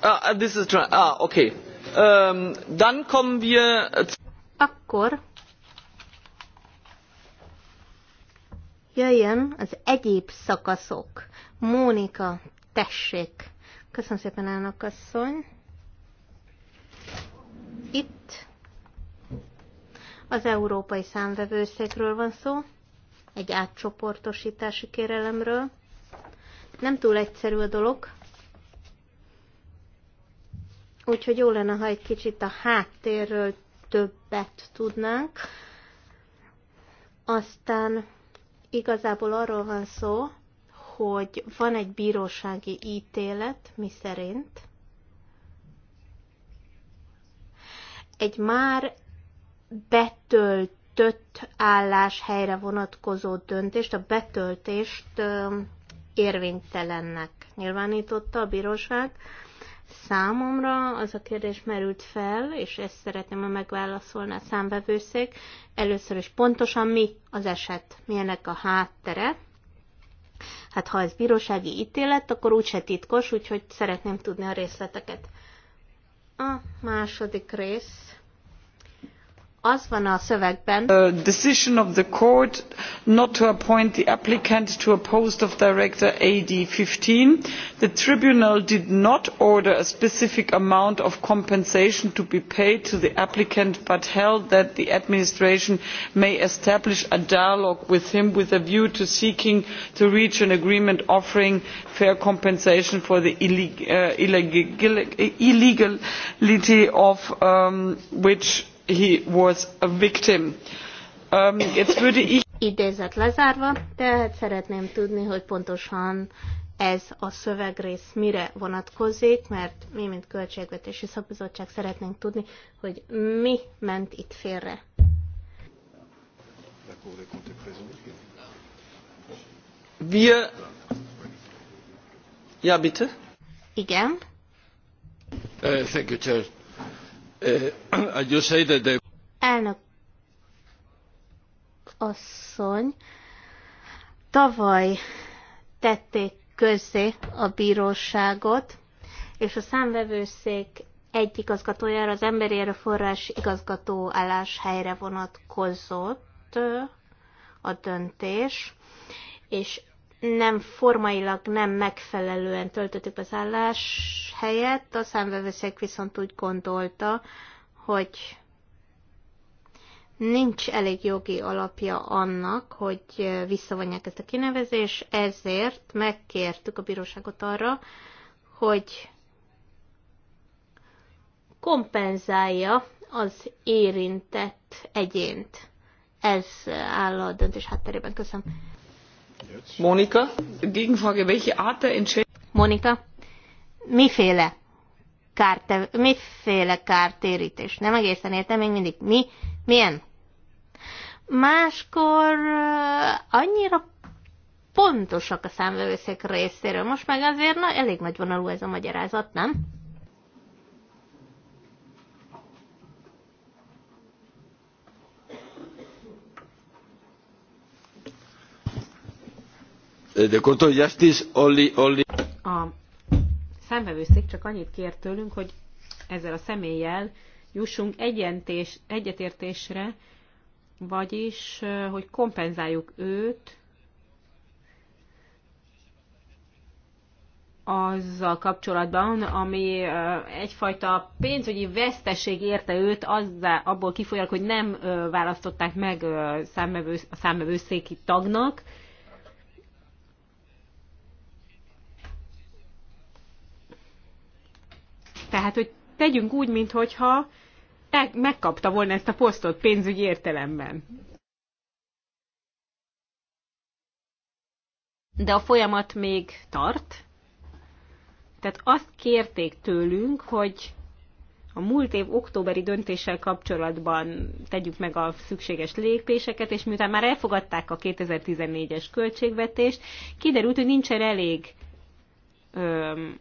Ah, this is ah, okay. Um, dann kommen wir. Akkor jöjjön az egyéb szakaszok. Mónika, tessék! Köszönöm szépen, elnök asszony! Itt az Európai Számvevőszékről van szó, egy átcsoportosítási kérelemről. Nem túl egyszerű a dolog, úgyhogy jó lenne, ha egy kicsit a háttérről többet tudnánk. Aztán Igazából arról van szó, hogy van egy bírósági ítélet, mi szerint egy már betölt állás helyre vonatkozó döntést, a betöltést érvénytelennek nyilvánította a bíróság, Számomra az a kérdés merült fel, és ezt szeretném, ha megválaszolná a számvevőszék. Először is pontosan mi az eset, milyenek a háttere. Hát ha ez bírósági ítélet, akkor úgyse titkos, úgyhogy szeretném tudni a részleteket. A második rész az van a szövegben. A decision of the court not to appoint the applicant to a post of director AD 15. The tribunal did not order a specific amount of compensation to be paid to the applicant but held that the administration may establish a dialogue with him with a view to seeking to reach an agreement offering fair compensation for the uh, illegality of um, which Um, Idézet lezárva, tehát szeretném tudni, hogy pontosan ez a szövegrész mire vonatkozik, mert mi, mint Költségvetési Szakbizottság szeretnénk tudni, hogy mi ment itt félre. Wir... Ja, bitte? Igen. Uh, thank you, Chair. Eh, Elnök asszony, tavaly tették közzé a bíróságot, és a számvevőszék egy igazgatójára, az emberi erőforrás igazgató álláshelyre vonatkozott eh, a döntés, és nem formailag nem megfelelően töltöttük az állás helyett, a számvevőszék viszont úgy gondolta, hogy nincs elég jogi alapja annak, hogy visszavonják ezt a kinevezést, ezért megkértük a bíróságot arra, hogy kompenzálja az érintett egyént. Ez áll a döntés hátterében. Köszönöm. Monika, miféle kárt, kártérítés? Nem egészen értem még mindig. Mi? Milyen? Máskor annyira pontosak a számvevőszék részéről. Most meg azért na, elég nagyvonalú ez a magyarázat, nem? A számvevőszék csak annyit kér tőlünk, hogy ezzel a személlyel jussunk egyentés, egyetértésre, vagyis, hogy kompenzáljuk őt azzal kapcsolatban, ami egyfajta pénzügyi veszteség érte őt, azzá, abból kifolyólag, hogy nem választották meg a számvevőszéki tagnak, Tehát, hogy tegyünk úgy, mintha e- megkapta volna ezt a posztot pénzügyi értelemben. De a folyamat még tart. Tehát azt kérték tőlünk, hogy a múlt év októberi döntéssel kapcsolatban tegyük meg a szükséges lépéseket, és miután már elfogadták a 2014-es költségvetést, kiderült, hogy nincsen elég öm,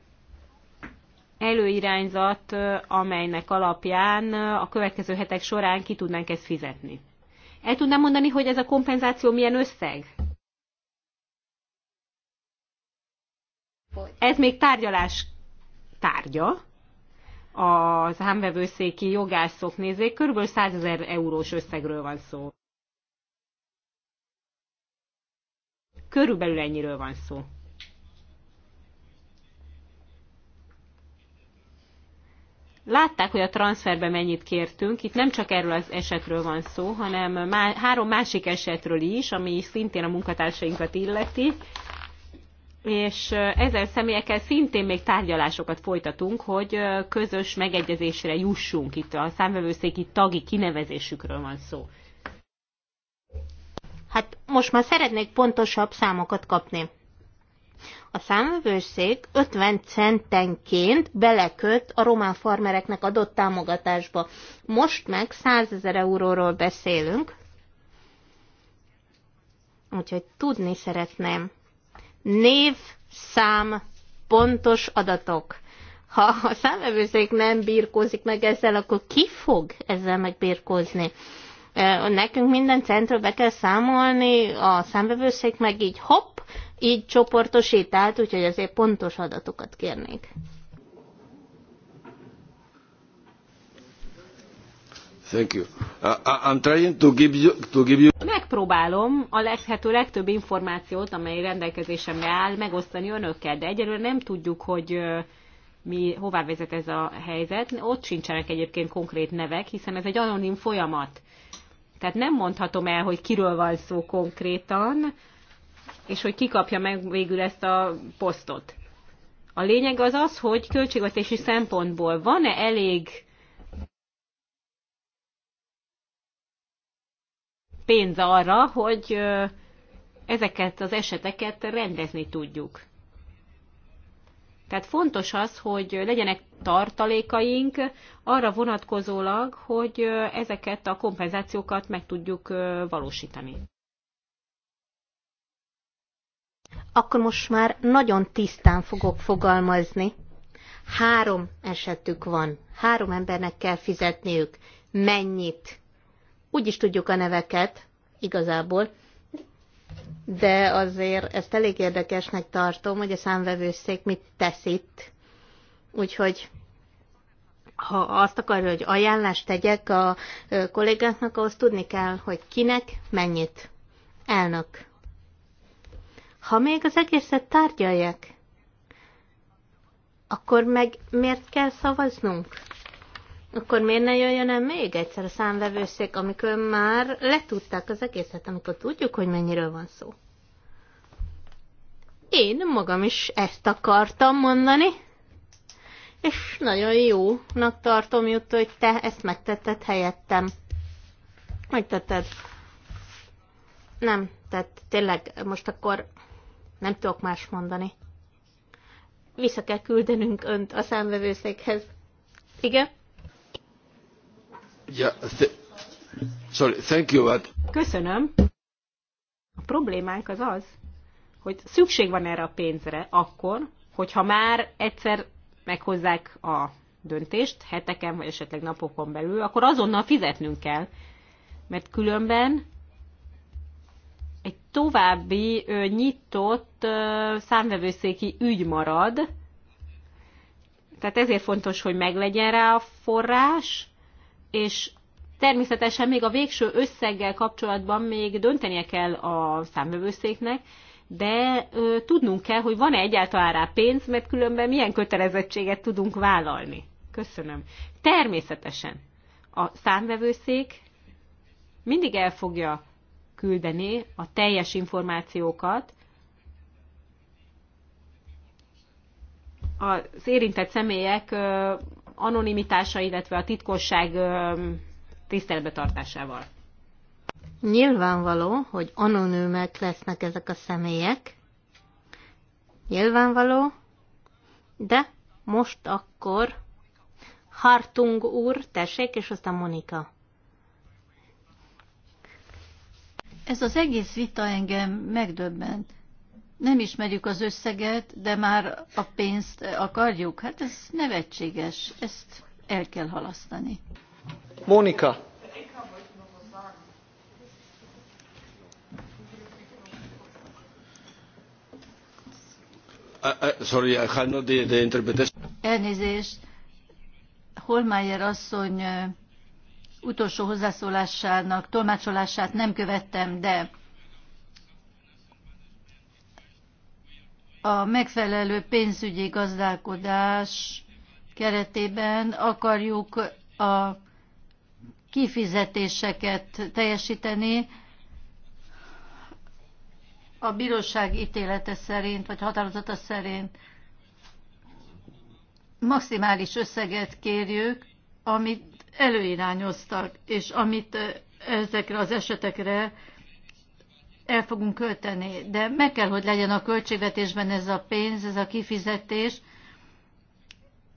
előirányzat, amelynek alapján a következő hetek során ki tudnánk ezt fizetni. El tudnám mondani, hogy ez a kompenzáció milyen összeg? Ez még tárgyalás tárgya. Az ámvevőszéki jogászok nézék, körülbelül 100 ezer eurós összegről van szó. Körülbelül ennyiről van szó. Látták, hogy a transferbe mennyit kértünk. Itt nem csak erről az esetről van szó, hanem má, három másik esetről is, ami szintén a munkatársainkat illeti. És ezzel személyekkel szintén még tárgyalásokat folytatunk, hogy közös megegyezésre jussunk. Itt a számvevőszéki tagi kinevezésükről van szó. Hát most már szeretnék pontosabb számokat kapni. A számvevőszék 50 centenként beleköt a román farmereknek adott támogatásba. Most meg 100 ezer euróról beszélünk, úgyhogy tudni szeretném. Név, szám, pontos adatok. Ha a számvevőszék nem birkózik meg ezzel, akkor ki fog ezzel megbirkózni? Nekünk minden centről be kell számolni, a számvevőszék meg így hopp, így csoportosítált, úgyhogy azért pontos adatokat kérnék. Thank you. Uh, uh, I'm trying to give you, to give you... Megpróbálom a lehető legtöbb információt, amely rendelkezésemre áll, megosztani önökkel, de egyelőre nem tudjuk, hogy mi, hová vezet ez a helyzet. Ott sincsenek egyébként konkrét nevek, hiszen ez egy anonim folyamat. Tehát nem mondhatom el, hogy kiről van szó konkrétan, és hogy kikapja meg végül ezt a posztot. A lényeg az az, hogy költségvetési szempontból van-e elég pénz arra, hogy ezeket az eseteket rendezni tudjuk. Tehát fontos az, hogy legyenek tartalékaink arra vonatkozólag, hogy ezeket a kompenzációkat meg tudjuk valósítani. akkor most már nagyon tisztán fogok fogalmazni. Három esetük van. Három embernek kell fizetniük. Mennyit? Úgy is tudjuk a neveket, igazából. De azért ezt elég érdekesnek tartom, hogy a számvevőszék mit tesz itt. Úgyhogy ha azt akarja, hogy ajánlást tegyek a kollégáknak, ahhoz tudni kell, hogy kinek mennyit. Elnök ha még az egészet tárgyalják, akkor meg miért kell szavaznunk? Akkor miért ne jöjjön el még egyszer a számvevőszék, amikor már letudták az egészet, amikor tudjuk, hogy mennyiről van szó? Én magam is ezt akartam mondani, és nagyon jónak tartom jut, hogy te ezt megtetted helyettem. Megtetted. Nem, tehát tényleg most akkor nem tudok más mondani. Vissza kell küldenünk önt a számvevőszékhez. Igen? Ja, th sorry, thank you, but... Köszönöm. A problémánk az az, hogy szükség van erre a pénzre akkor, hogyha már egyszer meghozzák a döntést heteken vagy esetleg napokon belül, akkor azonnal fizetnünk kell, mert különben egy további nyitott számvevőszéki ügy marad, tehát ezért fontos, hogy meglegyen rá a forrás, és természetesen még a végső összeggel kapcsolatban még döntenie kell a számvevőszéknek, de ö, tudnunk kell, hogy van-e egyáltalán rá pénz, mert különben milyen kötelezettséget tudunk vállalni. Köszönöm. Természetesen a számvevőszék mindig el fogja küldeni a teljes információkat az érintett személyek anonimitása, illetve a titkosság tartásával. Nyilvánvaló, hogy anonőmek lesznek ezek a személyek. Nyilvánvaló, de most akkor Hartung úr, tessék, és aztán Monika. Ez az egész vita engem megdöbbent. Nem ismerjük az összeget, de már a pénzt akarjuk. Hát ez nevetséges, ezt el kell halasztani. Mónika. Uh, uh, sorry, Elnézést. Holmeyer asszony uh, utolsó hozzászólásának tolmácsolását nem követtem, de a megfelelő pénzügyi gazdálkodás keretében akarjuk a kifizetéseket teljesíteni. A bíróság ítélete szerint, vagy határozata szerint maximális összeget kérjük, amit előirányoztak, és amit ezekre az esetekre el fogunk költeni. De meg kell, hogy legyen a költségvetésben ez a pénz, ez a kifizetés,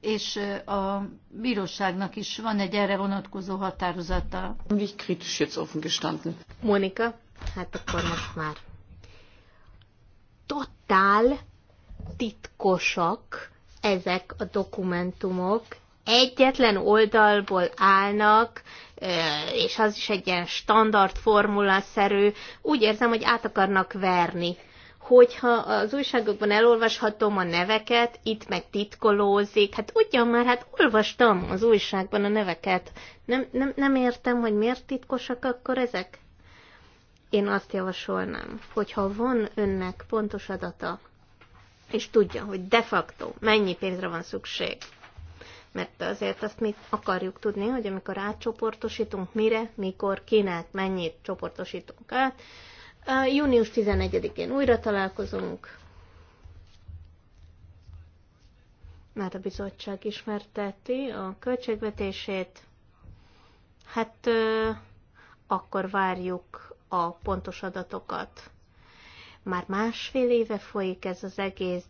és a bíróságnak is van egy erre vonatkozó határozata. Így Monika, hát akkor most már totál titkosak ezek a dokumentumok, egyetlen oldalból állnak, és az is egy ilyen standard formulaszerű, úgy érzem, hogy át akarnak verni. Hogyha az újságokban elolvashatom a neveket, itt meg titkolózik, hát ugyan már, hát olvastam az újságban a neveket. Nem, nem, nem értem, hogy miért titkosak akkor ezek? Én azt javasolnám, hogyha van önnek pontos adata, és tudja, hogy de facto mennyi pénzre van szükség, mert azért azt mi akarjuk tudni, hogy amikor átcsoportosítunk, mire, mikor, kinek, mennyit csoportosítunk át. Június 11-én újra találkozunk, mert a bizottság ismerteti a költségvetését. Hát akkor várjuk a pontos adatokat. Már másfél éve folyik ez az egész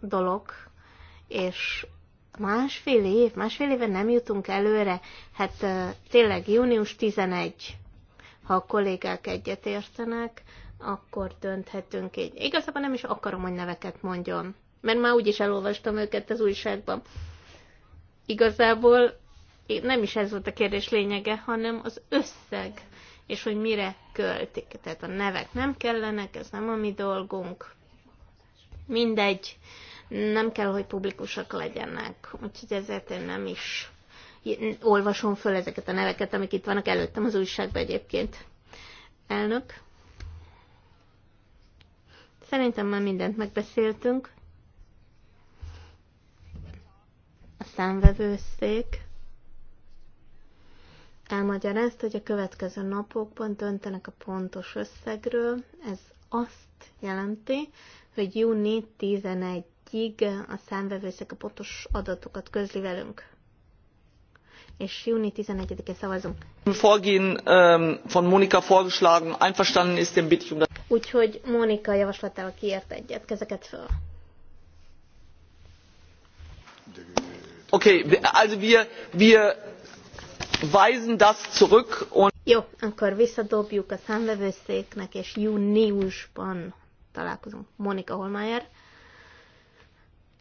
dolog, és Másfél év, másfél éve nem jutunk előre. Hát tényleg június 11, ha a kollégák egyetértenek, akkor dönthetünk így. Igazából nem is akarom, hogy neveket mondjon, mert már úgyis elolvastam őket az újságban. Igazából nem is ez volt a kérdés lényege, hanem az összeg, és hogy mire költik. Tehát a nevek nem kellenek, ez nem a mi dolgunk. Mindegy. Uh, nem kell, hogy publikusak legyenek. Úgyhogy ezért én nem is olvasom föl ezeket a neveket, amik itt vannak előttem az újságban egyébként. Elnök. Szerintem már mindent megbeszéltünk. A számvevőszék elmagyarázta, hogy a következő napokban döntenek a pontos összegről. Ez azt jelenti, hogy júni napig a számvevőszék a pontos adatokat közli velünk. És júni 11-e szavazunk. Vorgehen ähm, von Monika vorgeschlagen, einverstanden ist, dann bitte um Úgyhogy Mónika javaslatával kiért egyet, kezeket föl. Okay, also wir, wir weisen das zurück und Jó, akkor visszadobjuk a számvevőszéknek, és júniusban találkozunk. Monika Holmeier.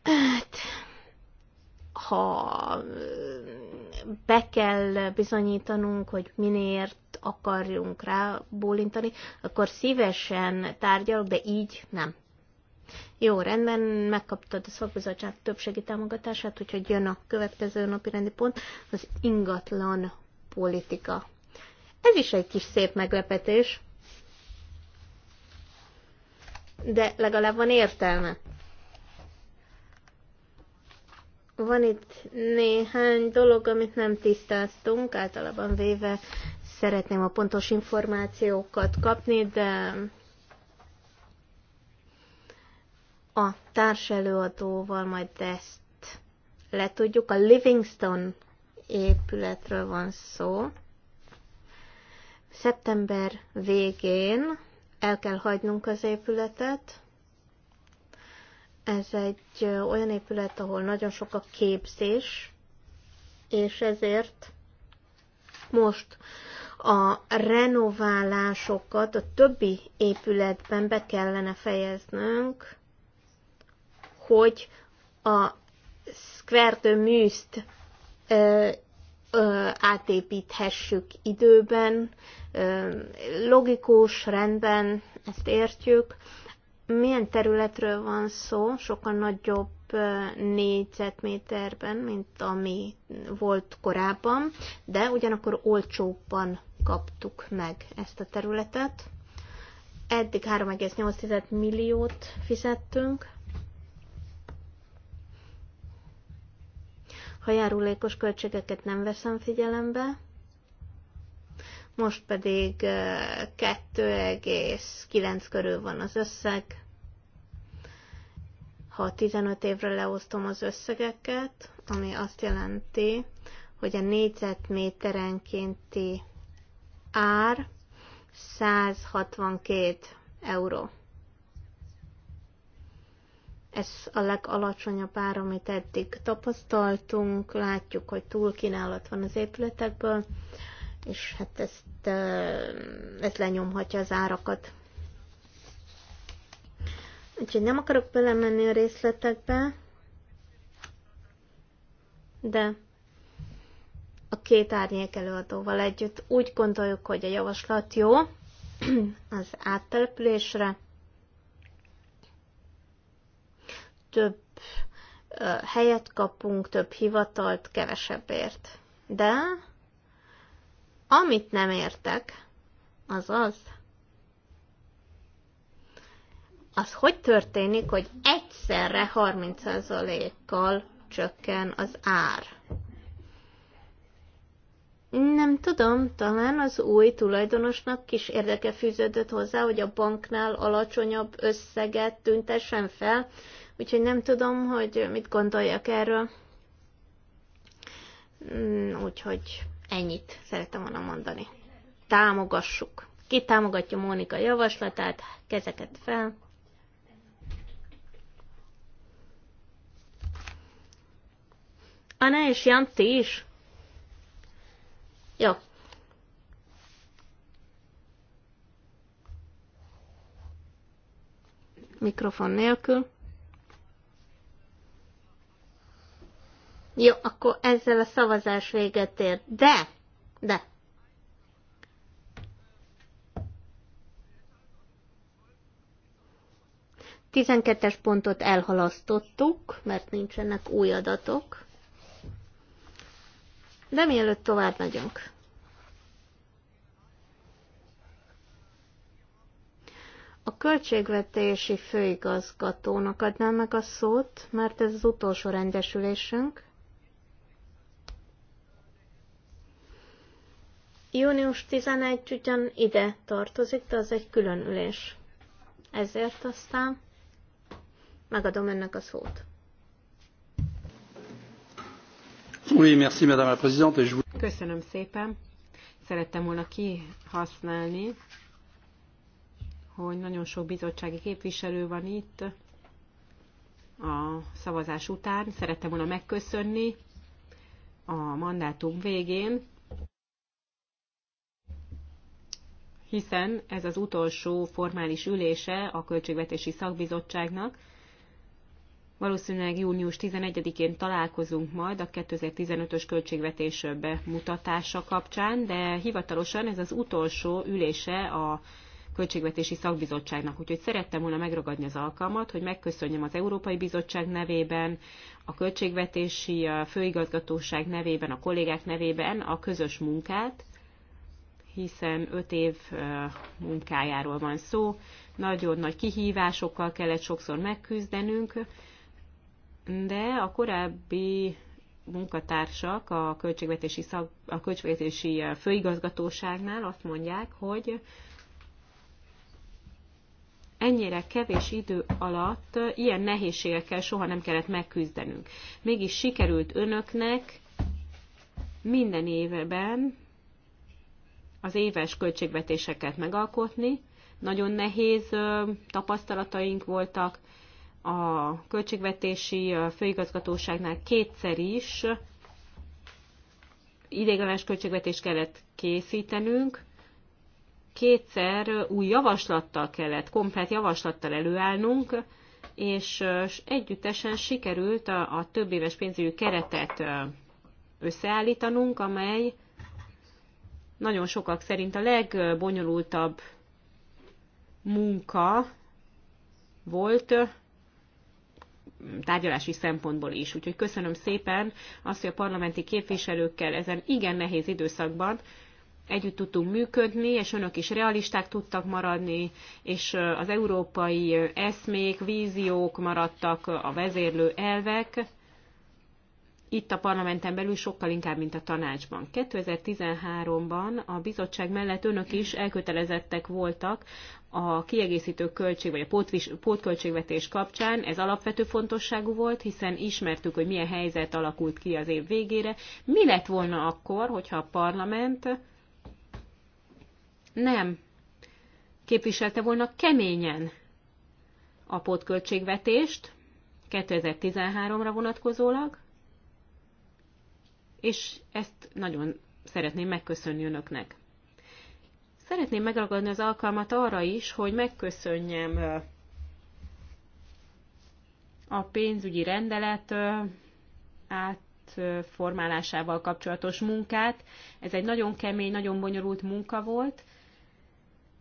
Hát, ha be kell bizonyítanunk, hogy minért akarjunk rá bólintani, akkor szívesen tárgyalok, de így nem. Jó, rendben, megkaptad a szakbizottság többségi támogatását, úgyhogy jön a következő napi rendi pont, az ingatlan politika. Ez is egy kis szép meglepetés, de legalább van értelme. Van itt néhány dolog, amit nem tisztáztunk, általában véve szeretném a pontos információkat kapni, de a előadóval majd ezt letudjuk. A Livingston épületről van szó. Szeptember végén el kell hagynunk az épületet, ez egy olyan épület, ahol nagyon sok a képzés, és ezért most a renoválásokat a többi épületben be kellene fejeznünk, hogy a Square Műszt ö, ö, átépíthessük időben, ö, logikus, rendben, ezt értjük, milyen területről van szó, sokkal nagyobb négyzetméterben, mint ami volt korábban, de ugyanakkor olcsóbban kaptuk meg ezt a területet. Eddig 3,8 milliót fizettünk. Ha járulékos költségeket nem veszem figyelembe, most pedig 2,9 körül van az összeg. Ha 15 évre leosztom az összegeket, ami azt jelenti, hogy a négyzetméterenkénti ár 162 euró. Ez a legalacsonyabb ár, amit eddig tapasztaltunk. Látjuk, hogy túl kínálat van az épületekből és hát ezt, ez lenyomhatja az árakat. Úgyhogy nem akarok belemenni a részletekbe, de a két árnyék előadóval együtt úgy gondoljuk, hogy a javaslat jó az áttelepülésre. Több helyet kapunk, több hivatalt, kevesebbért. De amit nem értek, az az, az hogy történik, hogy egyszerre 30%-kal csökken az ár? Nem tudom, talán az új tulajdonosnak kis érdeke fűződött hozzá, hogy a banknál alacsonyabb összeget tüntessen fel, úgyhogy nem tudom, hogy mit gondoljak erről. Mm, úgyhogy Ennyit szerettem volna mondani. Támogassuk. Ki támogatja Mónika javaslatát? Kezeket fel. Anna és Jan, ti is? Jó. Mikrofon nélkül. Jó, akkor ezzel a szavazás véget ér. De, de. Tizenkettes pontot elhalasztottuk, mert nincsenek új adatok. De mielőtt tovább megyünk. A költségvetési főigazgatónak adnám meg a szót, mert ez az utolsó rendesülésünk. Június 11 ugyan ide tartozik, de az egy külön ülés. Ezért aztán megadom ennek a szót. Köszönöm szépen. Szerettem volna kihasználni, hogy nagyon sok bizottsági képviselő van itt a szavazás után. Szerettem volna megköszönni a mandátum végén hiszen ez az utolsó formális ülése a Költségvetési Szakbizottságnak. Valószínűleg június 11-én találkozunk majd a 2015-ös költségvetés bemutatása kapcsán, de hivatalosan ez az utolsó ülése a Költségvetési Szakbizottságnak. Úgyhogy szerettem volna megragadni az alkalmat, hogy megköszönjem az Európai Bizottság nevében, a Költségvetési Főigazgatóság nevében, a kollégák nevében a közös munkát, hiszen öt év munkájáról van szó. Nagyon nagy kihívásokkal kellett sokszor megküzdenünk, de a korábbi munkatársak a költségvetési, szak, a költségvetési főigazgatóságnál azt mondják, hogy ennyire kevés idő alatt ilyen nehézségekkel soha nem kellett megküzdenünk. Mégis sikerült önöknek minden évben az éves költségvetéseket megalkotni. Nagyon nehéz tapasztalataink voltak. A költségvetési főigazgatóságnál kétszer is ideiglenes költségvetést kellett készítenünk, kétszer új javaslattal kellett, komplet javaslattal előállnunk, és együttesen sikerült a, a több éves pénzügyi keretet összeállítanunk, amely nagyon sokak szerint a legbonyolultabb munka volt tárgyalási szempontból is. Úgyhogy köszönöm szépen azt, hogy a parlamenti képviselőkkel ezen igen nehéz időszakban együtt tudtunk működni, és önök is realisták tudtak maradni, és az európai eszmék, víziók maradtak a vezérlő elvek, itt a parlamenten belül sokkal inkább, mint a tanácsban. 2013-ban a bizottság mellett önök is elkötelezettek voltak a kiegészítő költség vagy a pótköltségvetés kapcsán. Ez alapvető fontosságú volt, hiszen ismertük, hogy milyen helyzet alakult ki az év végére. Mi lett volna akkor, hogyha a parlament nem képviselte volna keményen a pótköltségvetést 2013-ra vonatkozólag, és ezt nagyon szeretném megköszönni önöknek. Szeretném megragadni az alkalmat arra is, hogy megköszönjem a pénzügyi rendelet átformálásával kapcsolatos munkát. Ez egy nagyon kemény, nagyon bonyolult munka volt,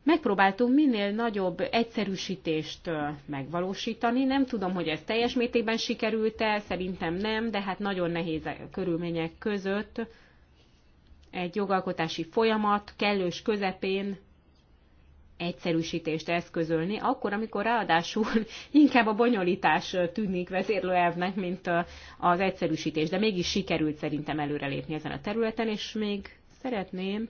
megpróbáltunk minél nagyobb egyszerűsítést megvalósítani. Nem tudom, hogy ez teljes mértékben sikerült-e, szerintem nem, de hát nagyon nehéz e- körülmények között egy jogalkotási folyamat kellős közepén egyszerűsítést eszközölni, akkor, amikor ráadásul inkább a bonyolítás tűnik vezérlőelvnek, mint az egyszerűsítés. De mégis sikerült szerintem előrelépni ezen a területen, és még szeretném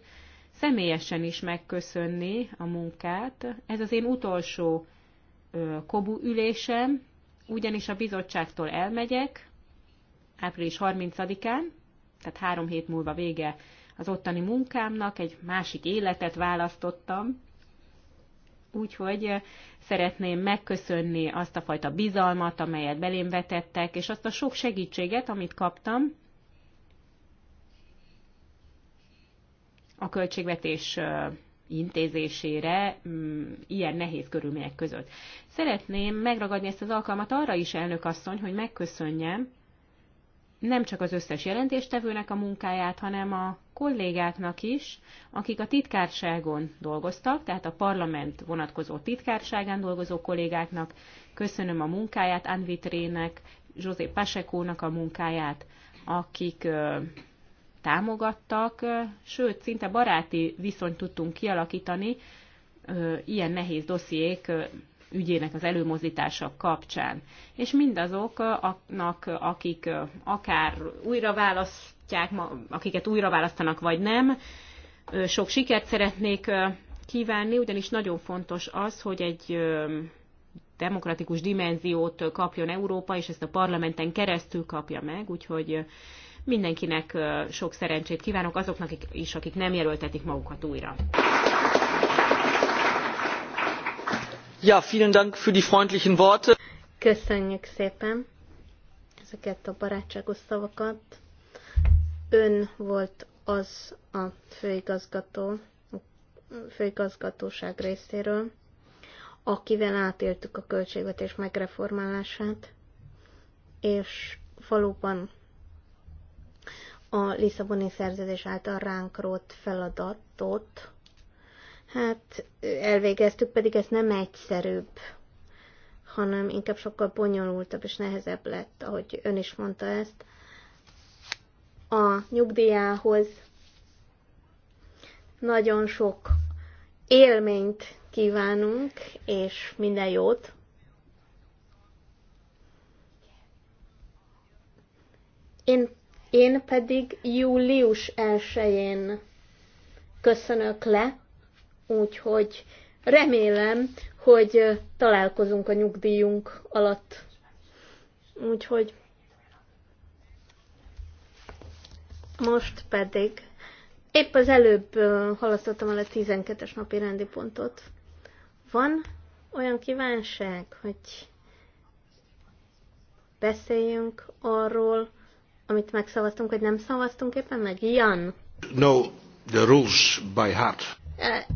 személyesen is megköszönni a munkát. Ez az én utolsó kobu ülésem, ugyanis a bizottságtól elmegyek április 30-án, tehát három hét múlva vége az ottani munkámnak, egy másik életet választottam, Úgyhogy szeretném megköszönni azt a fajta bizalmat, amelyet belém vetettek, és azt a sok segítséget, amit kaptam, a költségvetés intézésére mm, ilyen nehéz körülmények között. Szeretném megragadni ezt az alkalmat arra is, elnök asszony, hogy megköszönjem nem csak az összes jelentéstevőnek a munkáját, hanem a kollégáknak is, akik a titkárságon dolgoztak, tehát a parlament vonatkozó titkárságán dolgozó kollégáknak. Köszönöm a munkáját, Anvitrének, José Pasekónak a munkáját, akik támogattak, sőt, szinte baráti viszonyt tudtunk kialakítani ilyen nehéz dossziék ügyének az előmozítása kapcsán. És mindazoknak, akik akár újra választják, akiket újra választanak, vagy nem, sok sikert szeretnék kívánni, ugyanis nagyon fontos az, hogy egy demokratikus dimenziót kapjon Európa, és ezt a parlamenten keresztül kapja meg, úgyhogy Mindenkinek sok szerencsét kívánok, azoknak is, akik nem jelöltetik magukat újra. Ja, vielen Dank für die freundlichen Worte. Köszönjük szépen ezeket a barátságos szavakat. Ön volt az a főigazgató, főigazgatóság részéről, akivel átéltük a költségvetés megreformálását, és valóban a Lisszaboni szerződés által ránk rótt feladatot. Hát elvégeztük, pedig ez nem egyszerűbb, hanem inkább sokkal bonyolultabb és nehezebb lett, ahogy ön is mondta ezt. A nyugdíjához nagyon sok élményt kívánunk, és minden jót. Én én pedig július 1-én köszönök le, úgyhogy remélem, hogy találkozunk a nyugdíjunk alatt. Úgyhogy most pedig épp az előbb halasztottam el a 12-es napi rendi pontot. Van olyan kívánság, hogy beszéljünk arról, amit megszavaztunk, hogy nem szavaztunk éppen meg? Jan. No, the rules by heart. E,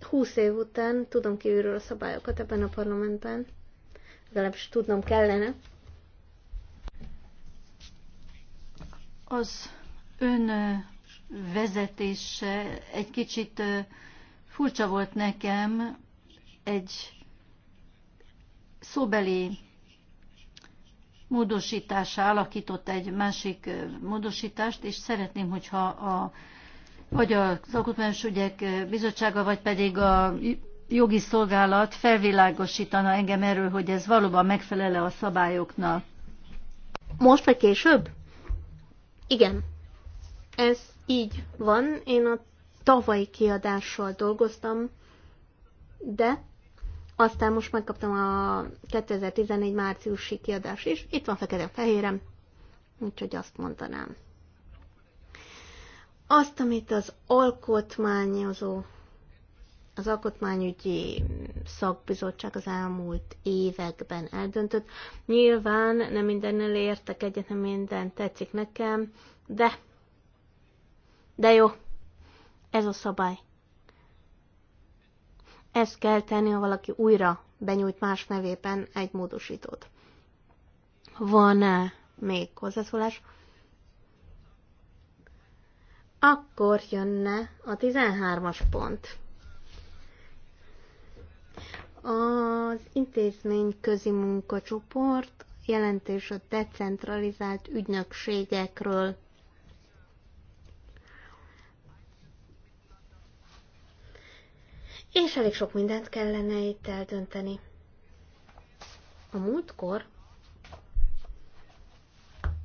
húsz év után tudom kívülről a szabályokat ebben a parlamentben. Legalábbis tudnom kellene. Az ön e, vezetése egy kicsit e, furcsa volt nekem, egy szóbeli módosítása alakított egy másik módosítást, és szeretném, hogyha a, vagy az Alkotmányos Ügyek Bizottsága, vagy pedig a jogi szolgálat felvilágosítana engem erről, hogy ez valóban megfelele a szabályoknak. Most vagy később? Igen. Ez így van. Én a tavalyi kiadással dolgoztam, de aztán most megkaptam a 2014 márciusi kiadás is, itt van fekete-fehérem, úgyhogy azt mondanám. Azt, amit az alkotmányozó, az alkotmányügyi szakbizottság az elmúlt években eldöntött, nyilván nem mindennel értek egyet, nem minden tetszik nekem, de, de jó, ez a szabály. Ezt kell tenni, ha valaki újra benyújt más nevében egy módosítót. Van-e még hozzászólás? Akkor jönne a 13-as pont. Az intézmény közi munkacsoport jelentés a decentralizált ügynökségekről. és elég sok mindent kellene itt eldönteni. A múltkor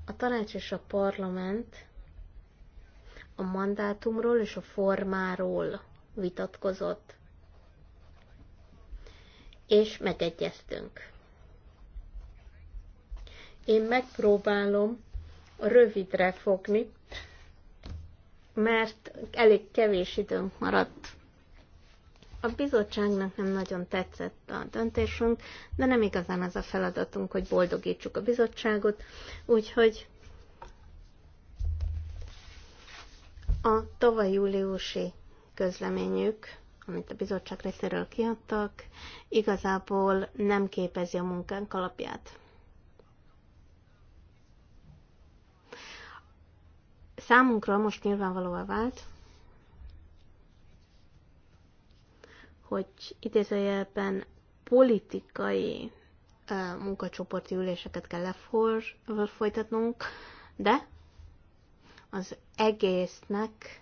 a tanács és a parlament a mandátumról és a formáról vitatkozott, és megegyeztünk. Én megpróbálom rövidre fogni, mert elég kevés időnk maradt a bizottságnak nem nagyon tetszett a döntésünk, de nem igazán ez a feladatunk, hogy boldogítsuk a bizottságot, úgyhogy a tavaly júliusi közleményük, amit a bizottság részéről kiadtak, igazából nem képezi a munkánk alapját. Számunkra most nyilvánvalóan vált, hogy idézőjelben politikai munkacsoporti üléseket kell lefolytatnunk, de az egésznek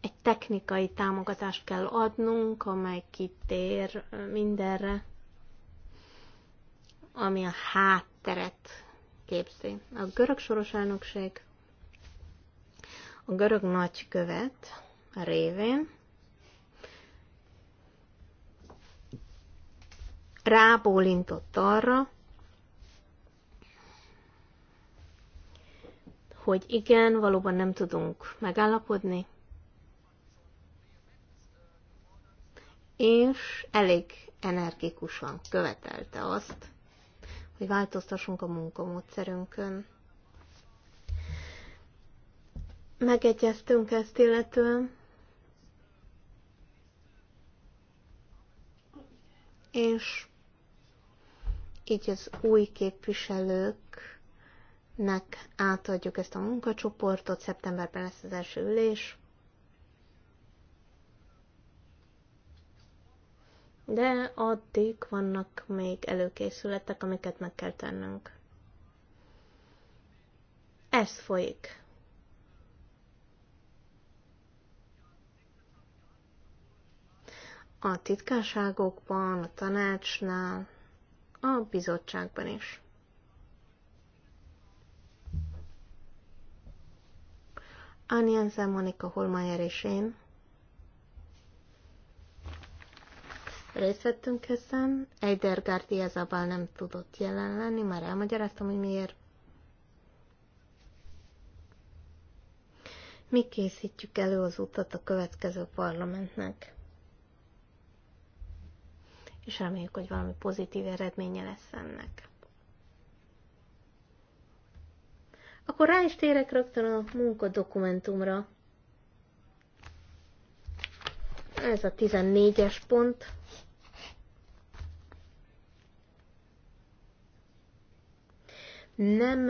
egy technikai támogatást kell adnunk, amely kitér mindenre, ami a hátteret képzi. A görög soros elnökség, a görög nagykövet, révén rábólintott arra, hogy igen, valóban nem tudunk megállapodni, és elég energikusan követelte azt, hogy változtassunk a munkamódszerünkön. Megegyeztünk ezt illetően, és így az új képviselőknek átadjuk ezt a munkacsoportot, szeptemberben lesz az első ülés, de addig vannak még előkészületek, amiket meg kell tennünk. Ez folyik. a titkárságokban, a tanácsnál, a bizottságban is. Anni Monika Holmeyer és én részt vettünk ezen. Eidergárd Iazabal nem tudott jelen lenni, már elmagyaráztam, hogy miért. Mi készítjük elő az utat a következő parlamentnek és reméljük, hogy valami pozitív eredménye lesz ennek. Akkor rá is térek rögtön a munkadokumentumra. Ez a 14-es pont. nem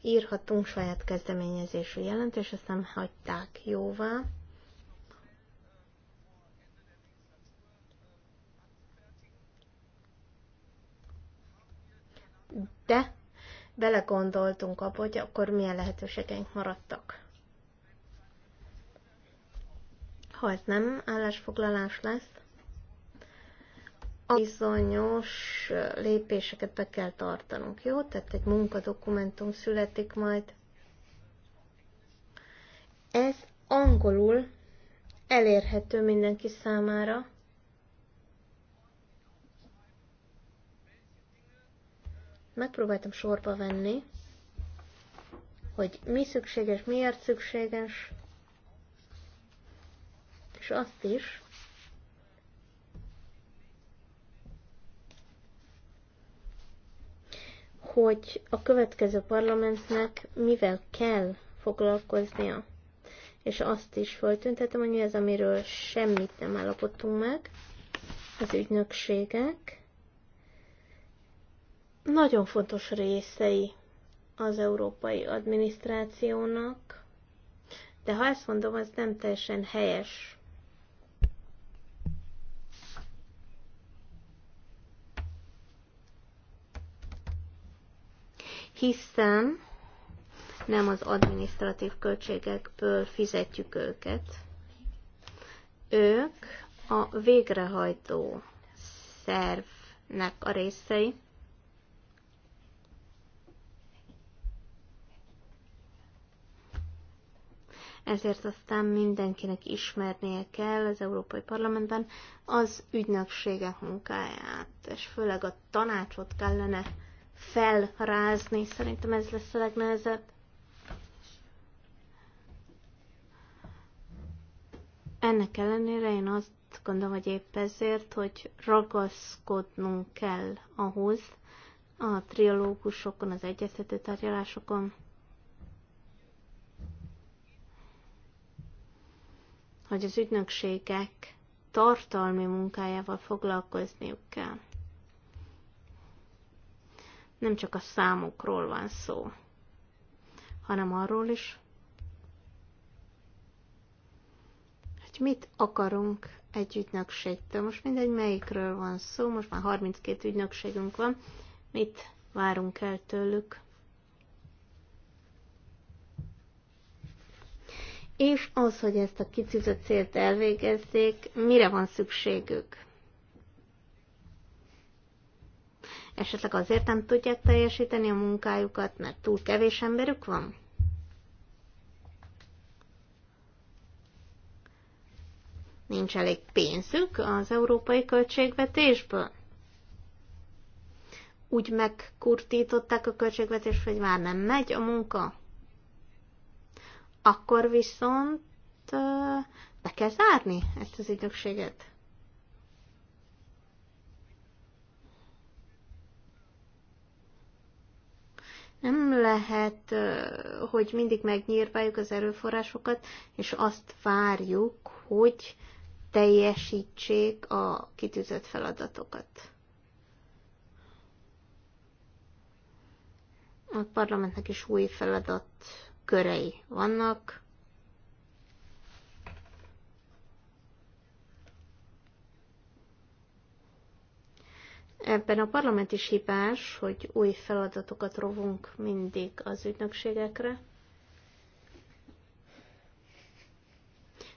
írhatunk saját kezdeményezésű jelentést, ezt nem hagyták jóvá. de belegondoltunk abba, hogy akkor milyen lehetőségeink maradtak. Ha ez nem állásfoglalás lesz, a bizonyos lépéseket be kell tartanunk, jó? Tehát egy munkadokumentum születik majd. Ez angolul elérhető mindenki számára, megpróbáltam sorba venni, hogy mi szükséges, miért szükséges, és azt is, hogy a következő parlamentnek mivel kell foglalkoznia. És azt is föltüntetem, hogy mi az, amiről semmit nem állapodtunk meg, az ügynökségek, nagyon fontos részei az európai adminisztrációnak, de ha ezt mondom, az nem teljesen helyes. Hiszen nem az adminisztratív költségekből fizetjük őket. Ők a végrehajtó szervnek a részei, ezért aztán mindenkinek ismernie kell az Európai Parlamentben az ügynökségek munkáját, és főleg a tanácsot kellene felrázni, szerintem ez lesz a legnehezebb. Ennek ellenére én azt gondolom, hogy épp ezért, hogy ragaszkodnunk kell ahhoz a triológusokon, az egyeztető tárgyalásokon, hogy az ügynökségek tartalmi munkájával foglalkozniuk kell. Nem csak a számokról van szó, hanem arról is, hogy mit akarunk egy ügynökségtől. Most mindegy, melyikről van szó, most már 32 ügynökségünk van, mit várunk el tőlük. és az, hogy ezt a kitűzött célt elvégezzék, mire van szükségük. Esetleg azért nem tudják teljesíteni a munkájukat, mert túl kevés emberük van? Nincs elég pénzük az európai költségvetésből? Úgy megkurtították a költségvetést, hogy már nem megy a munka? akkor viszont be kell zárni ezt az időkséget. Nem lehet, hogy mindig megnyírváljuk az erőforrásokat, és azt várjuk, hogy teljesítsék a kitűzött feladatokat. A parlamentnek is új feladat körei vannak. Ebben a parlament is hibás, hogy új feladatokat rovunk mindig az ügynökségekre.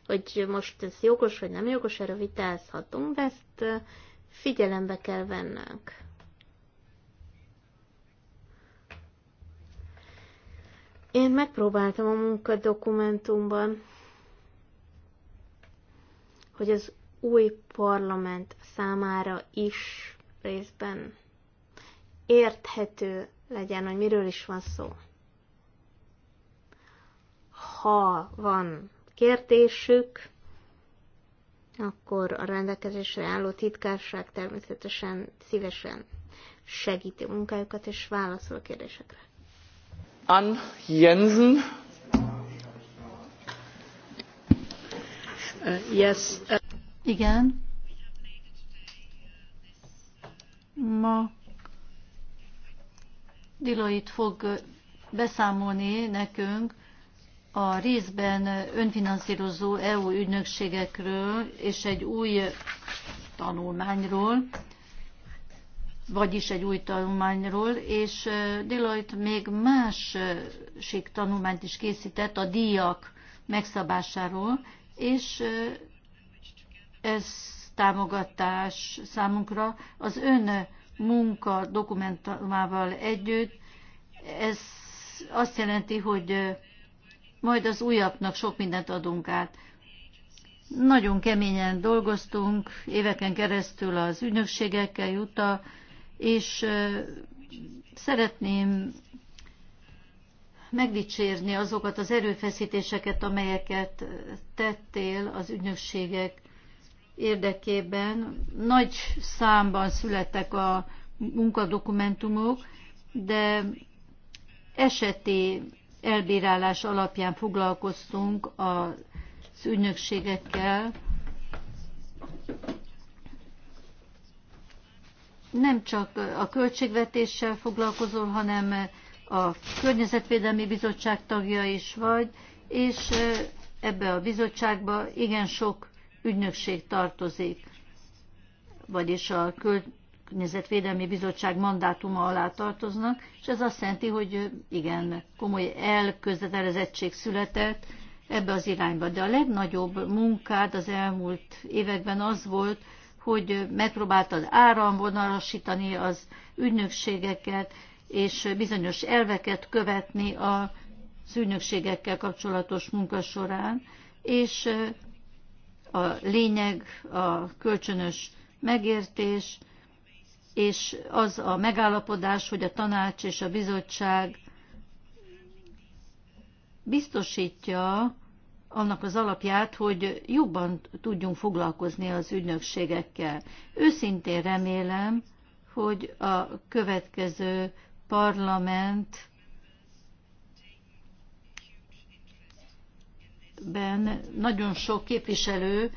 Hogy most ez jogos vagy nem jogos, erre vitázhatunk, de ezt figyelembe kell vennünk. Én megpróbáltam a munkadokumentumban, hogy az új parlament számára is részben érthető legyen, hogy miről is van szó. Ha van kérdésük, akkor a rendelkezésre álló titkárság természetesen szívesen segíti munkájukat és válaszol a kérdésekre. An jensen uh, uh, igen ma deloitte fog beszámolni nekünk a részben önfinanszírozó EU ügynökségekről és egy új tanulmányról, vagyis egy új tanulmányról, és Deloitte még másik tanulmányt is készített a díjak megszabásáról, és ez támogatás számunkra az ön munka dokumentumával együtt, ez azt jelenti, hogy majd az újabbnak sok mindent adunk át. Nagyon keményen dolgoztunk, éveken keresztül az ügynökségekkel, Juta és szeretném megdicsérni azokat az erőfeszítéseket, amelyeket tettél az ügynökségek érdekében. Nagy számban születtek a munkadokumentumok, de eseti elbírálás alapján foglalkoztunk az ügynökségekkel, nem csak a költségvetéssel foglalkozol, hanem a Környezetvédelmi Bizottság tagja is vagy, és ebbe a bizottságba igen sok ügynökség tartozik, vagyis a Környezetvédelmi Bizottság mandátuma alá tartoznak, és ez azt jelenti, hogy igen, komoly elközetelezettség született ebbe az irányba. De a legnagyobb munkád az elmúlt években az volt, hogy megpróbáltad áramvonalasítani az ügynökségeket, és bizonyos elveket követni az ügynökségekkel kapcsolatos munka során, és a lényeg a kölcsönös megértés, és az a megállapodás, hogy a tanács és a bizottság biztosítja, annak az alapját, hogy jobban tudjunk foglalkozni az ügynökségekkel. Őszintén remélem, hogy a következő parlament ben nagyon sok képviselő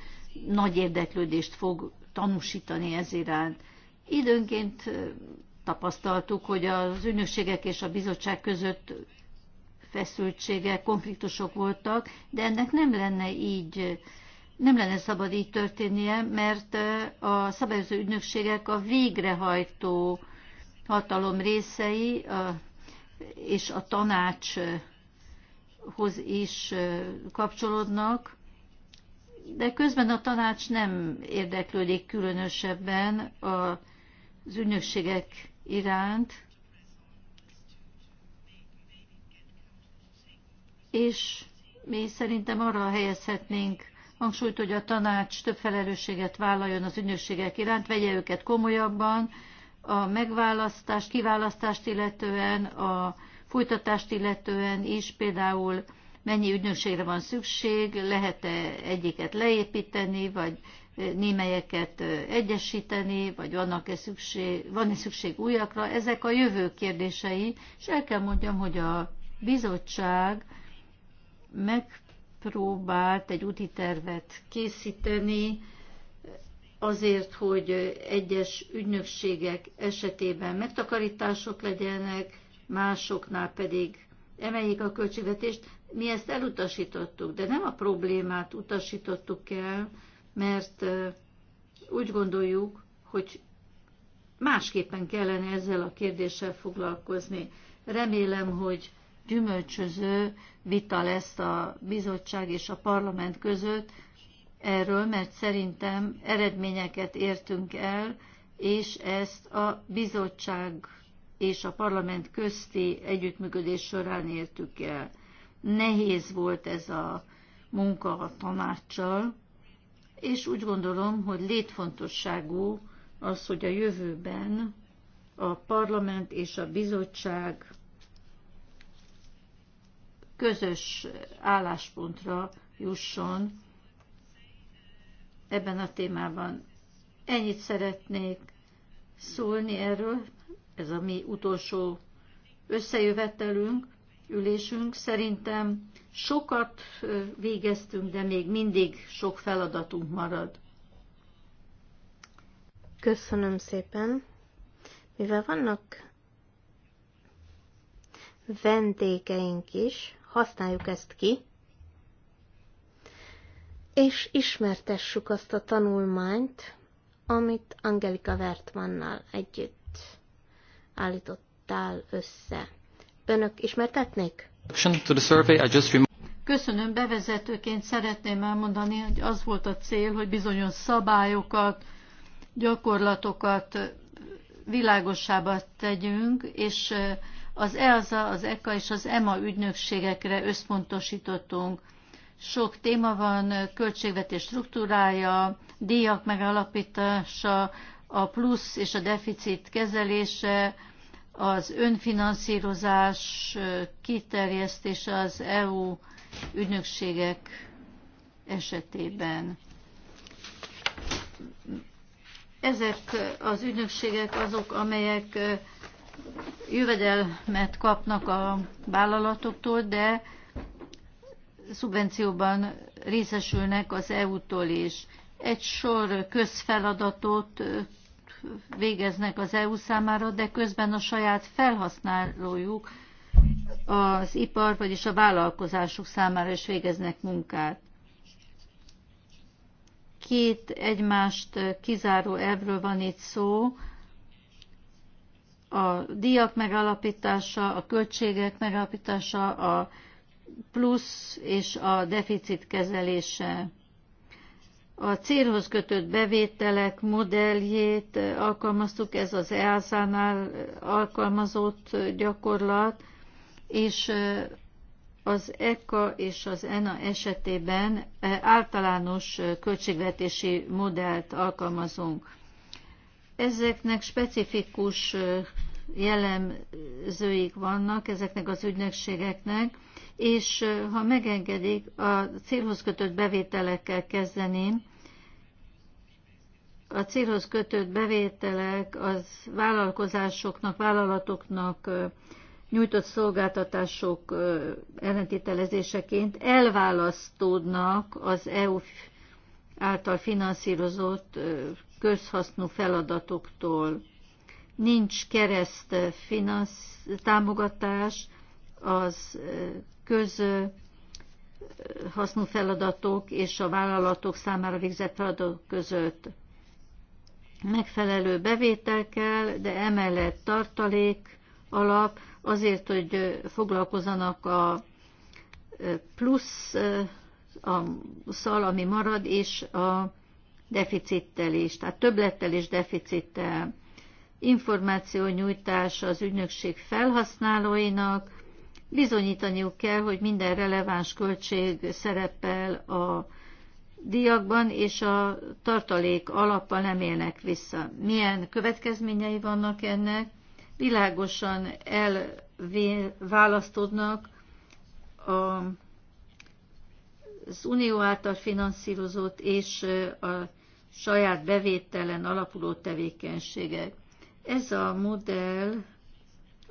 nagy érdeklődést fog tanúsítani ez iránt. Időnként tapasztaltuk, hogy az ügynökségek és a bizottság között feszültségek, konfliktusok voltak, de ennek nem lenne így, nem lenne szabad így történnie, mert a szabályozó ügynökségek a végrehajtó hatalom részei, és a tanácshoz is kapcsolódnak, de közben a tanács nem érdeklődik különösebben az ügynökségek iránt, és mi szerintem arra helyezhetnénk hangsúlyt, hogy a tanács több felelősséget vállaljon az ügynökségek iránt, vegye őket komolyabban, a megválasztást, kiválasztást illetően, a folytatást illetően is például mennyi ügynökségre van szükség, lehet-e egyiket leépíteni, vagy eh, némelyeket eh, egyesíteni, vagy vannak-e szükség, van-e szükség újakra, ezek a jövő kérdései, és el kell mondjam, hogy a bizottság megpróbált egy úti tervet készíteni, azért, hogy egyes ügynökségek esetében megtakarítások legyenek, másoknál pedig emeljék a költségvetést. Mi ezt elutasítottuk, de nem a problémát utasítottuk el, mert úgy gondoljuk, hogy másképpen kellene ezzel a kérdéssel foglalkozni. Remélem, hogy gyümölcsöző vita lesz a bizottság és a parlament között erről, mert szerintem eredményeket értünk el, és ezt a bizottság és a parlament közti együttműködés során értük el. Nehéz volt ez a munka a tanácssal, és úgy gondolom, hogy létfontosságú az, hogy a jövőben a parlament és a bizottság közös álláspontra jusson ebben a témában. Ennyit szeretnék szólni erről, ez a mi utolsó összejövetelünk, ülésünk. Szerintem sokat végeztünk, de még mindig sok feladatunk marad. Köszönöm szépen. Mivel vannak vendégeink is, használjuk ezt ki, és ismertessük azt a tanulmányt, amit Angelika Wertmannnal együtt állítottál össze. Önök ismertetnék? Köszönöm, bevezetőként szeretném elmondani, hogy az volt a cél, hogy bizonyos szabályokat, gyakorlatokat világosába tegyünk, és az EASA, az ECA és az EMA ügynökségekre összpontosítottunk. Sok téma van, költségvetés struktúrája, díjak megalapítása, a plusz és a deficit kezelése, az önfinanszírozás kiterjesztése az EU ügynökségek esetében. Ezek az ügynökségek azok, amelyek jövedelmet kapnak a vállalatoktól, de szubvencióban részesülnek az EU-tól is. Egy sor közfeladatot végeznek az EU számára, de közben a saját felhasználójuk az ipar, vagyis a vállalkozások számára is végeznek munkát. Két egymást kizáró elvről van itt szó, a díjak megalapítása, a költségek megalapítása, a plusz és a deficit kezelése. A célhoz kötött bevételek modelljét alkalmaztuk, ez az EASA-nál alkalmazott gyakorlat, és az ECA és az ENA esetében általános költségvetési modellt alkalmazunk. Ezeknek specifikus jellemzőik vannak ezeknek az ügynökségeknek, és ha megengedik, a célhoz kötött bevételekkel kezdeném. A célhoz kötött bevételek az vállalkozásoknak, vállalatoknak nyújtott szolgáltatások ellentételezéseként elválasztódnak az EU által finanszírozott közhasznú feladatoktól. Nincs kereszt finansz, támogatás az közhasznú feladatok és a vállalatok számára végzett feladatok között. Megfelelő bevétel kell, de emellett tartalék alap azért, hogy foglalkozzanak a plusz a szal, ami marad, és a deficittel is, tehát többlettel is deficittel. nyújtása az ügynökség felhasználóinak, bizonyítaniuk kell, hogy minden releváns költség szerepel a diakban, és a tartalék alappal nem élnek vissza. Milyen következményei vannak ennek? Világosan elválasztódnak a, az unió által finanszírozott és a saját bevételen alapuló tevékenységek. Ez a modell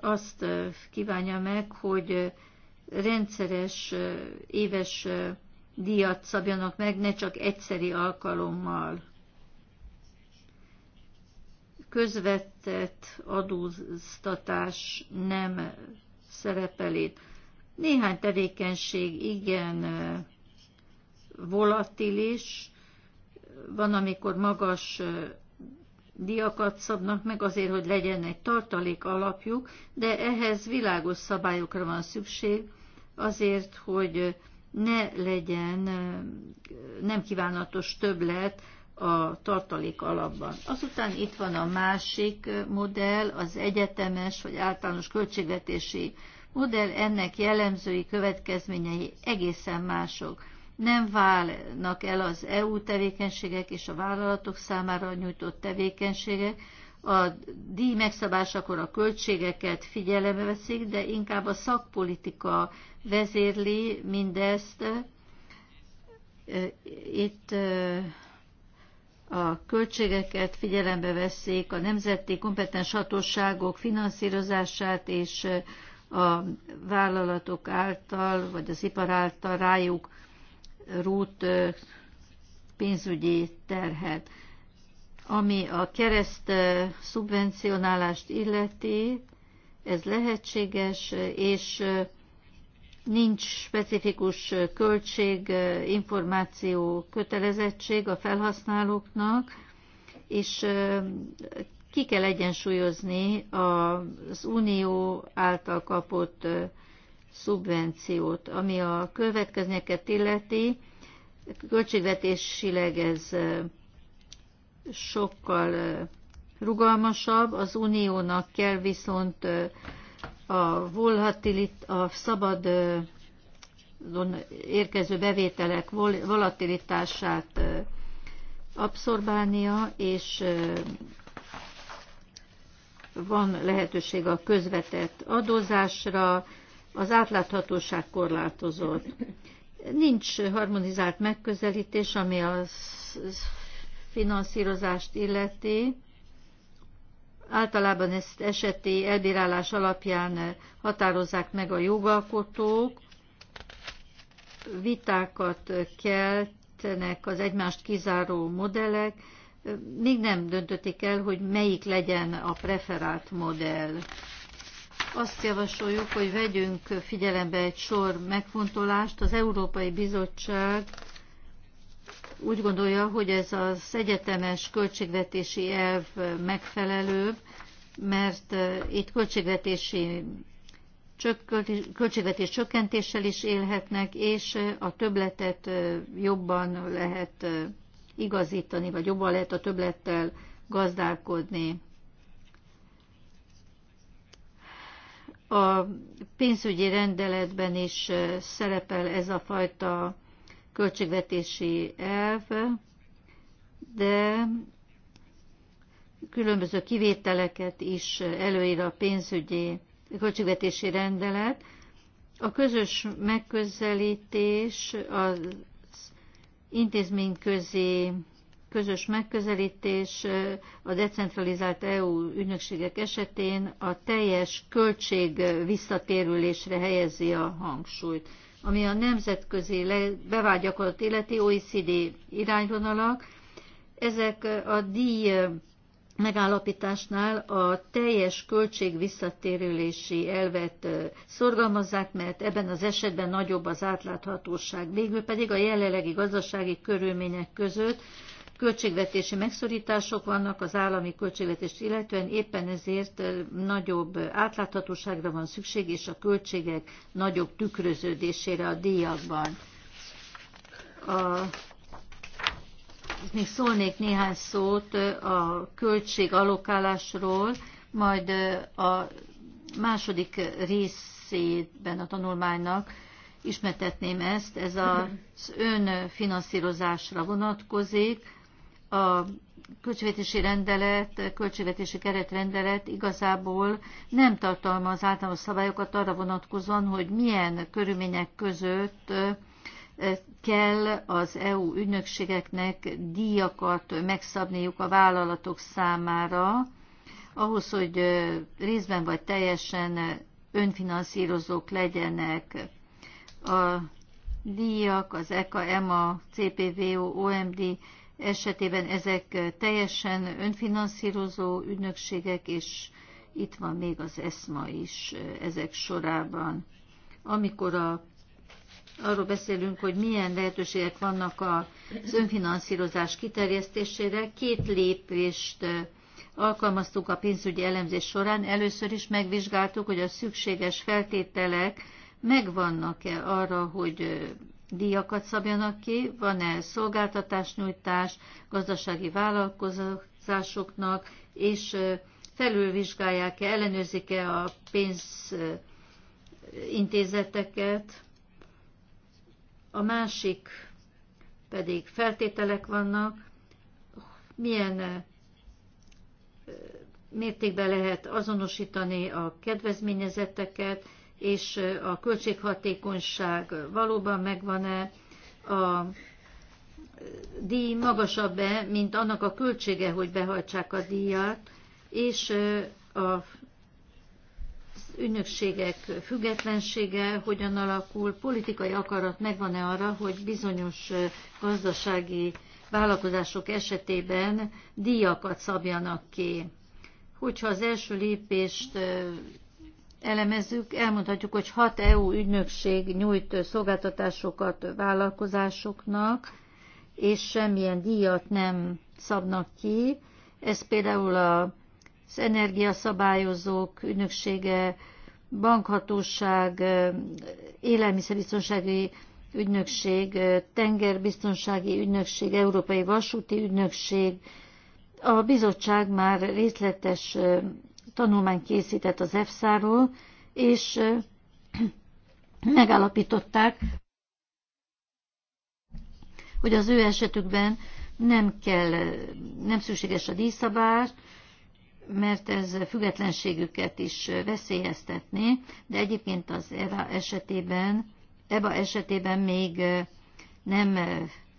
azt kívánja meg, hogy rendszeres éves díjat szabjanak meg, ne csak egyszeri alkalommal. Közvetett adóztatás nem szerepel Néhány tevékenység igen volatilis, van, amikor magas diakat szabnak meg azért, hogy legyen egy tartalék alapjuk, de ehhez világos szabályokra van szükség azért, hogy ne legyen nem kívánatos többlet a tartalék alapban. Azután itt van a másik modell, az egyetemes vagy általános költségvetési modell, ennek jellemzői következményei egészen mások nem válnak el az EU tevékenységek és a vállalatok számára nyújtott tevékenységek. A díj megszabásakor a költségeket figyelembe veszik, de inkább a szakpolitika vezérli mindezt. Itt a költségeket figyelembe veszik, a nemzeti kompetens hatóságok finanszírozását és a vállalatok által, vagy az ipar által rájuk rút pénzügyi terhet. Ami a kereszt szubvencionálást illeti, ez lehetséges, és nincs specifikus költség, információ, kötelezettség a felhasználóknak, és ki kell egyensúlyozni az unió által kapott szubvenciót. Ami a következményeket illeti, költségvetésileg ez sokkal rugalmasabb, az uniónak kell viszont a volatilit, a szabad érkező bevételek volatilitását abszorbálnia, és van lehetőség a közvetett adózásra, az átláthatóság korlátozott. Nincs harmonizált megközelítés, ami a finanszírozást illeti. Általában ezt eseti elbírálás alapján határozzák meg a jogalkotók, vitákat keltenek az egymást kizáró modellek, még nem döntötték el, hogy melyik legyen a preferált modell azt javasoljuk, hogy vegyünk figyelembe egy sor megfontolást. Az Európai Bizottság úgy gondolja, hogy ez az egyetemes költségvetési elv megfelelőbb, mert eh, itt költségvetési költségvetés csökkentéssel is élhetnek, és eh, a töbletet eh, jobban lehet igazítani, vagy jobban lehet a töblettel gazdálkodni. A pénzügyi rendeletben is szerepel ez a fajta költségvetési elv, de különböző kivételeket is előír a pénzügyi költségvetési rendelet. A közös megközelítés az intézményközi közös megközelítés a decentralizált EU ügynökségek esetén a teljes költség visszatérülésre helyezi a hangsúlyt. Ami a nemzetközi bevált gyakorlat életi OECD irányvonalak, ezek a díj megállapításnál a teljes költség visszatérülési elvet szorgalmazzák, mert ebben az esetben nagyobb az átláthatóság. Végül pedig a jelenlegi gazdasági körülmények között költségvetési megszorítások vannak az állami költségvetést illetően, éppen ezért nagyobb átláthatóságra van szükség, és a költségek nagyobb tükröződésére a díjakban. A még szólnék néhány szót a költség alokálásról, majd a második részében a tanulmánynak ismertetném ezt, ez az önfinanszírozásra vonatkozik, a költségvetési rendelet, költségvetési keretrendelet igazából nem tartalmaz általános szabályokat arra vonatkozóan, hogy milyen körülmények között kell az EU ügynökségeknek díjakat megszabniuk a vállalatok számára, ahhoz, hogy részben vagy teljesen önfinanszírozók legyenek. A díjak az EKA, EMA, CPVO, OMD esetében ezek teljesen önfinanszírozó ügynökségek, és itt van még az ESMA is ezek sorában. Amikor a, arról beszélünk, hogy milyen lehetőségek vannak az önfinanszírozás kiterjesztésére, két lépést alkalmaztuk a pénzügyi elemzés során. Először is megvizsgáltuk, hogy a szükséges feltételek megvannak-e arra, hogy díjakat szabjanak ki, van-e szolgáltatásnyújtás gazdasági vállalkozásoknak, és felülvizsgálják-e, ellenőrzik-e a pénzintézeteket. A másik pedig feltételek vannak, milyen mértékben lehet azonosítani a kedvezményezetteket, és a költséghatékonyság valóban megvan-e, a díj magasabb-e, mint annak a költsége, hogy behajtsák a díjat, és a ünnökségek függetlensége hogyan alakul, politikai akarat megvan-e arra, hogy bizonyos gazdasági vállalkozások esetében díjakat szabjanak ki. Hogyha az első lépést elemezzük, elmondhatjuk, hogy hat EU ügynökség nyújt szolgáltatásokat vállalkozásoknak, és semmilyen díjat nem szabnak ki. Ez például az energiaszabályozók ügynöksége, bankhatóság, élelmiszerbiztonsági ügynökség, tengerbiztonsági ügynökség, európai vasúti ügynökség. A bizottság már részletes tanulmány készített az EFSA-ról, és megállapították, hogy az ő esetükben nem kell, nem szükséges a díszabás, mert ez függetlenségüket is veszélyeztetné, de egyébként az EVA esetében, EBA esetében még nem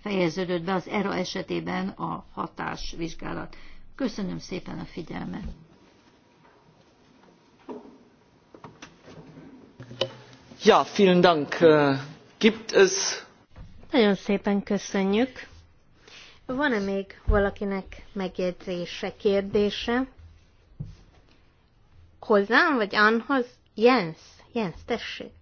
fejeződött be az ERA esetében a hatásvizsgálat. Köszönöm szépen a figyelmet! Ja, äh, Nagyon szépen köszönjük. Van-e még valakinek megjegyzése, kérdése? Hozzám vagy Anhoz? Jens, Jens, tessék.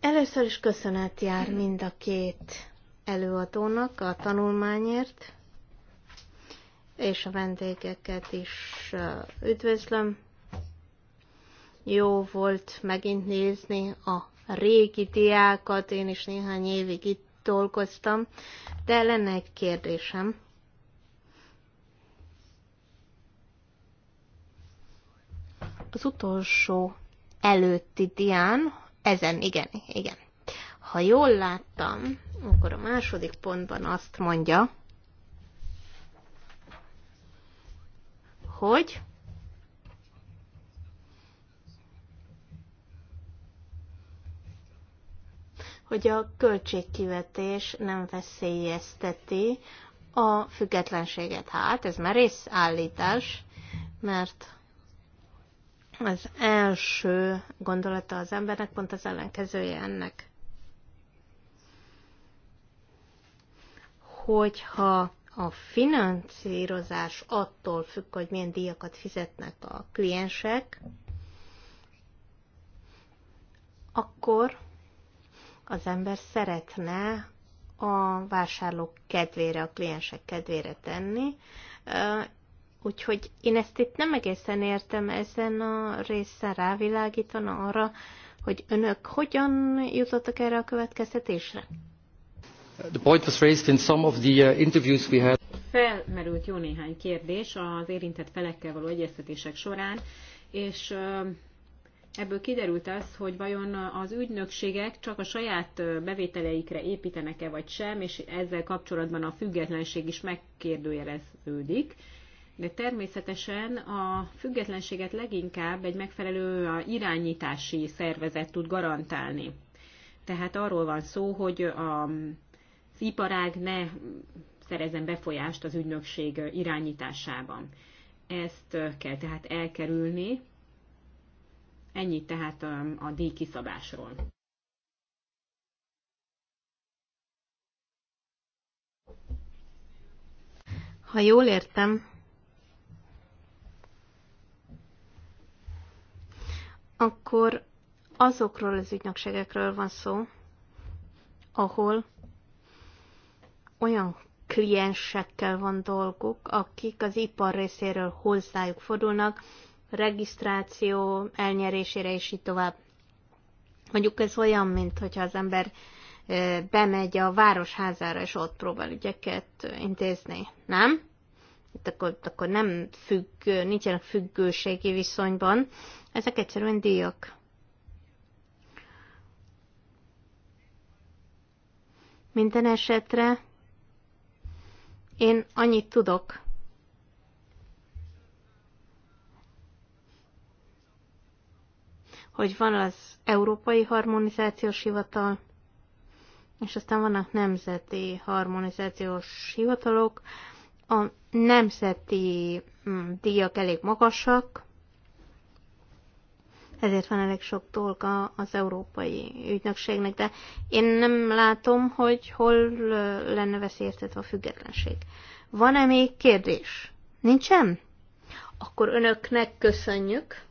Először is köszönet jár mind a két előadónak a tanulmányért, és a vendégeket is üdvözlöm. Jó volt megint nézni a régi diákat, én is néhány évig itt dolgoztam, de lenne egy kérdésem. Az utolsó előtti dián, ezen, igen, igen. Ha jól láttam, akkor a második pontban azt mondja, hogy hogy a költségkivetés nem veszélyezteti a függetlenséget. Hát ez már részállítás, mert az első gondolata az embernek pont az ellenkezője ennek. Hogyha a finanszírozás attól függ, hogy milyen díjakat fizetnek a kliensek, akkor az ember szeretne a vásárlók kedvére, a kliensek kedvére tenni. Úgyhogy én ezt itt nem egészen értem ezen a részen rávilágítana arra, hogy önök hogyan jutottak erre a következtetésre? The point was raised in some of the uh, interviews we had. Felmerült jó néhány kérdés az érintett felekkel való egyeztetések során, és ebből kiderült az, hogy vajon az ügynökségek csak a saját bevételeikre építenek-e vagy sem, és ezzel kapcsolatban a függetlenség is megkérdőjeleződik. De természetesen a függetlenséget leginkább egy megfelelő irányítási szervezet tud garantálni. Tehát arról van szó, hogy a, az iparág ne szerezzen befolyást az ügynökség irányításában. Ezt kell tehát elkerülni, Ennyit tehát um, a díj kiszabásról. Ha jól értem, akkor azokról az ügynökségekről van szó, ahol olyan kliensekkel van dolguk, akik az ipar részéről hozzájuk fordulnak, regisztráció elnyerésére, és így tovább. Mondjuk ez olyan, mint hogyha az ember bemegy a városházára, és ott próbál ügyeket intézni, nem? Itt akkor, akkor nem függ, nincsenek függőségi viszonyban. Ezek egyszerűen díjak. Minden esetre én annyit tudok, hogy van az Európai Harmonizációs Hivatal, és aztán vannak nemzeti harmonizációs hivatalok. A nemzeti mm, díjak elég magasak, ezért van elég sok dolga az európai ügynökségnek, de én nem látom, hogy hol lenne veszélyeztetve a függetlenség. Van-e még kérdés? Nincsen? Akkor önöknek köszönjük.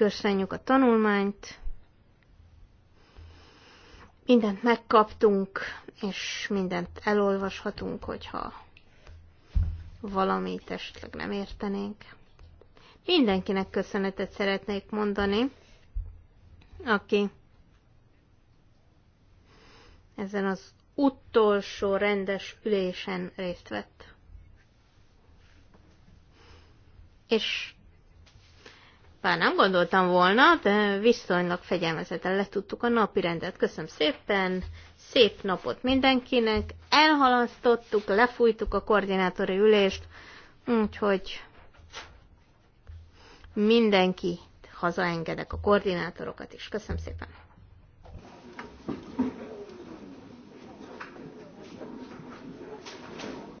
Köszönjük a tanulmányt. Mindent megkaptunk, és mindent elolvashatunk, hogyha valamit esetleg nem értenénk. Mindenkinek köszönetet szeretnék mondani, aki ezen az utolsó rendes ülésen részt vett. És bár nem gondoltam volna, de viszonylag fegyelmezetten letudtuk a napi rendet. Köszönöm szépen, szép napot mindenkinek, elhalasztottuk, lefújtuk a koordinátori ülést, úgyhogy mindenki hazaengedek a koordinátorokat is. Köszönöm szépen!